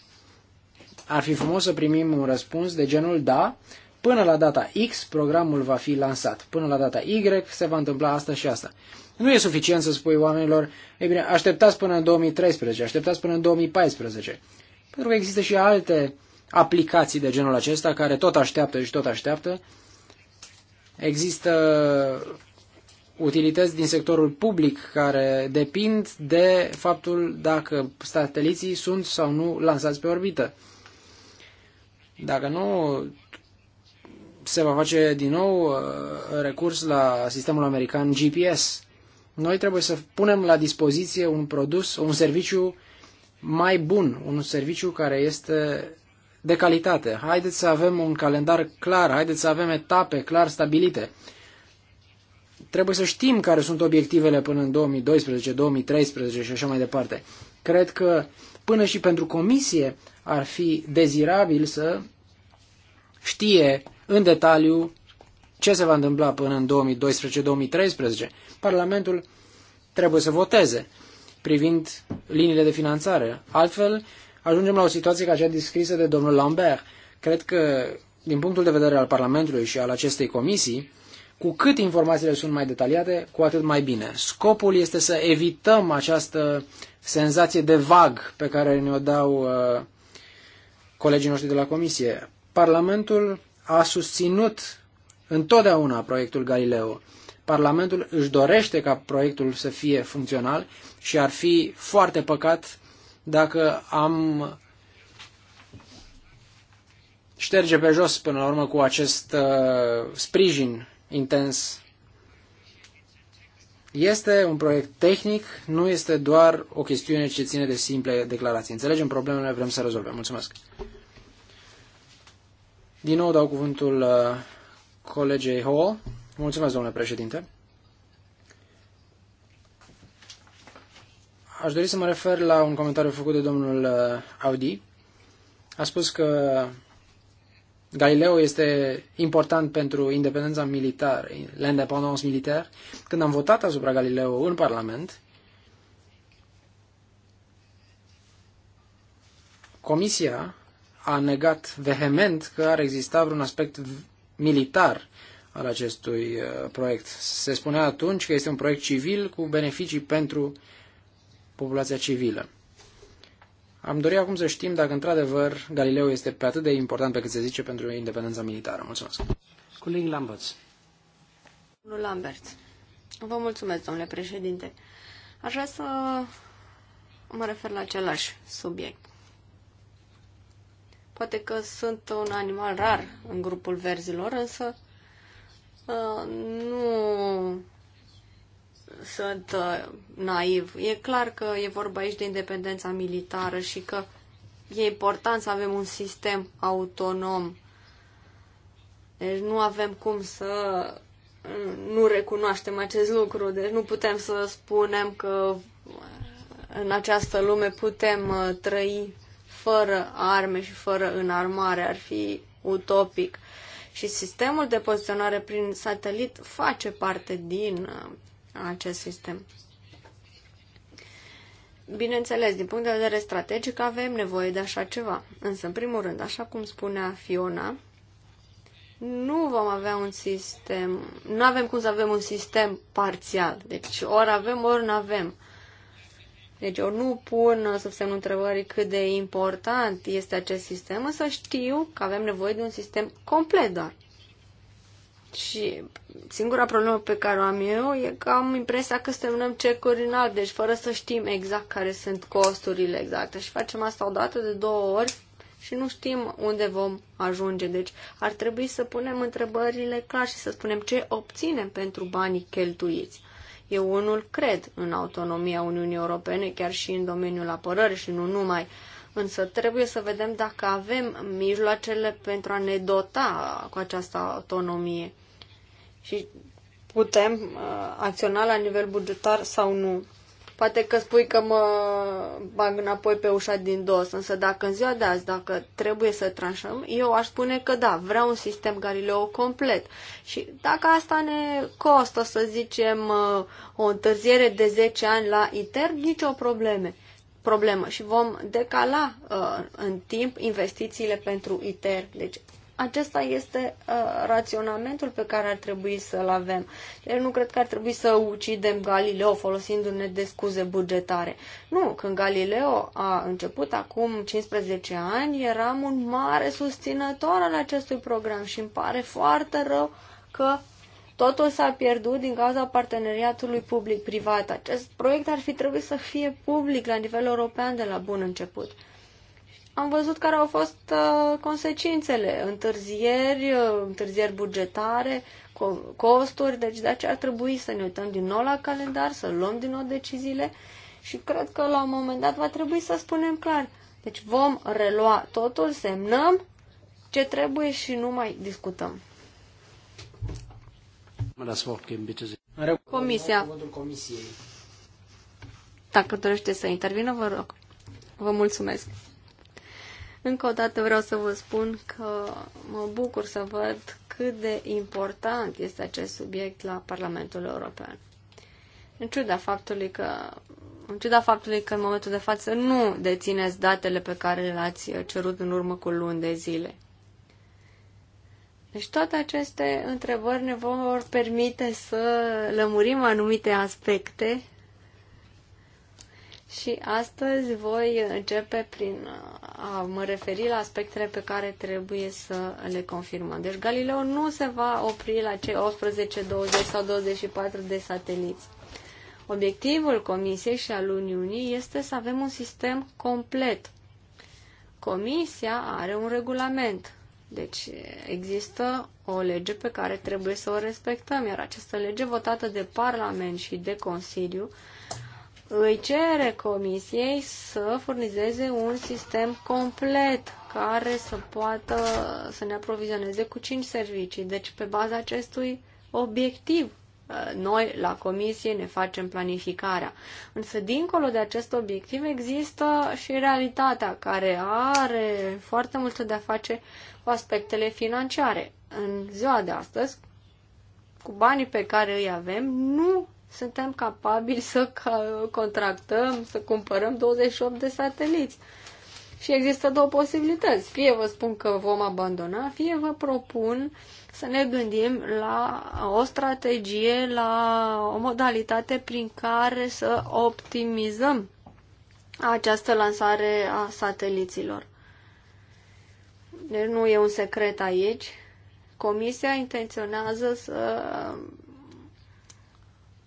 Ar fi frumos să primim un răspuns de genul da, până la data X programul va fi lansat, până la data Y se va întâmpla asta și asta. Nu e suficient să spui oamenilor, e bine, așteptați până în 2013, așteptați până în 2014. Pentru că există și alte aplicații de genul acesta care tot așteaptă și tot așteaptă. Există utilități din sectorul public care depind de faptul dacă sateliții sunt sau nu lansați pe orbită. Dacă nu, se va face din nou uh, recurs la sistemul american GPS. Noi trebuie să punem la dispoziție un produs, un serviciu mai bun, un serviciu care este de calitate. Haideți să avem un calendar clar, haideți să avem etape clar stabilite trebuie să știm care sunt obiectivele până în 2012, 2013 și așa mai departe. Cred că până și pentru comisie ar fi dezirabil să știe în detaliu ce se va întâmpla până în 2012-2013. Parlamentul trebuie să voteze privind liniile de finanțare. Altfel, ajungem la o situație ca cea descrisă de domnul Lambert. Cred că, din punctul de vedere al Parlamentului și al acestei comisii, cu cât informațiile sunt mai detaliate, cu atât mai bine. Scopul este să evităm această senzație de vag pe care ne-o dau uh, colegii noștri de la Comisie. Parlamentul a susținut întotdeauna proiectul Galileo. Parlamentul își dorește ca proiectul să fie funcțional și ar fi foarte păcat dacă am șterge pe jos până la urmă cu acest uh, sprijin intens. Este un proiect tehnic, nu este doar o chestiune ce ține de simple declarații. Înțelegem problemele, vrem să rezolvăm. Mulțumesc. Din nou dau cuvântul uh, colegei Hall. Mulțumesc, domnule președinte. Aș dori să mă refer la un comentariu făcut de domnul uh, Audi. A spus că Galileo este important pentru independența militară, l'independence militar. Când am votat asupra Galileo în Parlament, Comisia a negat vehement că ar exista vreun aspect militar al acestui uh, proiect. Se spunea atunci că este un proiect civil cu beneficii pentru populația civilă. Am dorit acum să știm dacă într-adevăr Galileo este pe atât de important pe cât se zice pentru independența militară. Mulțumesc. Coleg Lambert. Domnul Lambert, vă mulțumesc, domnule președinte. Aș vrea să mă refer la același subiect. Poate că sunt un animal rar în grupul verzilor, însă uh, nu sunt uh, naiv. E clar că e vorba aici de independența militară și că e important să avem un sistem autonom. Deci nu avem cum să uh, nu recunoaștem acest lucru. Deci nu putem să spunem că uh, în această lume putem trăi fără arme și fără înarmare. Ar fi utopic. Și sistemul de poziționare prin satelit face parte din acest sistem. Bineînțeles, din punct de vedere strategic avem nevoie de așa ceva. Însă, în primul rând, așa cum spunea Fiona, nu vom avea un sistem, nu avem cum să avem un sistem parțial. Deci ori avem, ori nu avem. Deci eu nu pun să semn întrebări cât de important este acest sistem, însă știu că avem nevoie de un sistem complet doar. Și singura problemă pe care o am eu e că am impresia că semnăm cecuri în alb, deci fără să știm exact care sunt costurile exacte. Și facem asta o dată de două ori și nu știm unde vom ajunge. Deci ar trebui să punem întrebările clar și să spunem ce obținem pentru banii cheltuiți. Eu unul cred în autonomia Uniunii Europene, chiar și în domeniul apărării și nu numai. Uh, Însă trebuie să vedem dacă avem mijloacele pentru a ne dota cu această autonomie și putem uh, acționa la nivel bugetar sau nu. Poate că spui că mă bag înapoi pe ușa din dos, însă dacă în ziua de azi, dacă trebuie să tranșăm, eu aș spune că da, vreau un sistem Galileo complet. Și dacă asta ne costă, să zicem, uh, o întârziere de 10 ani la ITER, nicio probleme problemă și vom decala uh, în timp investițiile pentru ITER. Deci acesta este uh, raționamentul pe care ar trebui să-l avem. Eu nu cred că ar trebui să ucidem Galileo folosindu-ne de scuze bugetare. Nu, când Galileo a început acum 15 ani, eram un mare susținător al acestui program și îmi pare foarte rău că Totul s-a pierdut din cauza parteneriatului public-privat. Acest proiect ar fi trebuit să fie public la nivel european de la bun început. Am văzut care au fost uh, consecințele, întârzieri, uh, întârzieri bugetare, co- costuri, deci de aceea ar trebui să ne uităm din nou la calendar, să luăm din nou deciziile și cred că la un moment dat va trebui să spunem clar. Deci vom relua totul, semnăm ce trebuie și nu mai discutăm. Comisia. Dacă dorește să intervină, vă rog. Vă mulțumesc. Încă o dată vreau să vă spun că mă bucur să văd cât de important este acest subiect la Parlamentul European. În ciuda faptului că în ciuda faptului că în momentul de față nu dețineți datele pe care le-ați cerut în urmă cu luni de zile. Deci toate aceste întrebări ne vor permite să lămurim anumite aspecte și astăzi voi începe prin a mă referi la aspectele pe care trebuie să le confirmăm. Deci Galileo nu se va opri la cei 18, 20 sau 24 de sateliți. Obiectivul Comisiei și al Uniunii este să avem un sistem complet. Comisia are un regulament deci există o lege pe care trebuie să o respectăm, iar această lege votată de Parlament și de Consiliu îi cere Comisiei să furnizeze un sistem complet care să poată să ne aprovizioneze cu cinci servicii. Deci pe baza acestui obiectiv noi la comisie ne facem planificarea. Însă dincolo de acest obiectiv există și realitatea care are foarte mult de a face cu aspectele financiare. În ziua de astăzi, cu banii pe care îi avem, nu suntem capabili să contractăm, să cumpărăm 28 de sateliți. Și există două posibilități. Fie vă spun că vom abandona, fie vă propun să ne gândim la o strategie, la o modalitate prin care să optimizăm această lansare a sateliților. Deci nu e un secret aici. Comisia intenționează să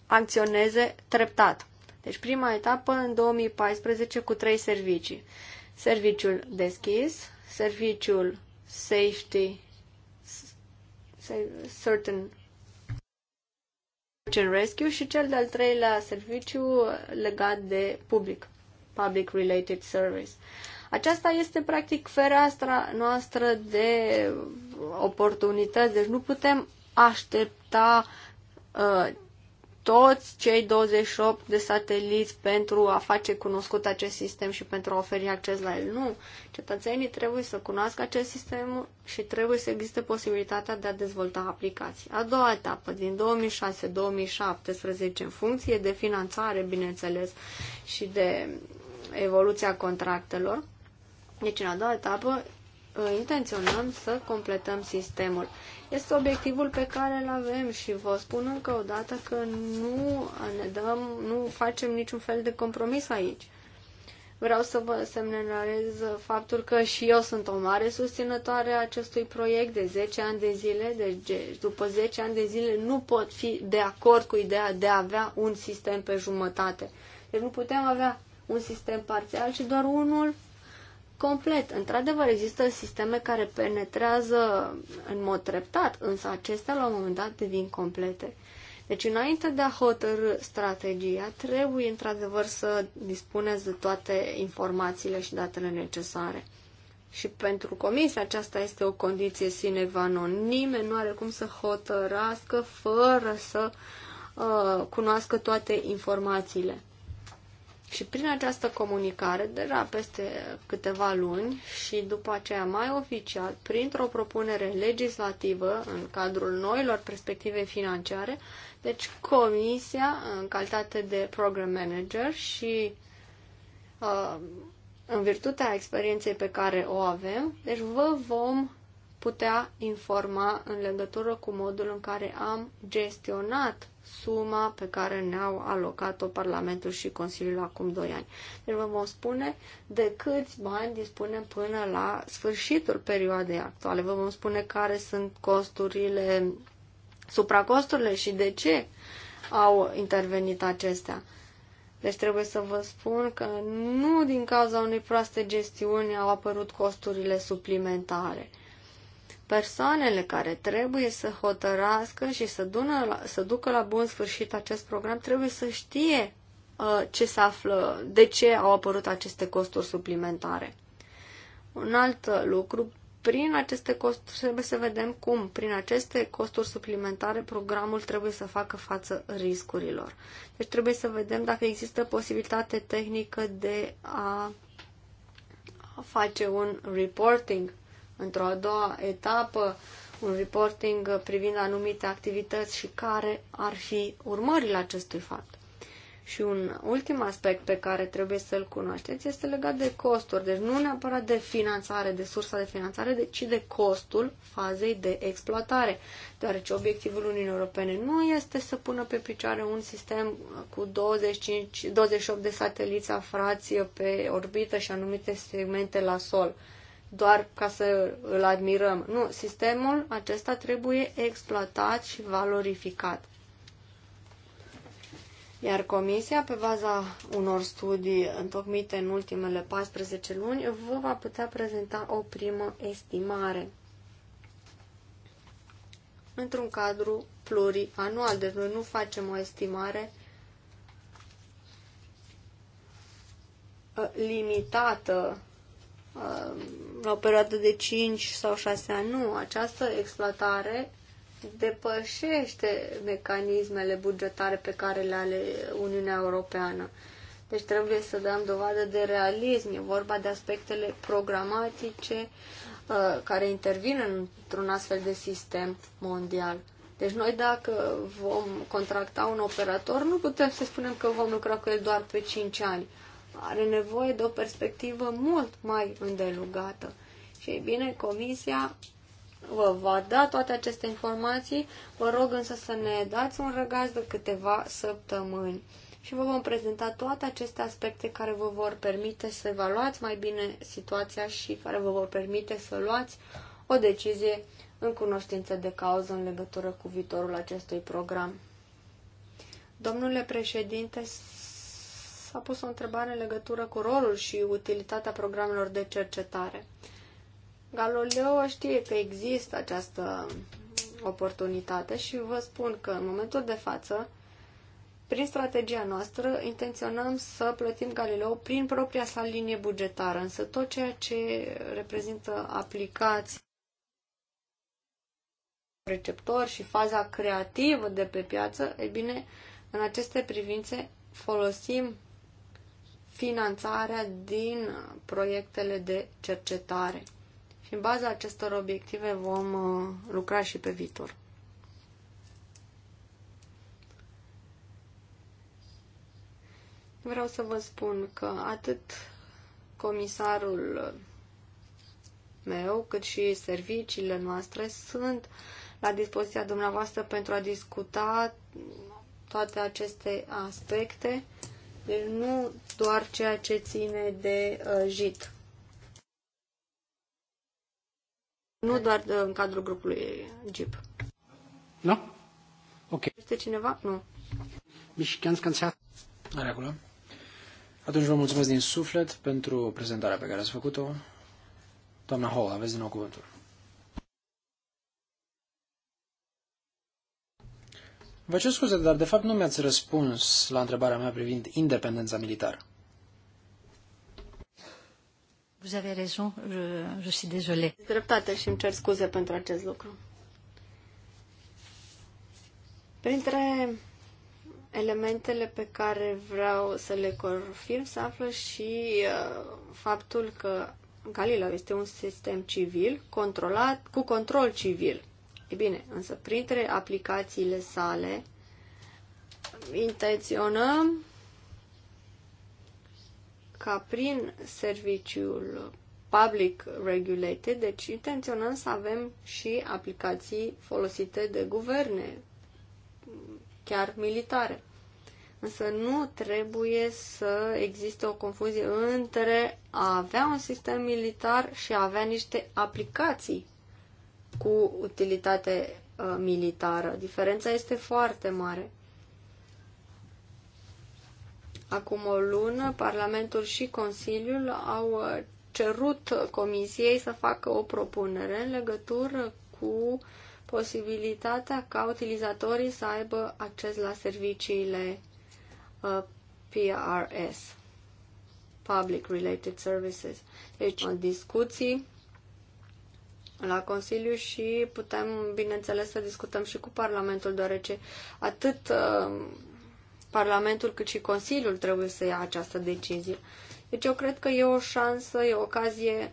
acționeze treptat. Deci prima etapă în 2014 cu trei servicii. Serviciul deschis, serviciul safety certain Rescue și cel de-al treilea serviciu legat de public, Public Related Service. Aceasta este practic fereastra noastră de oportunități, deci nu putem aștepta uh, toți cei 28 de sateliți pentru a face cunoscut acest sistem și pentru a oferi acces la el. Nu, cetățenii trebuie să cunoască acest sistem și trebuie să existe posibilitatea de a dezvolta aplicații. A doua etapă, din 2006-2017, în funcție de finanțare, bineînțeles, și de evoluția contractelor, deci, în a doua etapă, uh, intenționăm să completăm sistemul. Este obiectivul pe care îl avem și vă spun încă o dată că nu ne dăm, nu facem niciun fel de compromis aici. Vreau să vă semnalez faptul că și eu sunt o mare susținătoare a acestui proiect de 10 ani de zile, deci după 10 ani de zile nu pot fi de acord cu ideea de a avea un sistem pe jumătate. Deci nu putem avea un sistem parțial, ci doar unul complet. Într-adevăr, există sisteme care penetrează în mod treptat, însă acestea la un moment dat devin complete. Deci, înainte de a hotărâ strategia, trebuie într-adevăr să dispuneți de toate informațiile și datele necesare. Și pentru comisia aceasta este o condiție sine qua non. Nimeni nu are cum să hotărască fără să uh, cunoască toate informațiile. Și prin această comunicare, deja peste câteva luni și după aceea mai oficial, printr-o propunere legislativă în cadrul noilor perspective financiare, deci Comisia, în calitate de program manager și uh, în virtutea experienței pe care o avem, deci vă vom putea informa în legătură cu modul în care am gestionat suma pe care ne-au alocat-o Parlamentul și Consiliul acum 2 ani. Deci vă vom spune de câți bani dispunem până la sfârșitul perioadei actuale. Vă vom spune care sunt costurile, supracosturile și de ce au intervenit acestea. Deci trebuie să vă spun că nu din cauza unei proaste gestiuni au apărut costurile suplimentare persoanele care trebuie să hotărască și să, dună, să ducă la bun sfârșit acest program trebuie să știe uh, ce se află, de ce au apărut aceste costuri suplimentare. Un alt uh, lucru, prin aceste costuri trebuie să vedem cum, prin aceste costuri suplimentare, programul trebuie să facă față riscurilor. Deci trebuie să vedem dacă există posibilitate tehnică de a face un reporting într-o a doua etapă un reporting privind anumite activități și care ar fi urmările acestui fapt. Și un ultim aspect pe care trebuie să-l cunoașteți este legat de costuri. Deci nu neapărat de finanțare, de sursa de finanțare, deci ci de costul fazei de exploatare. Deoarece obiectivul Uniunii Europene nu este să pună pe picioare un sistem cu 25, 28 de sateliți afrați pe orbită și anumite segmente la sol doar ca să îl admirăm. Nu, sistemul acesta trebuie exploatat și valorificat. Iar comisia, pe baza unor studii întocmite în ultimele 14 luni, vă va putea prezenta o primă estimare într-un cadru plurianual. Deci noi nu facem o estimare uh, limitată Uh, la o perioadă de 5 sau 6 ani. Nu, această exploatare depășește mecanismele bugetare pe care le are Uniunea Europeană. Deci trebuie să dăm dovadă de realism. E vorba de aspectele programatice uh, care intervin într-un astfel de sistem mondial. Deci noi dacă vom contracta un operator, nu putem să spunem că vom lucra cu el doar pe 5 ani are nevoie de o perspectivă mult mai îndelugată. Și ei bine, comisia vă va da toate aceste informații. Vă rog însă să ne dați un răgaz de câteva săptămâni și vă vom prezenta toate aceste aspecte care vă vor permite să evaluați mai bine situația și care vă vor permite să luați o decizie în cunoștință de cauză în legătură cu viitorul acestui program. Domnule președinte, s-a pus o întrebare în legătură cu rolul și utilitatea programelor de cercetare. Galileo știe că există această oportunitate și vă spun că în momentul de față, prin strategia noastră, intenționăm să plătim Galileo prin propria sa linie bugetară, însă tot ceea ce reprezintă aplicații receptor și faza creativă de pe piață, e bine, în aceste privințe folosim finanțarea din proiectele de cercetare. Și în baza acestor obiective vom uh, lucra și pe viitor. Vreau să vă spun că atât comisarul meu, cât și serviciile noastre sunt la dispoziția dumneavoastră pentru a discuta toate aceste aspecte deci nu doar ceea ce ține de uh, JIT. Nu doar de, în cadrul grupului JIP. Nu? Ok. Este cineva? Nu. Mișcanți canțea. În acolo. Atunci vă mulțumesc din suflet pentru prezentarea pe care ați făcut-o. Doamna Hall, aveți din nou cuvântul. Vă cer scuze, dar de fapt nu mi-ați răspuns la întrebarea mea privind independența militară. Vous avez raison, je, je suis désolé. Dreptate și îmi cer scuze pentru acest lucru. Printre elementele pe care vreau să le confirm se află și uh, faptul că Galileo este un sistem civil controlat, cu control civil. E bine, însă printre aplicațiile sale intenționăm ca prin serviciul public regulated, deci intenționăm să avem și aplicații folosite de guverne, chiar militare. Însă nu trebuie să existe o confuzie între a avea un sistem militar și a avea niște aplicații cu utilitate uh, militară. Diferența este foarte mare. Acum o lună, Parlamentul și Consiliul au uh, cerut Comisiei să facă o propunere în legătură cu posibilitatea ca utilizatorii să aibă acces la serviciile uh, PRS, Public Related Services. Deci, în discuții la Consiliu și putem, bineînțeles, să discutăm și cu Parlamentul, deoarece atât uh, Parlamentul cât și Consiliul trebuie să ia această decizie. Deci eu cred că e o șansă, e o ocazie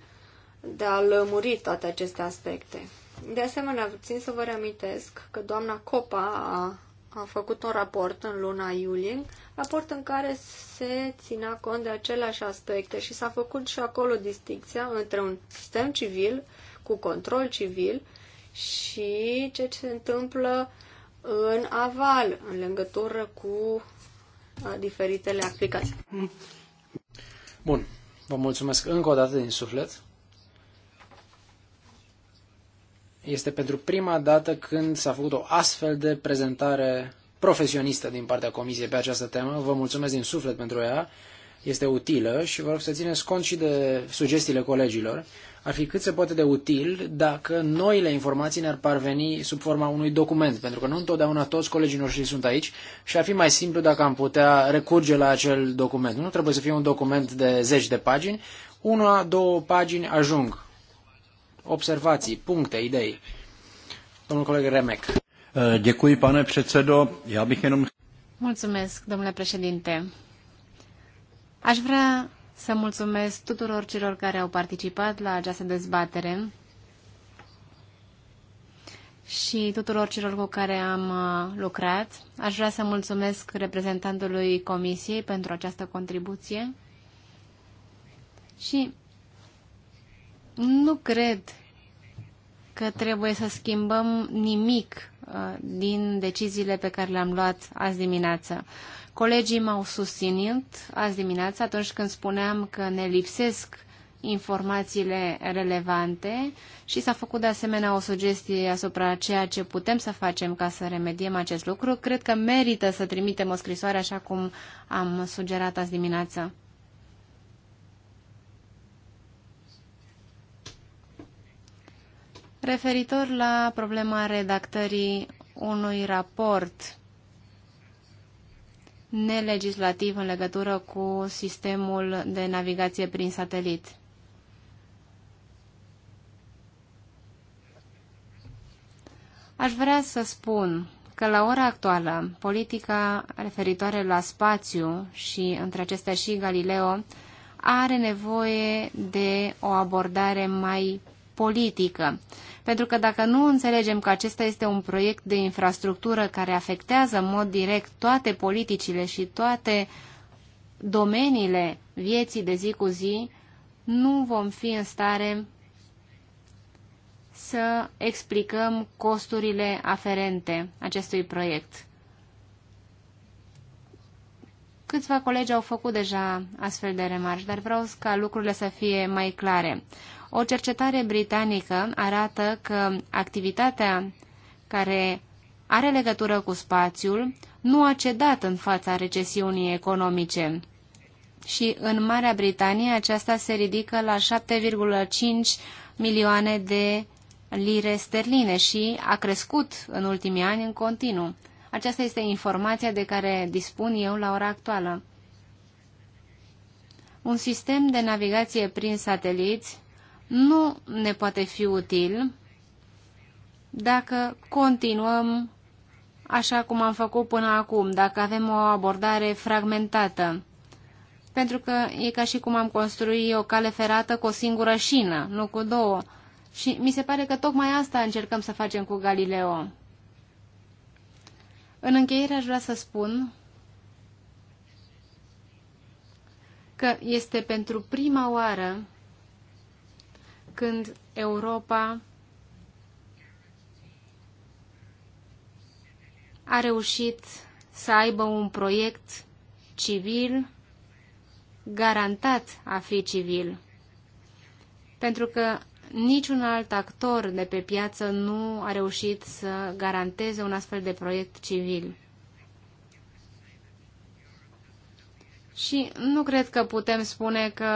de a lămuri toate aceste aspecte. De asemenea, țin să vă reamintesc că doamna Copa a, a făcut un raport în luna iulie, raport în care se ținea cont de aceleași aspecte și s-a făcut și acolo distinția între un sistem civil cu control civil și ce se întâmplă în aval, în legătură cu diferitele aplicații. Bun. Vă mulțumesc încă o dată din suflet. Este pentru prima dată când s-a făcut o astfel de prezentare profesionistă din partea Comisiei pe această temă. Vă mulțumesc din suflet pentru ea. Este utilă și vă rog să țineți cont și de sugestiile colegilor ar fi cât se poate de util dacă noile informații ne-ar parveni sub forma unui document, pentru că nu întotdeauna toți colegii noștri sunt aici și ar fi mai simplu dacă am putea recurge la acel document. Nu trebuie să fie un document de zeci de pagini, una, două pagini ajung. Observații, puncte, idei. Domnul coleg Remek. Eh, děkuji, pane předsedo. Já bych jenom... Mulțumesc, domnule președinte. Aș vrea să mulțumesc tuturor celor care au participat la această dezbatere și tuturor celor cu care am uh, lucrat. Aș vrea să mulțumesc reprezentantului Comisiei pentru această contribuție și nu cred că trebuie să schimbăm nimic uh, din deciziile pe care le-am luat azi dimineață. Colegii m-au susținut azi dimineața atunci când spuneam că ne lipsesc informațiile relevante și s-a făcut de asemenea o sugestie asupra ceea ce putem să facem ca să remediem acest lucru. Cred că merită să trimitem o scrisoare așa cum am sugerat azi dimineață. Referitor la problema redactării unui raport nelegislativ în legătură cu sistemul de navigație prin satelit. Aș vrea să spun că la ora actuală politica referitoare la spațiu și între acestea și Galileo are nevoie de o abordare mai politică. Pentru că dacă nu înțelegem că acesta este un proiect de infrastructură care afectează în mod direct toate politicile și toate domeniile vieții de zi cu zi, nu vom fi în stare să explicăm costurile aferente acestui proiect. Câțiva colegi au făcut deja astfel de remarci, dar vreau ca lucrurile să fie mai clare. O cercetare britanică arată că activitatea care are legătură cu spațiul nu a cedat în fața recesiunii economice și în Marea Britanie aceasta se ridică la 7,5 milioane de lire sterline și a crescut în ultimii ani în continuu. Aceasta este informația de care dispun eu la ora actuală. Un sistem de navigație prin sateliți nu ne poate fi util dacă continuăm așa cum am făcut până acum, dacă avem o abordare fragmentată. Pentru că e ca și cum am construit o cale ferată cu o singură șină, nu cu două. Și mi se pare că tocmai asta încercăm să facem cu Galileo. În încheiere aș vrea să spun că este pentru prima oară când Europa a reușit să aibă un proiect civil garantat a fi civil. Pentru că niciun alt actor de pe piață nu a reușit să garanteze un astfel de proiect civil. Și nu cred că putem spune că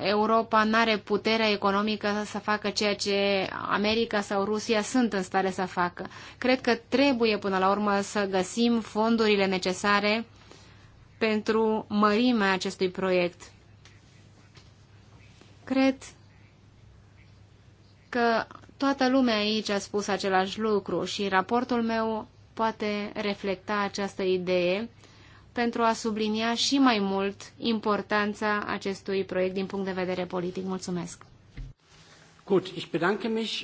Europa nu are puterea economică să facă ceea ce America sau Rusia sunt în stare să facă. Cred că trebuie până la urmă să găsim fondurile necesare pentru mărimea acestui proiect. Cred că toată lumea aici a spus același lucru și raportul meu poate reflecta această idee pentru a sublinia și mai mult importanța acestui proiect din punct de vedere politic. Mulțumesc! Gut, ich bedanke mich.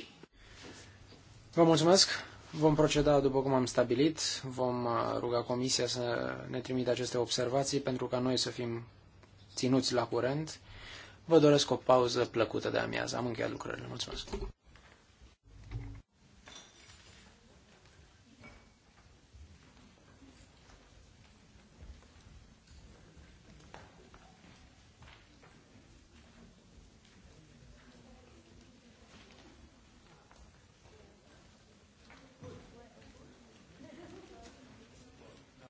Vă mulțumesc! Vom proceda după cum am stabilit, vom uh, ruga Comisia să ne trimită aceste observații pentru ca noi să fim ținuți la curent. Vă doresc o pauză plăcută de amiază. Am încheiat lucrările. Mulțumesc!